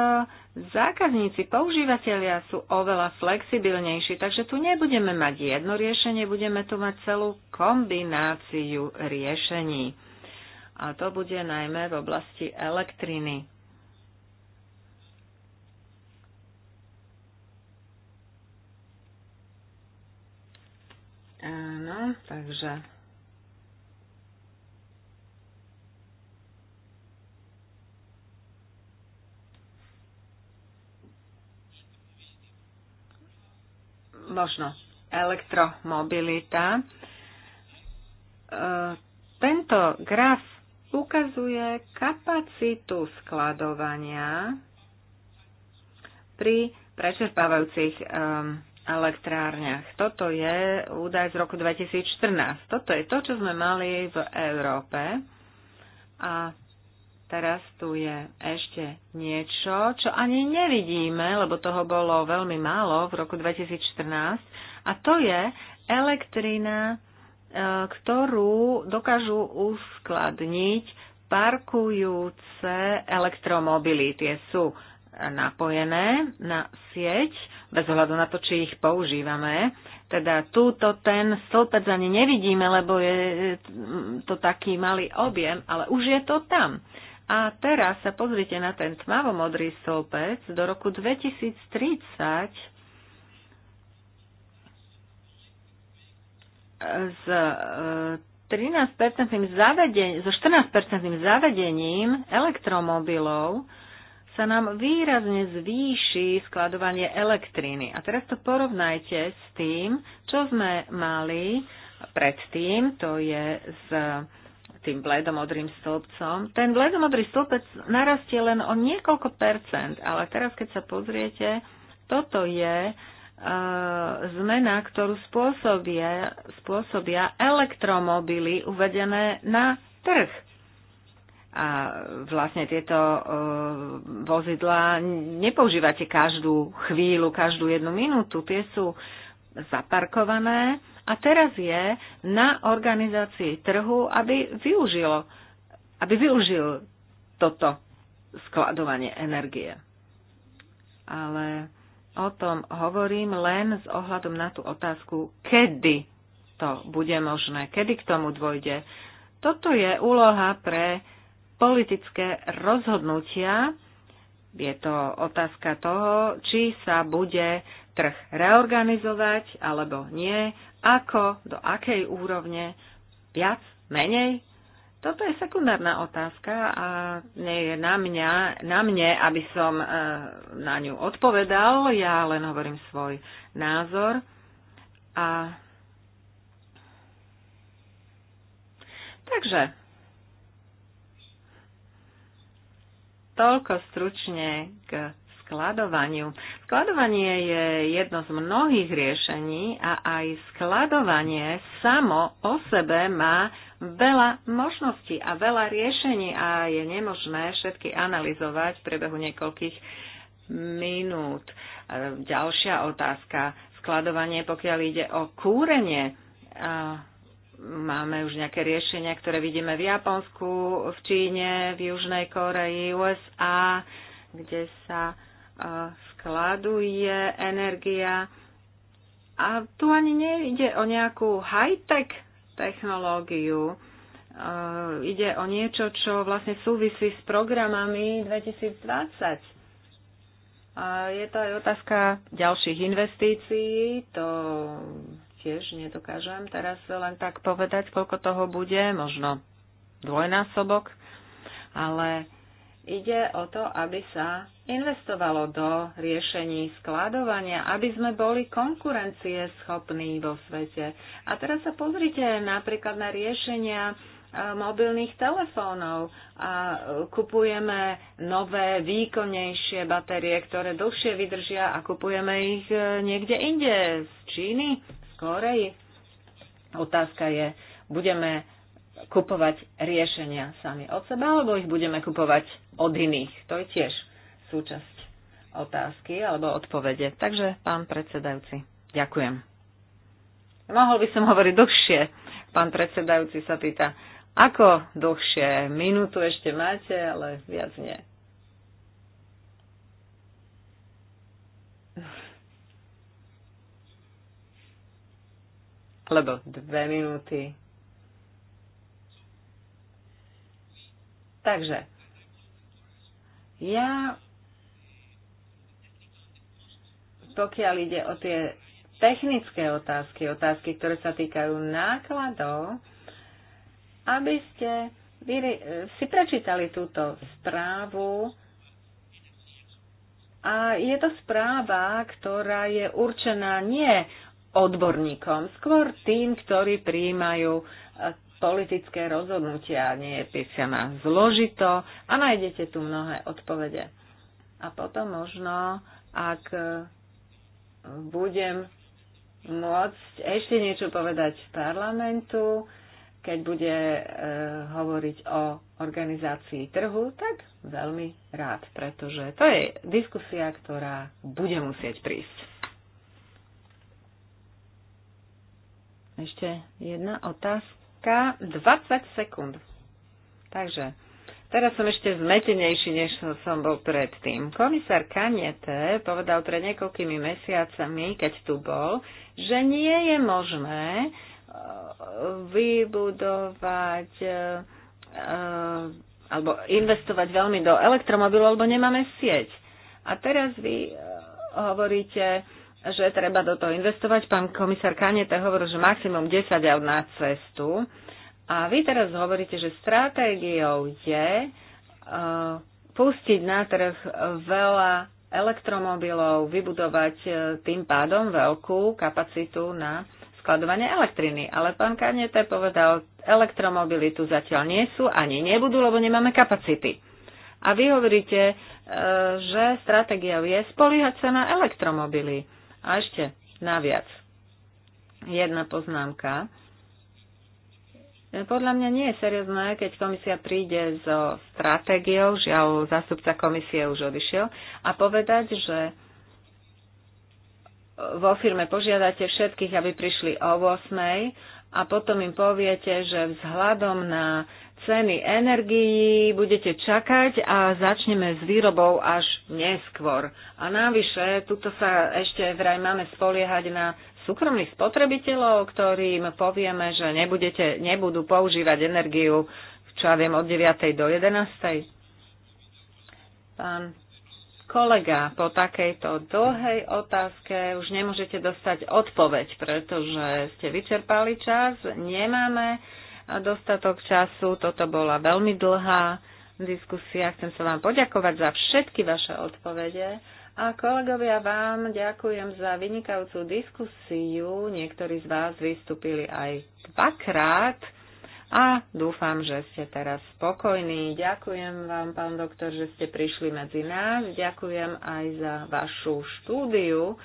zákazníci, používateľia sú oveľa flexibilnejší, takže tu nebudeme mať jedno riešenie, budeme tu mať celú kombináciu riešení. A to bude najmä v oblasti elektriny. Áno, takže možno elektromobilita. E, tento graf ukazuje kapacitu skladovania pri prečerpávajúcich um, elektrárniach. Toto je údaj z roku 2014. Toto je to, čo sme mali v Európe. A teraz tu je ešte niečo, čo ani nevidíme, lebo toho bolo veľmi málo v roku 2014. A to je elektrina, e, ktorú dokážu uskladniť parkujúce elektromobily. Tie sú napojené na sieť, bez ohľadu na to, či ich používame. Teda túto ten stĺpec ani nevidíme, lebo je mm, to taký malý objem, ale už je to tam. A teraz sa pozrite na ten tmavomodrý stĺpec. Do roku 2030 z 13 so 14-percentným zavedením elektromobilov sa nám výrazne zvýši skladovanie elektriny. A teraz to porovnajte s tým, čo sme mali predtým, to je s tým bledomodrým stĺpcom. Ten bledomodrý stĺpec narastie len o niekoľko percent, ale teraz keď sa pozriete, toto je e, zmena, ktorú spôsobia, spôsobia elektromobily uvedené na trh a vlastne tieto e, vozidla nepoužívate každú chvíľu, každú jednu minútu. Tie sú zaparkované a teraz je na organizácii trhu, aby využilo, aby využil toto skladovanie energie. Ale o tom hovorím len s ohľadom na tú otázku, kedy to bude možné, kedy k tomu dôjde. Toto je úloha pre politické rozhodnutia. Je to otázka toho, či sa bude trh reorganizovať alebo nie, ako, do akej úrovne, viac, menej. Toto je sekundárna otázka a nie je na, mňa, na mne, aby som eh, na ňu odpovedal. Ja len hovorím svoj názor. A... Takže Toľko stručne k skladovaniu. Skladovanie je jedno z mnohých riešení a aj skladovanie samo o sebe má veľa možností a veľa riešení a je nemožné všetky analyzovať v priebehu niekoľkých minút. E, ďalšia otázka. Skladovanie, pokiaľ ide o kúrenie. Máme už nejaké riešenia, ktoré vidíme v Japonsku, v Číne, v Južnej Koreji, USA, kde sa e, skladuje energia. A tu ani nejde o nejakú high-tech technológiu. E, ide o niečo, čo vlastne súvisí s programami 2020. Je to aj otázka ďalších investícií, to tiež nedokážem teraz len tak povedať, koľko toho bude, možno dvojnásobok, ale ide o to, aby sa investovalo do riešení skladovania, aby sme boli konkurencie schopní vo svete. A teraz sa pozrite napríklad na riešenia e, mobilných telefónov a kupujeme nové, výkonnejšie batérie, ktoré dlhšie vydržia a kupujeme ich e, niekde inde z Číny Koreji. Otázka je, budeme kupovať riešenia sami od seba, alebo ich budeme kupovať od iných. To je tiež súčasť otázky alebo odpovede. Takže, pán predsedajúci, ďakujem. Mohol by som hovoriť dlhšie. Pán predsedajúci sa pýta, ako dlhšie? Minútu ešte máte, ale viac nie. alebo dve minúty. Takže, ja, pokiaľ ide o tie technické otázky, otázky, ktoré sa týkajú nákladov, aby ste si prečítali túto správu, a je to správa, ktorá je určená nie odborníkom, skôr tým, ktorí prijímajú e, politické rozhodnutia. Nie je písaná zložito a nájdete tu mnohé odpovede. A potom možno, ak e, budem môcť ešte niečo povedať z parlamentu, keď bude e, hovoriť o organizácii trhu, tak veľmi rád, pretože to je diskusia, ktorá bude musieť prísť. Ešte jedna otázka. 20 sekúnd. Takže, teraz som ešte zmetenejší, než som bol predtým. Komisár Kanete povedal pred niekoľkými mesiacami, keď tu bol, že nie je možné eh, vybudovať eh, eh, alebo investovať veľmi do elektromobilov, lebo nemáme sieť. A teraz vy hovoríte, že treba do toho investovať. Pán komisár Kanete hovoril, že maximum 10 aut na cestu. A vy teraz hovoríte, že stratégiou je uh, pustiť na trh veľa elektromobilov, vybudovať uh, tým pádom veľkú kapacitu na skladovanie elektriny. Ale pán Kanete povedal, elektromobily tu zatiaľ nie sú, ani nebudú, lebo nemáme kapacity. A vy hovoríte, uh, že stratégiou je spoliehať sa na elektromobily. A ešte naviac. Jedna poznámka. E, podľa mňa nie je seriózne, keď komisia príde so stratégiou, žiaľ, zástupca komisie už odišiel, a povedať, že vo firme požiadate všetkých, aby prišli o 8 a potom im poviete, že vzhľadom na ceny energií, budete čakať a začneme s výrobou až neskôr. A navyše, tuto sa ešte vraj máme spoliehať na súkromných spotrebiteľov, ktorým povieme, že nebudete, nebudú používať energiu, čo ja viem, od 9. do 11. Pán kolega, po takejto dlhej otázke už nemôžete dostať odpoveď, pretože ste vyčerpali čas, nemáme dostatok času. Toto bola veľmi dlhá diskusia. Chcem sa vám poďakovať za všetky vaše odpovede. A kolegovia, vám ďakujem za vynikajúcu diskusiu. Niektorí z vás vystúpili aj dvakrát a dúfam, že ste teraz spokojní. Ďakujem vám, pán doktor, že ste prišli medzi nás. Ďakujem aj za vašu štúdiu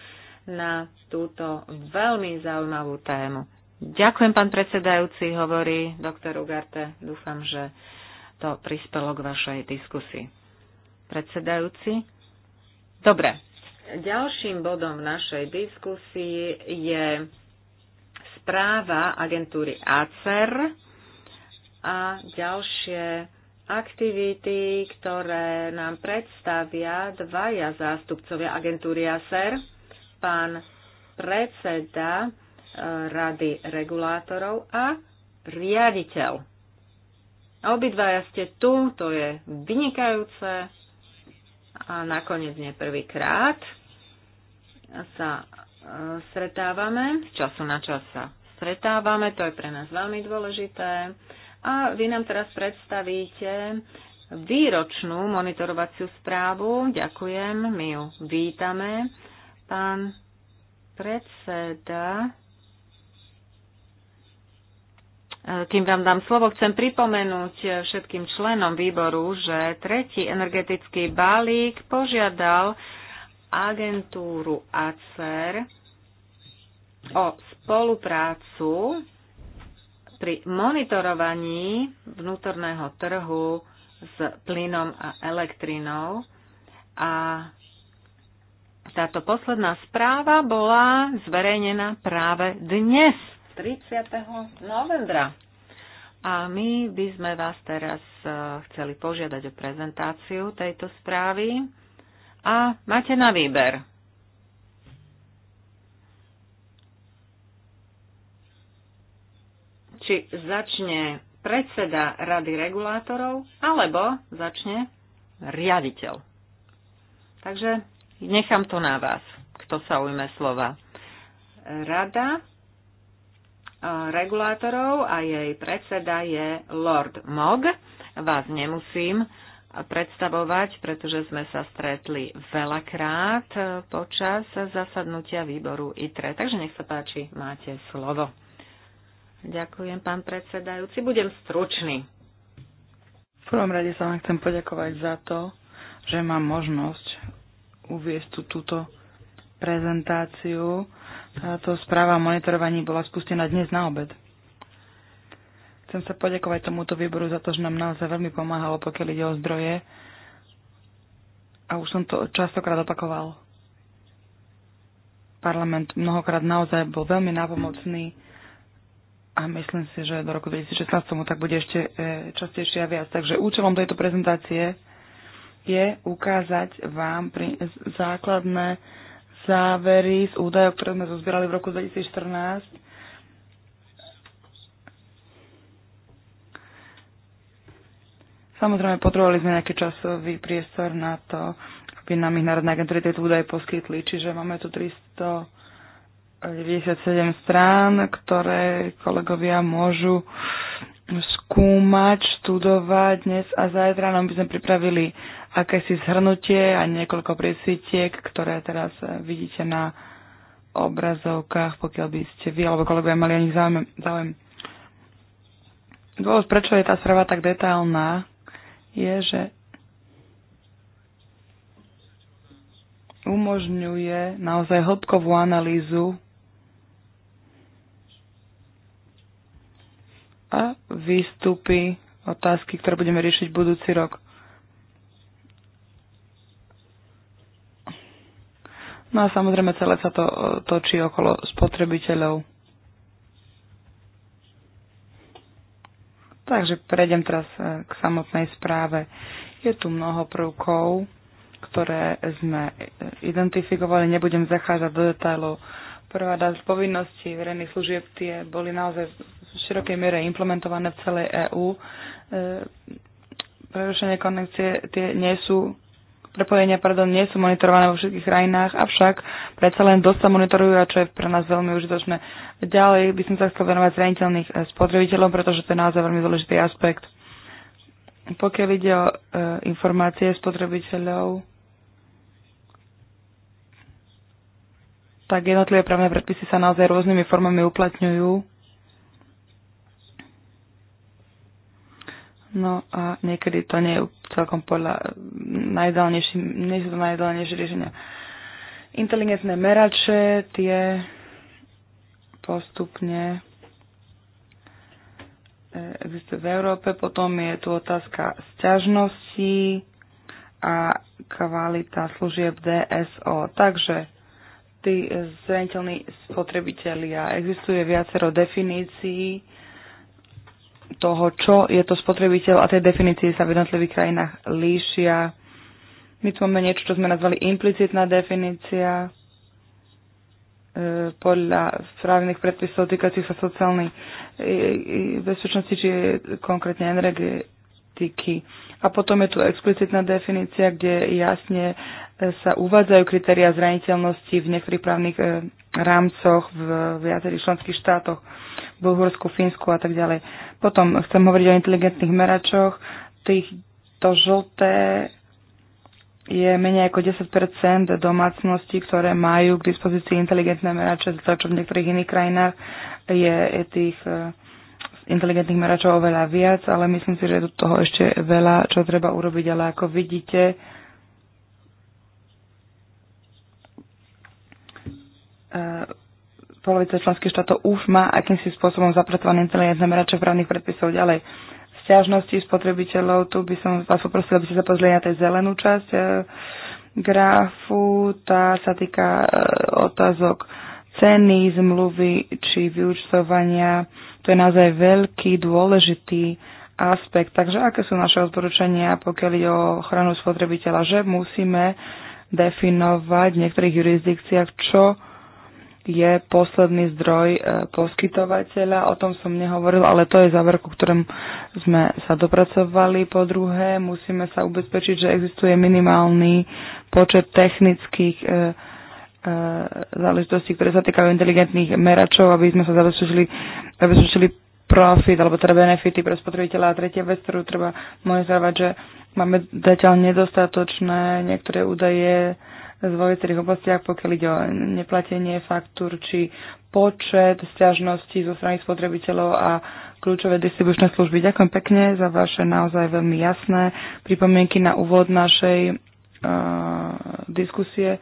na túto veľmi zaujímavú tému. Ďakujem, pán predsedajúci, hovorí doktor Ugarte. Dúfam, že to prispelo k vašej diskusii. Predsedajúci? Dobre. Ďalším bodom našej diskusii je správa agentúry ACER a ďalšie aktivity, ktoré nám predstavia dvaja zástupcovia agentúry ACER, pán predseda rady regulátorov a riaditeľ. Obidvaja ste tu, to je vynikajúce a nakoniec nie prvýkrát sa e, stretávame, z času na čas sa stretávame, to je pre nás veľmi dôležité. A vy nám teraz predstavíte výročnú monitorovaciu správu. Ďakujem, my ju vítame. Pán predseda E, kým vám dám slovo, chcem pripomenúť všetkým členom výboru, že tretí energetický balík požiadal agentúru ACER o spoluprácu pri monitorovaní vnútorného trhu s plynom a elektrinou a táto posledná správa bola zverejnená práve dnes 30. novembra. A my by sme vás teraz e, chceli požiadať o prezentáciu tejto správy a máte na výber. Či začne predseda Rady regulátorov, alebo začne riaditeľ. Takže nechám to na vás, kto sa ujme slova. Rada regulátorov a jej predseda je Lord Mog. Vás nemusím predstavovať, pretože sme sa stretli veľakrát počas zasadnutia výboru ITRE. Takže nech sa páči, máte slovo. Ďakujem, pán predsedajúci. Budem stručný. V prvom rade sa vám chcem poďakovať za to, že mám možnosť uviesť tú túto prezentáciu táto správa o monitorovaní bola spustená dnes na obed. Chcem sa poďakovať tomuto výboru za to, že nám naozaj veľmi pomáhalo, pokiaľ ide o zdroje. A už som to častokrát opakoval. Parlament mnohokrát naozaj bol veľmi nápomocný a myslím si, že do roku 2016 tomu tak bude ešte e, častejšie a viac. Takže účelom tejto prezentácie je ukázať vám pri základné závery z údajov, ktoré sme zozbierali v roku 2014, Samozrejme, potrebovali sme nejaký časový priestor na to, aby nám ich Národné agentúry tieto údaje poskytli. Čiže máme tu 397 strán, ktoré kolegovia môžu skúmať, študovať dnes a zajtra. Nám by sme pripravili akési zhrnutie a niekoľko presvietiek, ktoré teraz eh, vidíte na obrazovkách, pokiaľ by ste vy alebo kolegovia mali o nich záujem. Dôvod, prečo je tá správa tak detailná, je, že umožňuje naozaj hĺbkovú analýzu a výstupy, otázky, ktoré budeme riešiť budúci rok. No a samozrejme celé sa to e, točí okolo spotrebiteľov. Takže prejdem teraz e, k samotnej správe. Je tu mnoho prvkov, ktoré sme e, identifikovali. Nebudem zachádzať do detailov. Prvá dá z povinností verejných služieb tie boli naozaj v širokej miere implementované v celej EÚ. prerušenie konekcie tie nie sú prepojenia pardon, nie sú monitorované vo všetkých krajinách, avšak predsa len dosť sa monitorujú a čo je pre nás veľmi užitočné. Ďalej by som sa chcel venovať zraniteľných eh, spotrebiteľom, pretože to je naozaj veľmi dôležitý aspekt. Pokiaľ ide o e, informácie spotrebiteľov, tak jednotlivé právne predpisy sa naozaj rôznymi formami uplatňujú No a niekedy to nie je celkom podľa najdalnejší, nie sú to najdalnejšie riešenia. Inteligentné merače, tie postupne e, existuje v Európe. Potom je tu otázka sťažnosti a kvalita služieb DSO. Takže tí zraniteľní spotrebitelia. Existuje viacero definícií toho, čo je to spotrebiteľ a tie definície sa v jednotlivých krajinách líšia. My tu máme niečo, čo sme nazvali implicitná definícia e, podľa správnych predpisov týkajúcich sa sociálnej e, e, bezpečnosti, či konkrétne energie, politiky. A potom je tu explicitná definícia, kde jasne e, sa uvádzajú kritéria zraniteľnosti v niektorých právnych e, rámcoch v viacerých členských štátoch, Bulhorsku, Fínsku a tak ďalej. Potom chcem hovoriť o inteligentných meračoch. Tých to žlté je menej ako 10 domácností, ktoré majú k dispozícii inteligentné merače, zatiaľ čo v niektorých iných krajinách je, je tých e, inteligentných meračov oveľa viac, ale myslím si, že je do toho ešte veľa, čo treba urobiť. Ale ako vidíte, e, polovica členských štátov už má akýmsi spôsobom zapracované inteligentné merače právnych predpisov ďalej. Sťažnosti spotrebiteľov, tu by som vás poprosila, aby ste sa pozreli na tej zelenú časť e, grafu, tá sa týka e, otázok ceny, zmluvy či vyučtovania to je naozaj veľký, dôležitý aspekt. Takže aké sú naše odporúčania, pokiaľ ide o ochranu spotrebiteľa? Že musíme definovať v niektorých jurisdikciách, čo je posledný zdroj e, poskytovateľa. O tom som nehovoril, ale to je záver, ku ktorom sme sa dopracovali. Po druhé, musíme sa ubezpečiť, že existuje minimálny počet technických e, Eh, záležitosti, ktoré sa týkajú inteligentných meračov, aby sme sa zabezpečili, zabezpečili profit alebo teda benefity pre spotrebiteľa. A tretia vec, ktorú treba monitorovať, že máme zatiaľ nedostatočné niektoré údaje z vojecerých oblastiach, pokiaľ ide o neplatenie faktúr či počet stiažností zo strany spotrebiteľov a kľúčové distribučné služby. Ďakujem pekne za vaše naozaj veľmi jasné pripomienky na úvod našej uh, diskusie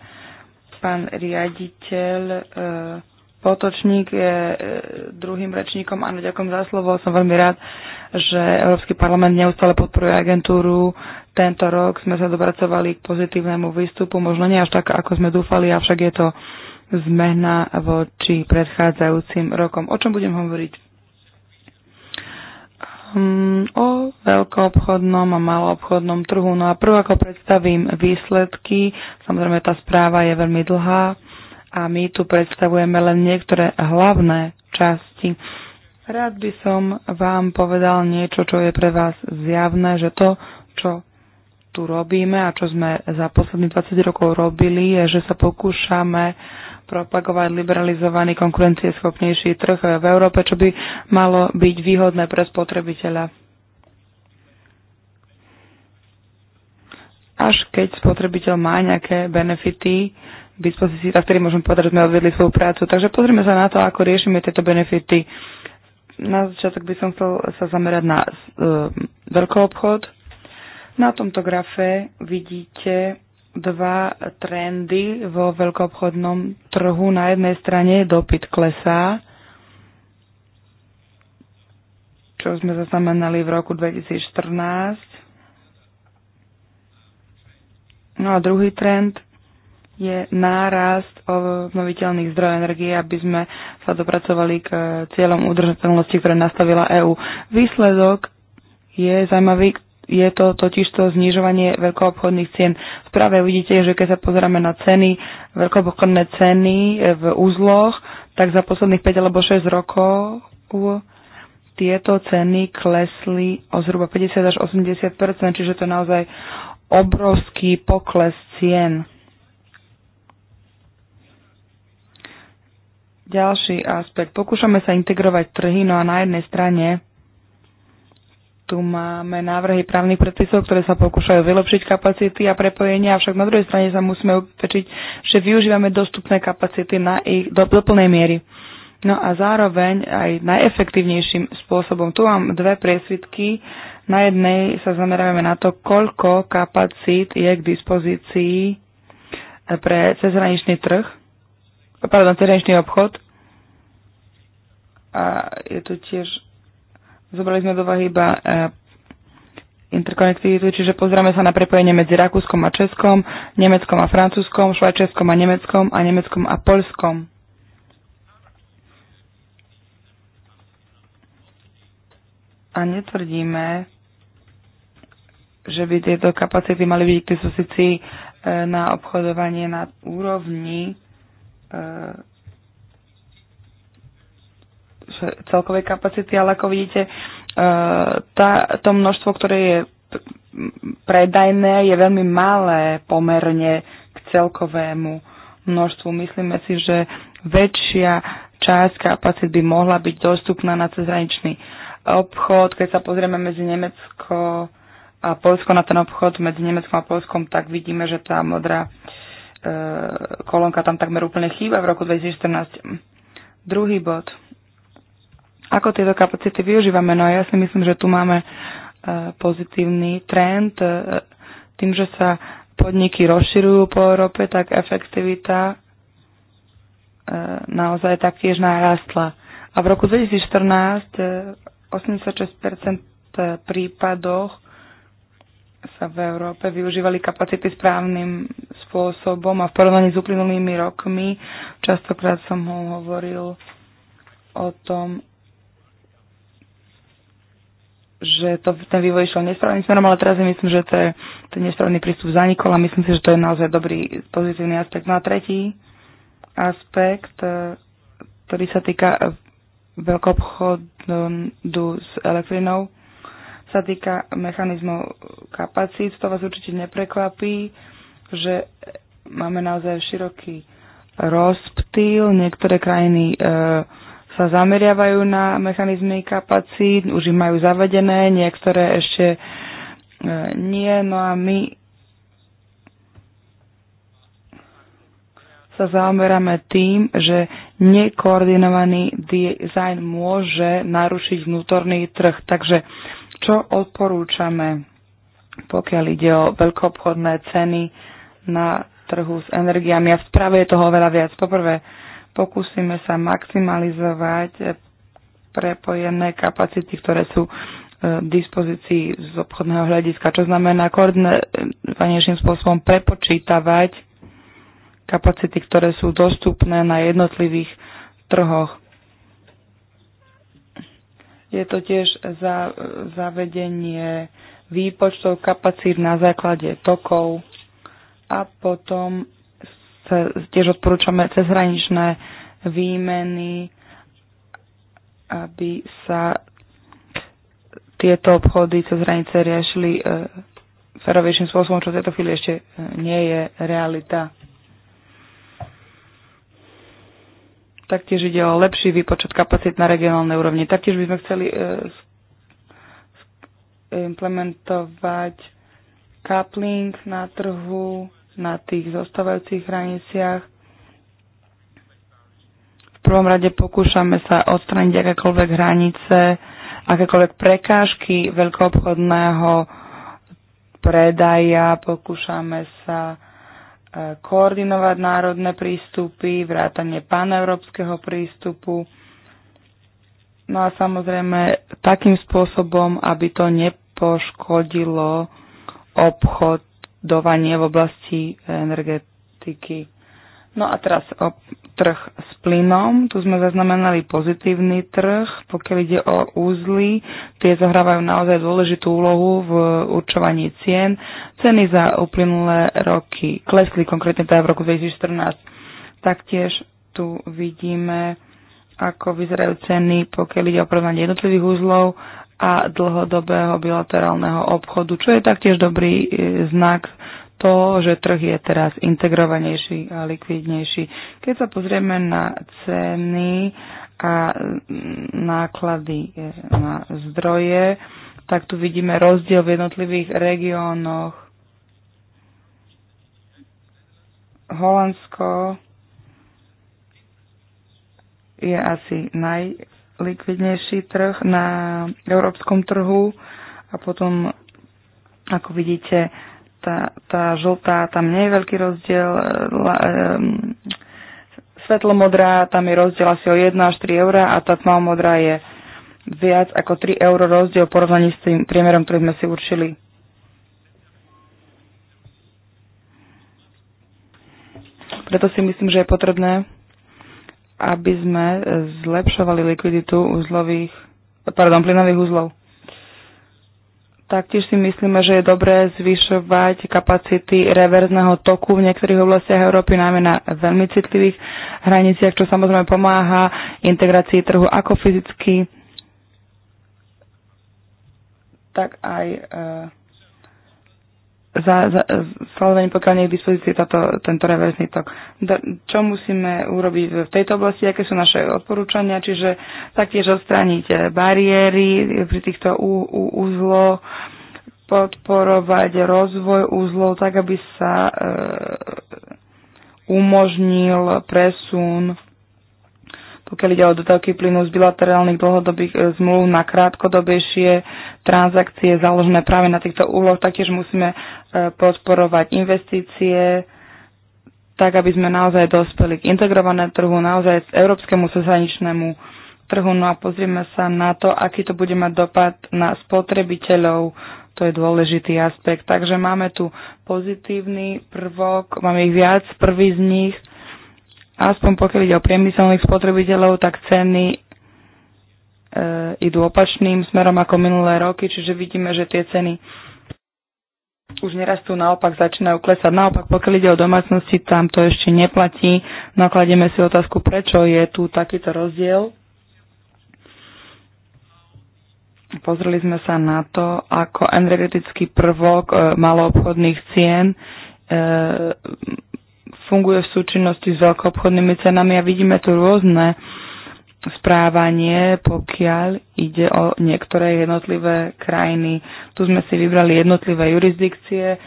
pán riaditeľ e, Potočník je e, druhým rečníkom. Áno, ďakujem za slovo. Som veľmi rád, že Európsky parlament neustále podporuje agentúru. Tento rok sme sa dopracovali k pozitívnemu výstupu, možno nie až tak, ako sme dúfali, avšak je to zmena voči predchádzajúcim rokom. O čom budem hovoriť Hm, o veľkoobchodnom a maloobchodnom trhu. No a prv ako predstavím výsledky, samozrejme tá správa je veľmi dlhá a my tu predstavujeme len niektoré hlavné časti. Rád by som vám povedal niečo, čo je pre vás zjavné, že to, čo tu robíme a čo sme za posledných 20 rokov robili, je, že sa pokúšame propagovať liberalizovaný konkurencieschopnejší trh v Európe, čo by malo byť výhodné pre spotrebiteľa. Až keď spotrebiteľ má nejaké benefity k dispozícii, tak ktorý môžem povedať, že sme odvedli svoju prácu. Takže pozrime sa na to, ako riešime tieto benefity. Na začiatok by som chcel sa zamerať na uh, e, veľký obchod. Na tomto grafe vidíte dva trendy vo veľkoobchodnom trhu. Na jednej strane dopyt klesá, čo sme zaznamenali v roku 2014. No a druhý trend je nárast obnoviteľných zdrojov energie, aby sme sa dopracovali k cieľom udržateľnosti, ktoré nastavila EÚ. Výsledok je zaujímavý, je to totiž to znižovanie veľkoobchodných cien. V práve vidíte, že keď sa pozeráme na ceny, veľkoobchodné ceny e, v úzloch, tak za posledných 5 alebo 6 rokov tieto ceny klesli o zhruba 50 až 80 čiže to je naozaj obrovský pokles cien. Ďalší aspekt. Pokúšame sa integrovať trhy, no a na jednej strane tu máme návrhy právnych predpisov, ktoré sa pokúšajú vylepšiť kapacity a prepojenia, avšak na druhej strane sa musíme upečiť, že využívame dostupné kapacity na ich do, do plnej miery. No a zároveň aj najefektívnejším spôsobom. Tu mám dve priesvitky. Na jednej sa zameráme na to, koľko kapacít je k dispozícii pre cezhraničný trh, pardon, cezhraničný obchod. A je tu tiež Zobrali sme do vahy iba eh, interkonektivitu, čiže pozrieme sa na prepojenie medzi Rakúskom a Českom, Nemeckom a Francúzskom, Švajčiarskom a Nemeckom a Nemeckom a Polskom. A netvrdíme, že by tieto kapacity mali byť k dispozícii eh, na obchodovanie na úrovni eh, celkovej kapacity, ale ako vidíte, eh, tá, to množstvo, ktoré je predajné, je veľmi malé pomerne k celkovému množstvu. Myslíme si, že väčšia časť kapacity by mohla byť dostupná na cezhraničný obchod. Keď sa pozrieme medzi Nemecko a Polsko na ten obchod medzi Nemeckom a Polskom, tak vidíme, že tá modrá e, kolónka tam takmer úplne chýba v roku 2014. Druhý bod. Ako tieto kapacity využívame? No a ja si myslím, že tu máme e, pozitívny trend. E, tým, že sa podniky rozširujú po Európe, tak efektivita e, naozaj taktiež narastla. A v roku 2014 86% prípadoch sa v Európe využívali kapacity správnym spôsobom a v porovnaní s uplynulými rokmi, častokrát som ho hovoril o tom, že to, ten vývoj išiel nesprávnym smerom, ale teraz si myslím, že to je, ten nesprávny prístup zanikol a myslím si, že to je naozaj dobrý pozitívny aspekt. No a tretí aspekt, e, ktorý sa týka e, veľkoobchodu s elektrinou, sa týka mechanizmov kapacít. To vás určite neprekvapí, že máme naozaj široký rozptýl. Niektoré krajiny e, sa zameriavajú na mechanizmy kapacít, už ich majú zavedené, niektoré ešte e, nie, no a my sa zaoberáme tým, že nekoordinovaný dizajn môže narušiť vnútorný trh. Takže čo odporúčame, pokiaľ ide o veľkoobchodné ceny na trhu s energiami? A v správe je toho veľa viac. Poprvé, Pokúsime sa maximalizovať prepojené kapacity, ktoré sú e, dispozícii z obchodného hľadiska, čo znamená koordinovanejším spôsobom prepočítavať kapacity, ktoré sú dostupné na jednotlivých trhoch. Je to tiež za, zavedenie výpočtov kapacít na základe tokov a potom tiež odporúčame cezhraničné výmeny, aby sa tieto obchody cez hranice riešili e, ferovejším spôsobom, čo v tejto chvíli ešte e, nie je realita. Taktiež ide o lepší výpočet kapacít na regionálnej úrovni. Taktiež by sme chceli e, implementovať coupling na trhu na tých zostávajúcich hraniciach. V prvom rade pokúšame sa odstrániť akékoľvek hranice, akékoľvek prekážky veľkoobchodného predaja, pokúšame sa e, koordinovať národné prístupy, vrátanie paneurópskeho prístupu. No a samozrejme takým spôsobom, aby to nepoškodilo obchod dovanie v oblasti energetiky. No a teraz o trh s plynom. Tu sme zaznamenali pozitívny trh, pokiaľ ide o úzly. Tie zohrávajú naozaj dôležitú úlohu v určovaní cien. Ceny za uplynulé roky klesli, konkrétne teda v roku 2014. Taktiež tu vidíme, ako vyzerajú ceny, pokiaľ ide o porovnanie jednotlivých úzlov a dlhodobého bilaterálneho obchodu, čo je taktiež dobrý e, znak toho, že trh je teraz integrovanejší a likvidnejší. Keď sa pozrieme na ceny a mm, náklady e, na zdroje, tak tu vidíme rozdiel v jednotlivých regiónoch. Holandsko je asi naj likvidnejší trh na európskom trhu a potom, ako vidíte, tá, tá žltá, tam nie je veľký rozdiel, eh, la, um, svetlomodrá, tam je rozdiel asi o 1 až 3 eur a tá tmavomodrá je viac ako 3 eur rozdiel v porovnaní s tým priemerom, ktorý sme si určili. Preto si myslím, že je potrebné aby sme zlepšovali likviditu uzlových, pardon, plynových uzlov. Taktiež si myslíme, že je dobré zvyšovať kapacity reverzného toku v niektorých oblastiach Európy, najmä na veľmi citlivých hraniciach, čo samozrejme pomáha integrácii trhu ako fyzicky, tak aj eh, za, za, Slovenii, pokiaľ nie je k dispozícii táto, tento reverzný tok. Da, čo musíme urobiť v tejto oblasti, aké sú naše odporúčania, čiže taktiež odstrániť eh, bariéry pri týchto ú, ú, úzloch, podporovať rozvoj úzlov tak, aby sa e, umožnil presun pokiaľ ide o dodávky plynu z bilaterálnych dlhodobých e, zmluv na krátkodobejšie transakcie založené práve na týchto úloh. Taktiež musíme e, podporovať investície, tak aby sme naozaj dospeli k integrovanému trhu, naozaj k európskemu sezaničnému trhu. No a pozrieme sa na to, aký to bude mať dopad na spotrebiteľov. To je dôležitý aspekt. Takže máme tu pozitívny prvok, máme ich viac. Prvý z nich – aspoň pokiaľ ide o priemyselných spotrebiteľov, tak ceny e, idú opačným smerom ako minulé roky, čiže vidíme, že tie ceny už nerastú, naopak začínajú klesať. Naopak, pokiaľ ide o domácnosti, tam to ešte neplatí. Nakladieme si otázku, prečo je tu takýto rozdiel. Pozreli sme sa na to, ako energetický prvok e, maloobchodných cien e, funguje v súčinnosti s veľkoobchodnými cenami a vidíme tu rôzne správanie, pokiaľ ide o niektoré jednotlivé krajiny. Tu sme si vybrali jednotlivé jurisdikcie,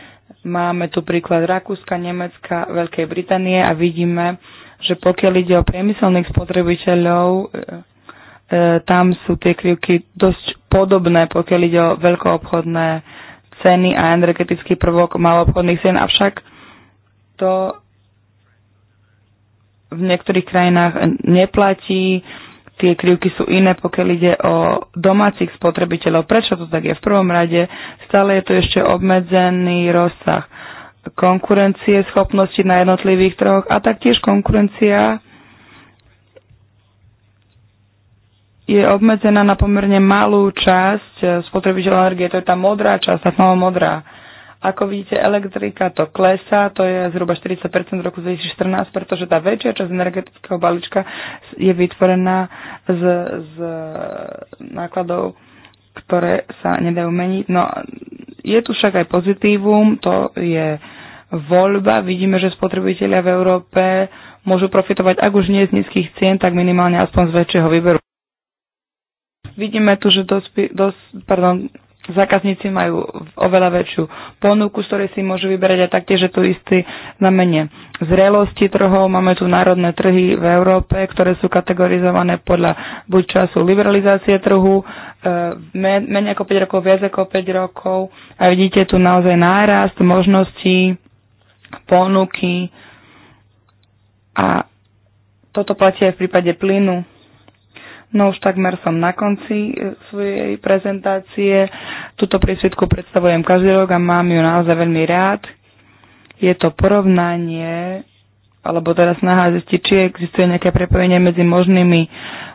máme tu príklad Rakúska, Nemecka, Veľkej Británie a vidíme, že pokiaľ ide o priemyselných spotrebiteľov, e, e, tam sú tie krivky dosť podobné, pokiaľ ide o veľkoobchodné ceny a energetický prvok maloobchodných cien, avšak to v niektorých krajinách neplatí, tie krivky sú iné, pokiaľ ide o domácich spotrebiteľov. Prečo to tak je? V prvom rade stále je to ešte obmedzený rozsah konkurencie, schopnosti na jednotlivých trhoch a taktiež konkurencia je obmedzená na pomerne malú časť spotrebiteľov energie, to je tá modrá časť, tá sama modrá. Ako vidíte, elektrika to klesá, to je zhruba 40% v roku 2014, pretože tá väčšia časť energetického balíčka je vytvorená z, z nákladov, ktoré sa nedajú meniť. No, je tu však aj pozitívum, to je voľba. Vidíme, že spotrebitelia v Európe môžu profitovať, ak už nie z nízkych cien, tak minimálne aspoň z väčšieho výberu. Vidíme tu, že dospi, dos, pardon, zákazníci majú oveľa väčšiu ponuku, z ktorej si môžu vyberať a taktiež je tu istý znamenie zrelosti trhov. Máme tu národné trhy v Európe, ktoré sú kategorizované podľa buď času liberalizácie trhu, e, menej ako 5 rokov, viac ako 5 rokov a vidíte tu naozaj nárast možností, ponuky a toto platí aj v prípade plynu. No už takmer som na konci e, svojej prezentácie. Tuto prísvitku predstavujem každý rok a mám ju naozaj veľmi rád. Je to porovnanie, alebo teraz snaha zistiť, či existuje nejaké prepojenie medzi možnými,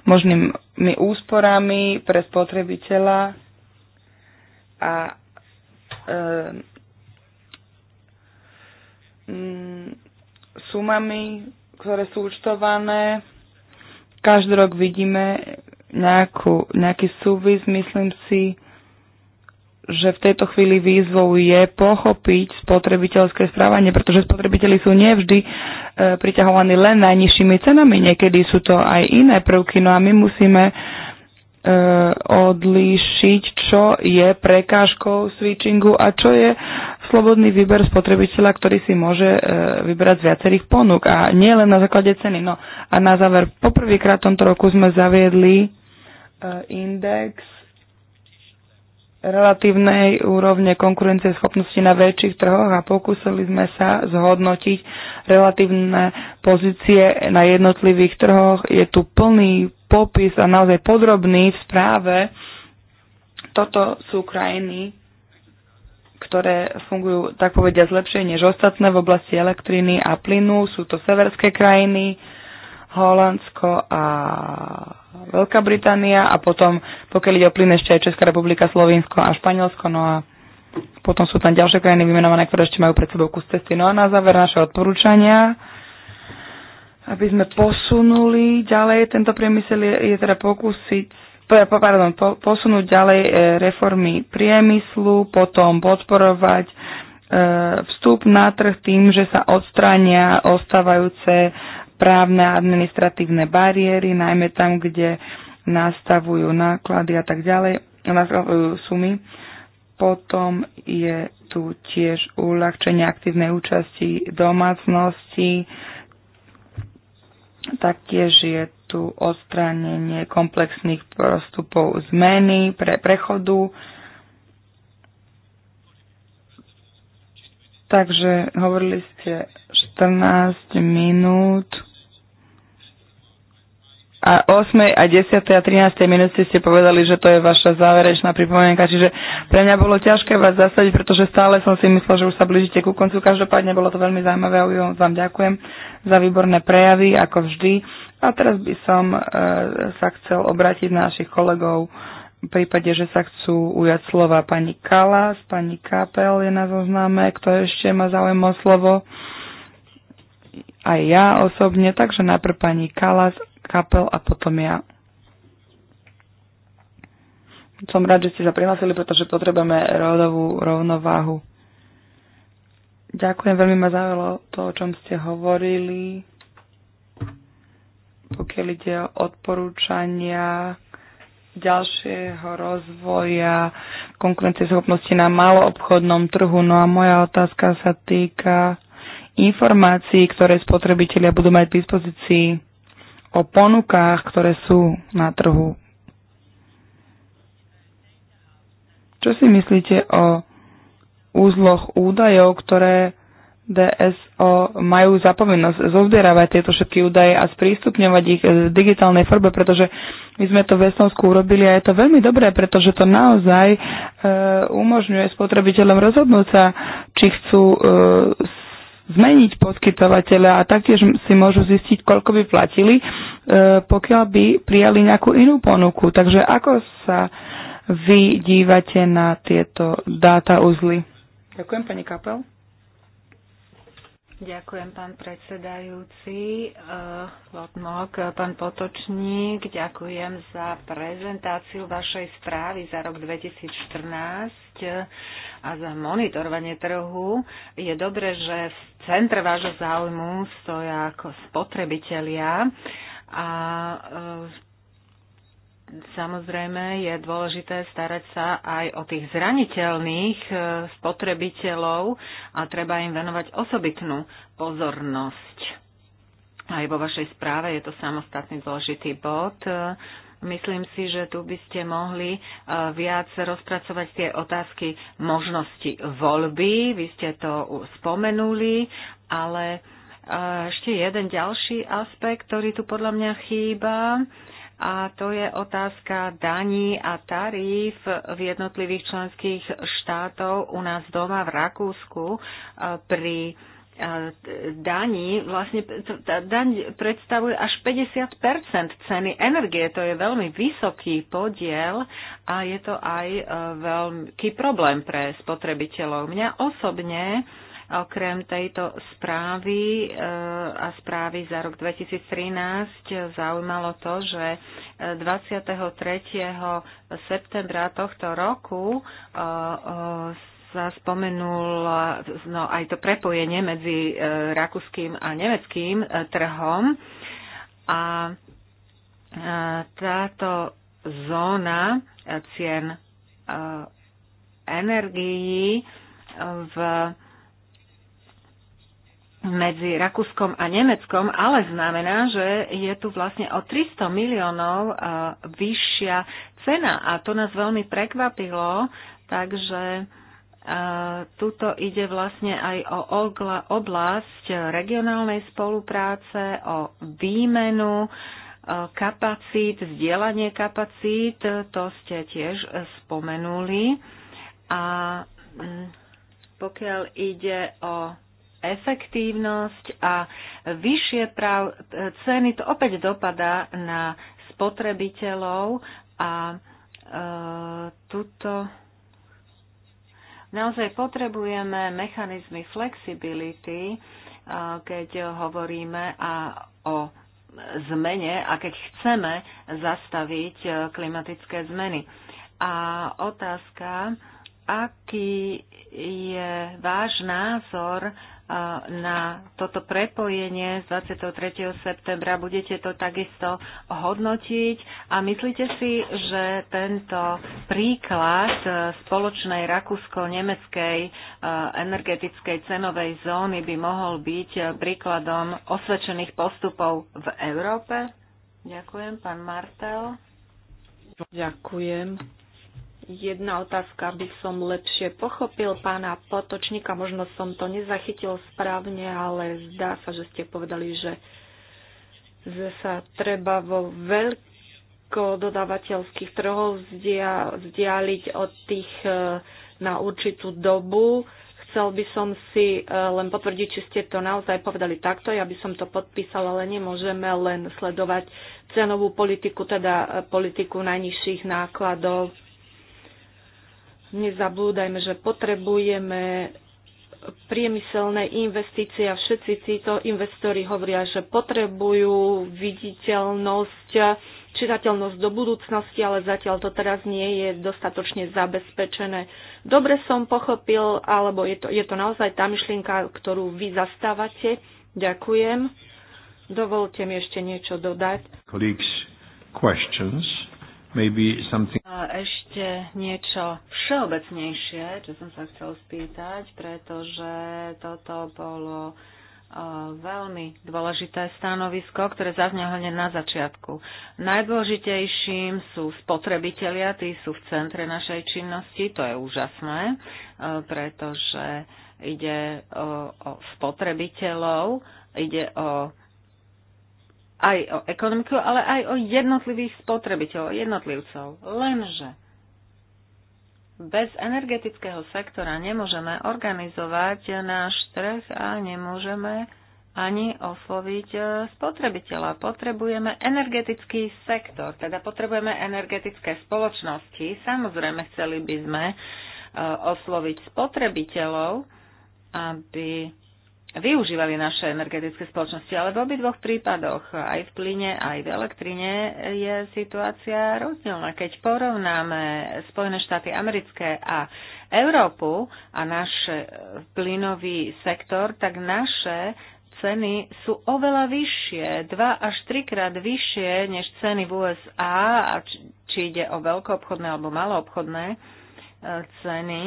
možnými úsporami pre spotrebiteľa a e, mm, sumami, ktoré sú účtované každý rok vidíme nejakú, nejaký súvis, myslím si, že v tejto chvíli výzvou je pochopiť spotrebiteľské správanie, pretože spotrebiteľi sú nevždy e, priťahovaní len najnižšími cenami, niekedy sú to aj iné prvky, no a my musíme e, odlíšiť, čo je prekážkou switchingu a čo je slobodný výber spotrebiteľa, ktorý si môže e, vybrať z viacerých ponúk a nie len na základe ceny. No a na záver, poprvýkrát v tomto roku sme zaviedli e, index relatívnej úrovne konkurencie schopnosti na väčších trhoch a pokúsili sme sa zhodnotiť relatívne pozície na jednotlivých trhoch. Je tu plný popis a naozaj podrobný v správe. Toto sú krajiny, ktoré fungujú, tak povediať, lepšie než ostatné v oblasti elektriny a plynu. Sú to severské krajiny, Holandsko a Veľká Británia a potom, pokiaľ ide o plyn, ešte aj Česká republika, Slovinsko a Španielsko. No a potom sú tam ďalšie krajiny vymenované, ktoré ešte majú pred sebou kus cesty. No a na záver naše odporúčania aby sme posunuli ďalej tento priemysel je, je teda pokúsiť pardon, posunúť ďalej e, reformy priemyslu, potom podporovať e, vstup na trh tým, že sa odstránia ostávajúce právne a administratívne bariéry, najmä tam, kde nastavujú náklady a tak ďalej, nastavujú e, sumy. Potom je tu tiež uľahčenie aktívnej účasti domácnosti, taktiež je tu odstránenie komplexných postupov zmeny pre prechodu. Takže hovorili ste 14 minút a 8. a 10. a 13. minúte ste povedali, že to je vaša záverečná pripomienka, čiže pre mňa bolo ťažké vás zasadiť, pretože stále som si myslel, že už sa blížite ku koncu. Každopádne bolo to veľmi zaujímavé a vám ďakujem za výborné prejavy, ako vždy. A teraz by som e, sa chcel obrátiť na našich kolegov v prípade, že sa chcú ujať slova pani Kalas, pani Kapel je na zozname, kto ešte má záujem o slovo, aj ja osobne, takže najprv pani Kalas, Kapel a potom ja. Som rád, že ste sa prihlásili, pretože potrebujeme rodovú rovnováhu. Ďakujem, veľmi ma zaujalo to, o čom ste hovorili pokiaľ ide o odporúčania ďalšieho rozvoja konkurencieschopnosti na maloobchodnom trhu. No a moja otázka sa týka informácií, ktoré spotrebitelia budú mať k dispozícii o ponukách, ktoré sú na trhu. Čo si myslíte o úzloch údajov, ktoré DSO majú zapovinnosť zozbieravať tieto všetky údaje a sprístupňovať ich v digitálnej forme, pretože my sme to v Estonsku urobili a je to veľmi dobré, pretože to naozaj e, umožňuje spotrebiteľom rozhodnúť sa, či chcú e, zmeniť poskytovateľa a taktiež si môžu zistiť, koľko by platili, e, pokiaľ by prijali nejakú inú ponuku. Takže ako sa vy dívate na tieto dáta uzly? Ďakujem, pani Kapel. Ďakujem, pán predsedajúci. Eh, Lotmok, pán Potočník, ďakujem za prezentáciu vašej správy za rok 2014 a za monitorovanie trhu. Je dobré, že v centre vášho záujmu stoja ako spotrebitelia a eh, Samozrejme je dôležité starať sa aj o tých zraniteľných e, spotrebiteľov a treba im venovať osobitnú pozornosť. Aj vo vašej správe je to samostatný dôležitý bod. E, myslím si, že tu by ste mohli e, viac rozpracovať tie otázky možnosti voľby. Vy ste to spomenuli, ale ešte jeden ďalší aspekt, ktorý tu podľa mňa chýba a to je otázka daní a taríf v jednotlivých členských štátov u nás doma v Rakúsku e, pri e, daní, vlastne tá daň predstavuje až 50 ceny energie. To je veľmi vysoký podiel a je to aj e, veľký problém pre spotrebiteľov. Mňa osobne Okrem tejto správy eh, a správy za rok 2013 zaujímalo to, že 23. Eh, septembra tohto roku eh, sa spomenul no, aj to prepojenie medzi rakúským a nemeckým trhom. A táto zóna cien energií v medzi Rakúskom a Nemeckom, ale znamená, že je tu vlastne o 300 miliónov e, vyššia cena a to nás veľmi prekvapilo, takže e, tuto ide vlastne aj o oblasť regionálnej spolupráce, o výmenu e, kapacít, zdieľanie kapacít, to ste tiež spomenuli. A mm, pokiaľ ide o efektívnosť a vyššie prav, ceny, to opäť dopadá na spotrebiteľov a e, tuto naozaj potrebujeme mechanizmy flexibility, e, keď hovoríme a o zmene a keď chceme zastaviť e, klimatické zmeny. A otázka, aký je váš názor na toto prepojenie z 23. septembra. Budete to takisto hodnotiť a myslíte si, že tento príklad e, spoločnej rakúsko-nemeckej e, energetickej cenovej zóny by mohol byť e, príkladom osvedčených postupov v Európe? Ďakujem, pán Martel. Ďakujem jedna otázka, aby som lepšie pochopil pána Potočníka. Možno som to nezachytil správne, ale zdá sa, že ste povedali, že, sa treba vo veľko trhov vzdialiť od tých e, na určitú dobu. Chcel by som si e, len potvrdiť, či ste to naozaj povedali takto. Ja by som to podpísala, ale nemôžeme len sledovať cenovú politiku, teda e, politiku najnižších nákladov Nezablúdajme, že potrebujeme priemyselné investície a všetci títo investori hovoria, že potrebujú viditeľnosť, čitateľnosť do budúcnosti, ale zatiaľ to teraz nie je dostatočne zabezpečené. Dobre som pochopil, alebo je to, je to naozaj tá myšlienka, ktorú vy zastávate. Ďakujem. Dovolte mi ešte niečo dodať maybe something... Uh, ešte niečo všeobecnejšie, čo som sa chcel spýtať, pretože toto bolo veľmi dôležité stanovisko, ktoré zaznelo hneď na začiatku. Najdôležitejším sú spotrebitelia, tí sú v centre našej činnosti, to je úžasné, pretože ide o, o spotrebiteľov, ide o aj o ekonomiku, ale aj o jednotlivých spotrebiteľov, jednotlivcov. Lenže bez energetického sektora nemôžeme organizovať náš trh a nemôžeme ani osloviť e, spotrebiteľa. Potrebujeme energetický sektor, teda potrebujeme energetické spoločnosti. Samozrejme, chceli by sme e, osloviť spotrebiteľov, aby využívali naše energetické spoločnosti, ale v obidvoch prípadoch, aj v plyne, aj v elektrine, je situácia rozdielna. Keď porovnáme Spojené štáty americké a Európu a náš plynový sektor, tak naše ceny sú oveľa vyššie, dva až trikrát vyššie než ceny v USA, a či ide o veľkoobchodné alebo maloobchodné e, ceny.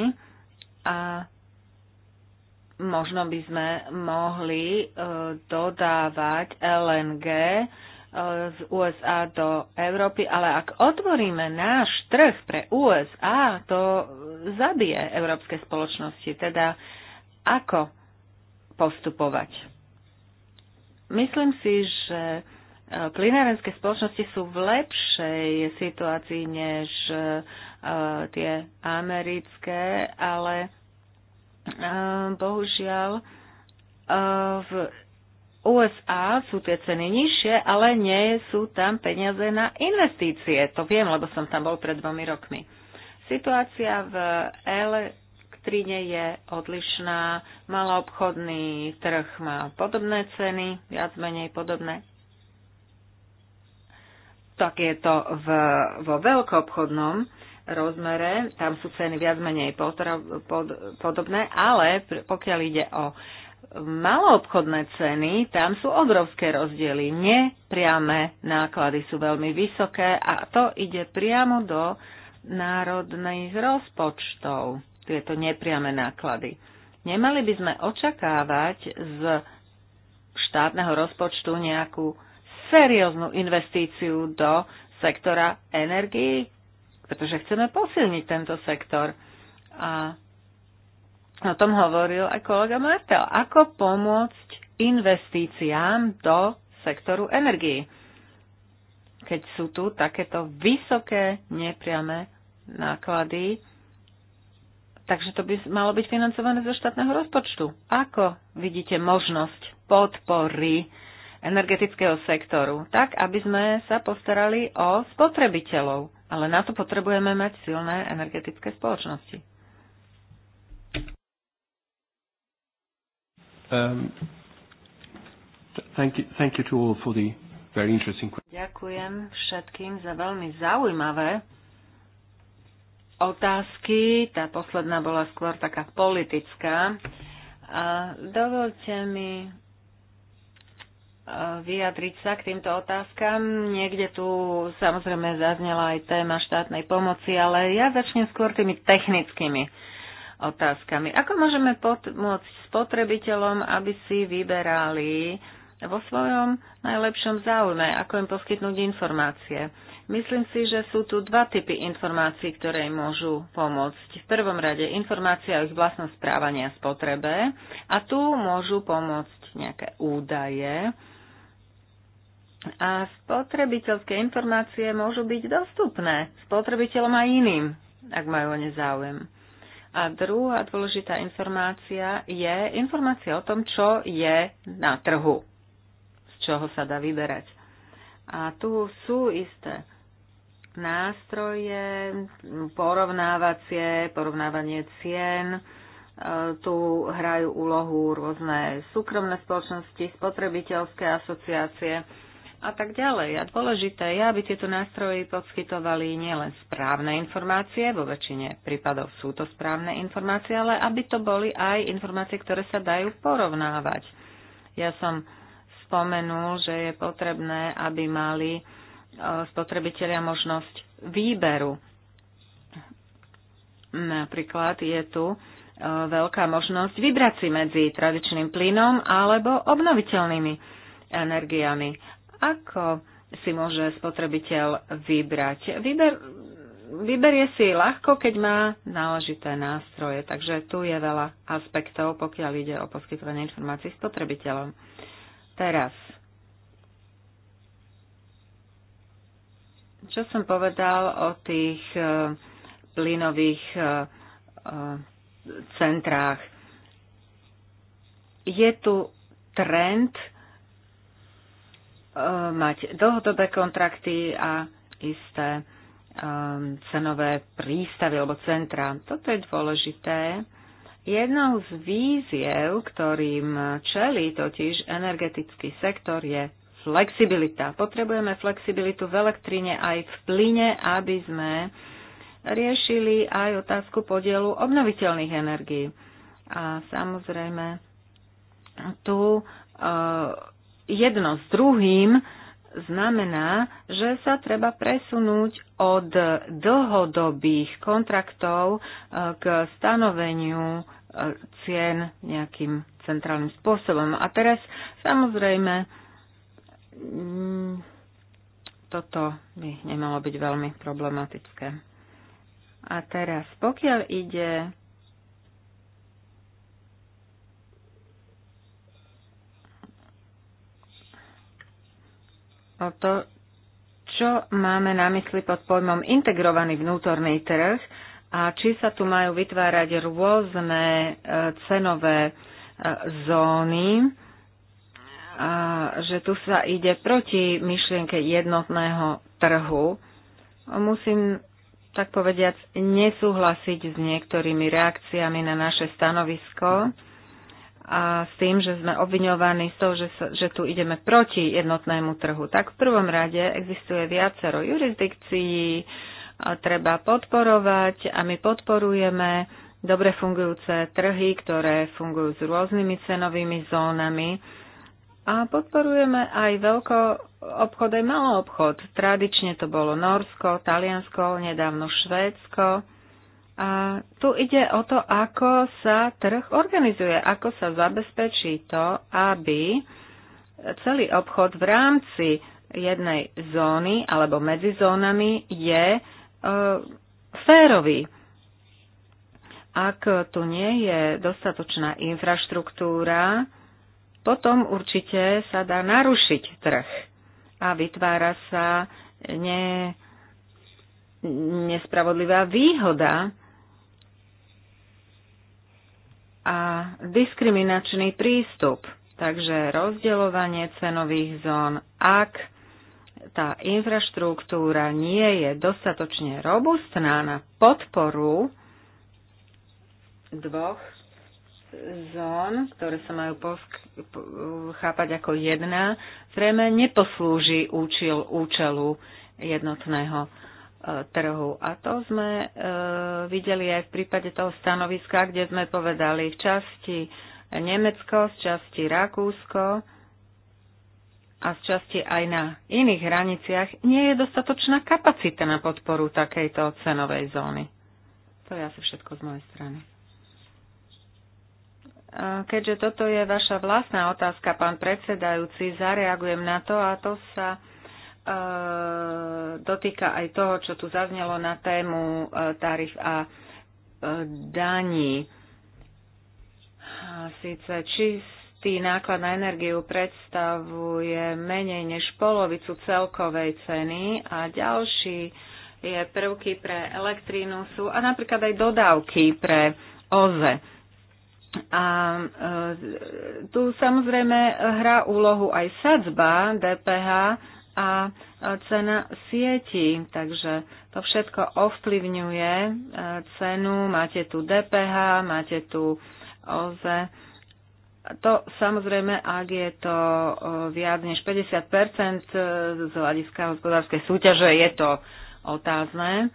A možno by sme mohli e, dodávať LNG e, z USA do Európy, ale ak otvoríme náš trh pre USA, to zabije európske spoločnosti. Teda ako postupovať? Myslím si, že e, plinárenské spoločnosti sú v lepšej situácii než tie americké, ale Ehm, bohužiaľ ehm, v USA sú tie ceny nižšie, ale nie sú tam peniaze na investície. To viem, lebo som tam bol pred dvomi rokmi. Situácia v elektríne je odlišná. Maloobchodný trh má podobné ceny, viac menej podobné. Tak je to v, vo veľkoobchodnom rozmere, tam sú ceny viac menej podobné, ale pokiaľ ide o maloobchodné ceny, tam sú obrovské rozdiely. Nepriame náklady sú veľmi vysoké a to ide priamo do národných rozpočtov, tieto nepriame náklady. Nemali by sme očakávať z štátneho rozpočtu nejakú serióznu investíciu do sektora energii, pretože chceme posilniť tento sektor. A o tom hovoril aj kolega Martel. Ako pomôcť investíciám do sektoru energii, keď sú tu takéto vysoké nepriame náklady, takže to by malo byť financované zo štátneho rozpočtu. Ako vidíte možnosť podpory energetického sektoru, tak aby sme sa postarali o spotrebiteľov ale na to potrebujeme mať silné energetické spoločnosti. Um, Ďakujem všetkým za veľmi zaujímavé otázky. Tá posledná bola skôr taká politická. A dovolte mi vyjadriť sa k týmto otázkam. Niekde tu samozrejme zaznela aj téma štátnej pomoci, ale ja začnem skôr tými technickými otázkami. Ako môžeme pomôcť spotrebiteľom, aby si vyberali vo svojom najlepšom záujme, ako im poskytnúť informácie? Myslím si, že sú tu dva typy informácií, ktoré im môžu pomôcť. V prvom rade informácia o ich vlastnom správaní a spotrebe a tu môžu pomôcť nejaké údaje, a spotrebiteľské informácie môžu byť dostupné spotrebiteľom a iným, ak majú o ne záujem. A druhá dôležitá informácia je informácia o tom, čo je na trhu, z čoho sa dá vyberať. A tu sú isté nástroje, porovnávacie, porovnávanie cien, e, tu hrajú úlohu rôzne súkromné spoločnosti, spotrebiteľské asociácie, a tak ďalej. A dôležité je, aby tieto nástroje poskytovali nielen správne informácie, vo väčšine prípadov sú to správne informácie, ale aby to boli aj informácie, ktoré sa dajú porovnávať. Ja som spomenul, že je potrebné, aby mali e, spotrebitelia možnosť výberu. Napríklad je tu e, veľká možnosť vybrať si medzi tradičným plynom alebo obnoviteľnými energiami. Ako si môže spotrebiteľ vybrať? Vyber, vyberie si ľahko, keď má náležité nástroje. Takže tu je veľa aspektov, pokiaľ ide o poskytovanie informácií spotrebiteľom. Teraz, čo som povedal o tých e, plynových e, e, centrách. Je tu trend Eh, mať dlhodobé kontrakty a isté ehm, cenové prístavy alebo centra. Toto je dôležité. Jednou z víziev, ktorým čelí totiž energetický sektor, je flexibilita. Potrebujeme flexibilitu v elektrine aj v plyne, aby sme riešili aj otázku podielu obnoviteľných energií. A samozrejme, tu uh, jedno s druhým znamená, že sa treba presunúť od dlhodobých kontraktov e, k stanoveniu e, cien nejakým centrálnym spôsobom. A teraz samozrejme mm, toto by nemalo byť veľmi problematické. A teraz, pokiaľ ide o to, čo máme na mysli pod pojmom integrovaný vnútorný trh a či sa tu majú vytvárať rôzne e, cenové e, zóny, že tu sa ide proti myšlienke jednotného trhu. Musím tak povediať nesúhlasiť s niektorými reakciami na naše stanovisko a s tým, že sme obviňovaní z toho, že, sa, že tu ideme proti jednotnému trhu. Tak v prvom rade existuje viacero jurisdikcií, treba podporovať a my podporujeme dobre fungujúce trhy, ktoré fungujú s rôznymi cenovými zónami. A podporujeme aj veľko obchod, aj malo obchod. Tradične to bolo Norsko, Taliansko, nedávno Švédsko. A tu ide o to, ako sa trh organizuje, ako sa zabezpečí to, aby celý obchod v rámci jednej zóny alebo medzi zónami je e, férový. Ak tu nie je dostatočná infraštruktúra, potom určite sa dá narušiť trh a vytvára sa ne, nespravodlivá výhoda a diskriminačný prístup. Takže rozdeľovanie cenových zón, ak tá infraštruktúra nie je dostatočne robustná na podporu dvoch zón, ktoré sa majú chápať ako jedna, zrejme neposlúži účil účelu jednotného trhu. A to sme e, videli aj v prípade toho stanoviska, kde sme povedali v časti Nemecko, z časti Rakúsko a z časti aj na iných hraniciach nie je dostatočná kapacita na podporu takejto cenovej zóny. To je asi všetko z mojej strany. Keďže toto je vaša vlastná otázka, pán predsedajúci, zareagujem na to a to sa E, dotýka aj toho, čo tu zaznelo na tému e, tarif a e, daní. Sice čistý náklad na energiu predstavuje menej než polovicu celkovej ceny a ďalší je prvky pre elektrínu sú a napríklad aj dodávky pre OZE. A e, tu samozrejme hrá úlohu aj sadzba DPH, a e, cena sieti. Takže to všetko ovplyvňuje e, cenu. Máte tu DPH, máte tu OZE. To samozrejme, ak je to e, viac než 50 z hľadiska hospodárskej súťaže, je to otázne.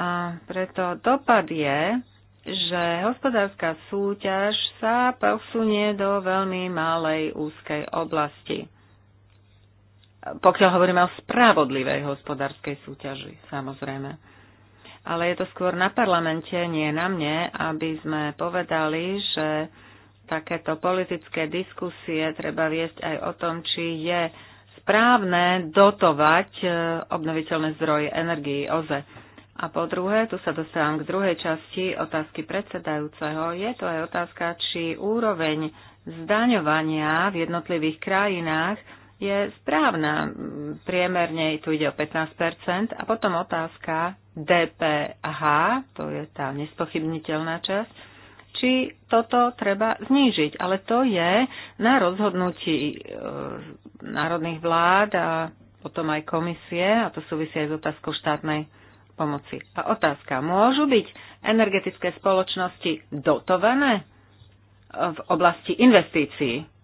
A preto dopad je, že hospodárska súťaž sa posunie do veľmi malej úzkej oblasti pokiaľ hovoríme o spravodlivej hospodárskej súťaži, samozrejme. Ale je to skôr na parlamente, nie na mne, aby sme povedali, že takéto politické diskusie treba viesť aj o tom, či je správne dotovať e, obnoviteľné zdroje energii OZE. A po druhé, tu sa dostávam k druhej časti otázky predsedajúceho, je to aj otázka, či úroveň zdaňovania v jednotlivých krajinách je správna. Priemerne tu ide o 15 a potom otázka DPH, to je tá nespochybniteľná časť, či toto treba znížiť. Ale to je na rozhodnutí e, národných vlád a potom aj komisie, a to súvisí aj s otázkou štátnej pomoci. A otázka, môžu byť energetické spoločnosti dotované v oblasti investícií?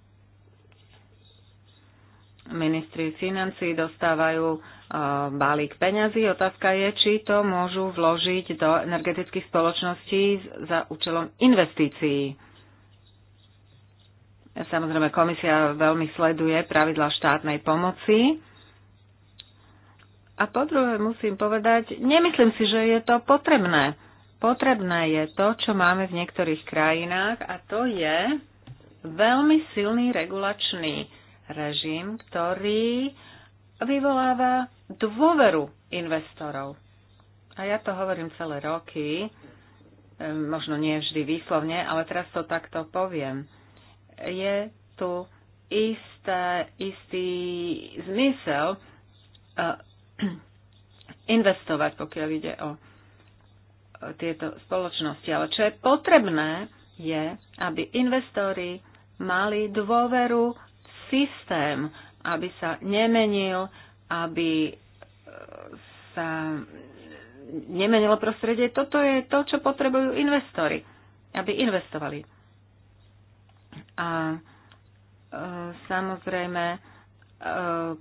ministri financí dostávajú e, balík peňazí. Otázka je, či to môžu vložiť do energetických spoločností za účelom investícií. Samozrejme, komisia veľmi sleduje pravidla štátnej pomoci. A po druhé musím povedať, nemyslím si, že je to potrebné. Potrebné je to, čo máme v niektorých krajinách a to je veľmi silný regulačný režim, ktorý vyvoláva dôveru investorov. A ja to hovorím celé roky, možno nie vždy výslovne, ale teraz to takto poviem. Je tu isté, istý zmysel (clears throat) investovať, pokiaľ ide o tieto spoločnosti. Ale čo je potrebné, je, aby investori mali dôveru systém, aby sa nemenil, aby e, sa nemenilo prostredie. Toto je to, čo potrebujú investory, aby investovali. A e, samozrejme, e,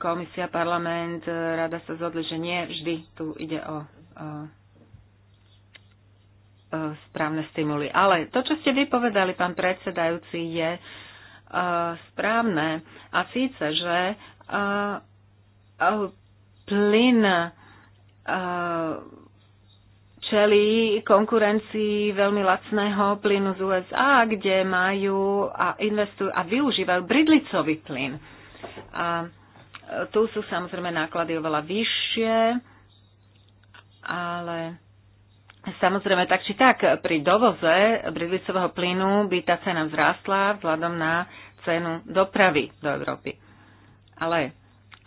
komisia, parlament, e, rada sa zhodli, že nie vždy tu ide o e, e, správne stimuly. Ale to, čo ste vypovedali, pán predsedajúci, je, Eh, správne. A síce, že eh, plyn eh, čelí konkurencii veľmi lacného plynu z USA, kde majú a investujú a využívajú bridlicový plyn. A tu sú samozrejme náklady oveľa vyššie, ale Samozrejme, tak či tak, pri dovoze bridlicového plynu by tá cena vzrástla vzhľadom na cenu dopravy do Európy. Ale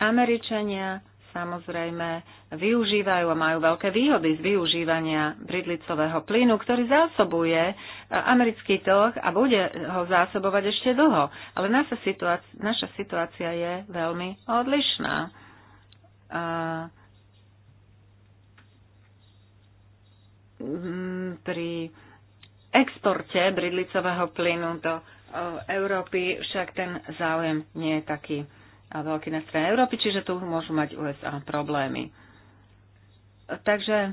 Američania samozrejme využívajú a majú veľké výhody z využívania bridlicového plynu, ktorý zásobuje e, americký trh a bude ho zásobovať ešte dlho. Ale naša situácia, naša situácia je veľmi odlišná. Uh, pri exporte bridlicového plynu do e, Európy však ten záujem nie je taký e, veľký na strane Európy, čiže tu môžu mať USA problémy. Takže, e,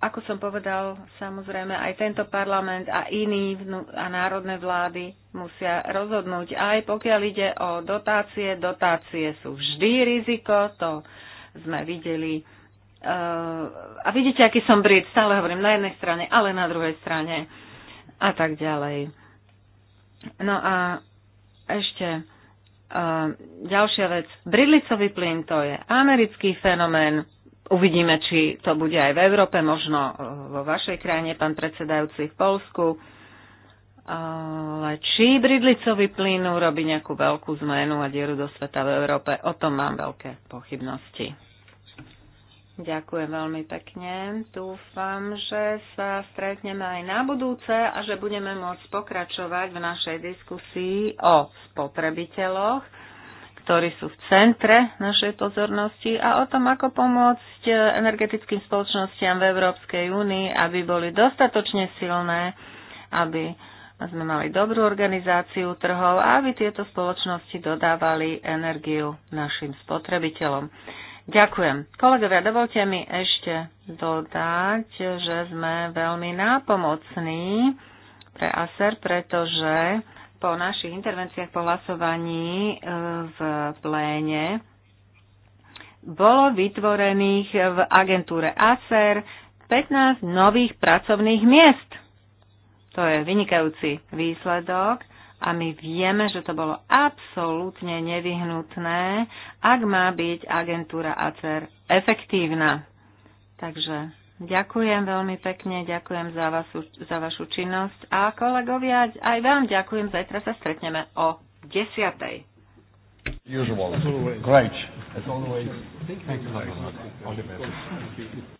ako som povedal, samozrejme aj tento parlament a iní a národné vlády musia rozhodnúť. Aj pokiaľ ide o dotácie, dotácie sú vždy riziko, to sme videli Eh, a vidíte, aký som brit, stále hovorím na jednej strane, ale na druhej strane a tak ďalej. No a ešte a eh, ďalšia vec. Bridlicový plyn to je americký fenomén. Uvidíme, či to bude aj v Európe, možno eh, vo vašej krajine, pán predsedajúci v Polsku. Ale či bridlicový plyn robí nejakú veľkú zmenu a dieru do sveta v Európe, o tom mám veľké pochybnosti. Ďakujem veľmi pekne. Dúfam, že sa stretneme aj na budúce a že budeme môcť pokračovať v našej diskusii o spotrebiteľoch, ktorí sú v centre našej pozornosti a o tom, ako pomôcť energetickým spoločnostiam v Európskej únii, aby boli dostatočne silné, aby sme mali dobrú organizáciu trhov a aby tieto spoločnosti dodávali energiu našim spotrebiteľom. Ďakujem. Kolegovia, dovolte mi ešte dodať, že sme veľmi nápomocní pre ASER, pretože po našich intervenciách po hlasovaní e, v pléne bolo vytvorených v agentúre ASER 15 nových pracovných miest. To je vynikajúci výsledok a my vieme, že to bolo absolútne nevyhnutné, ak má byť agentúra ACER efektívna. Takže ďakujem veľmi pekne, ďakujem za, vašu, za vašu činnosť a kolegovia, aj vám ďakujem, zajtra sa stretneme o 10. Usual. Great. As always. Thank you. Thank you. All the best.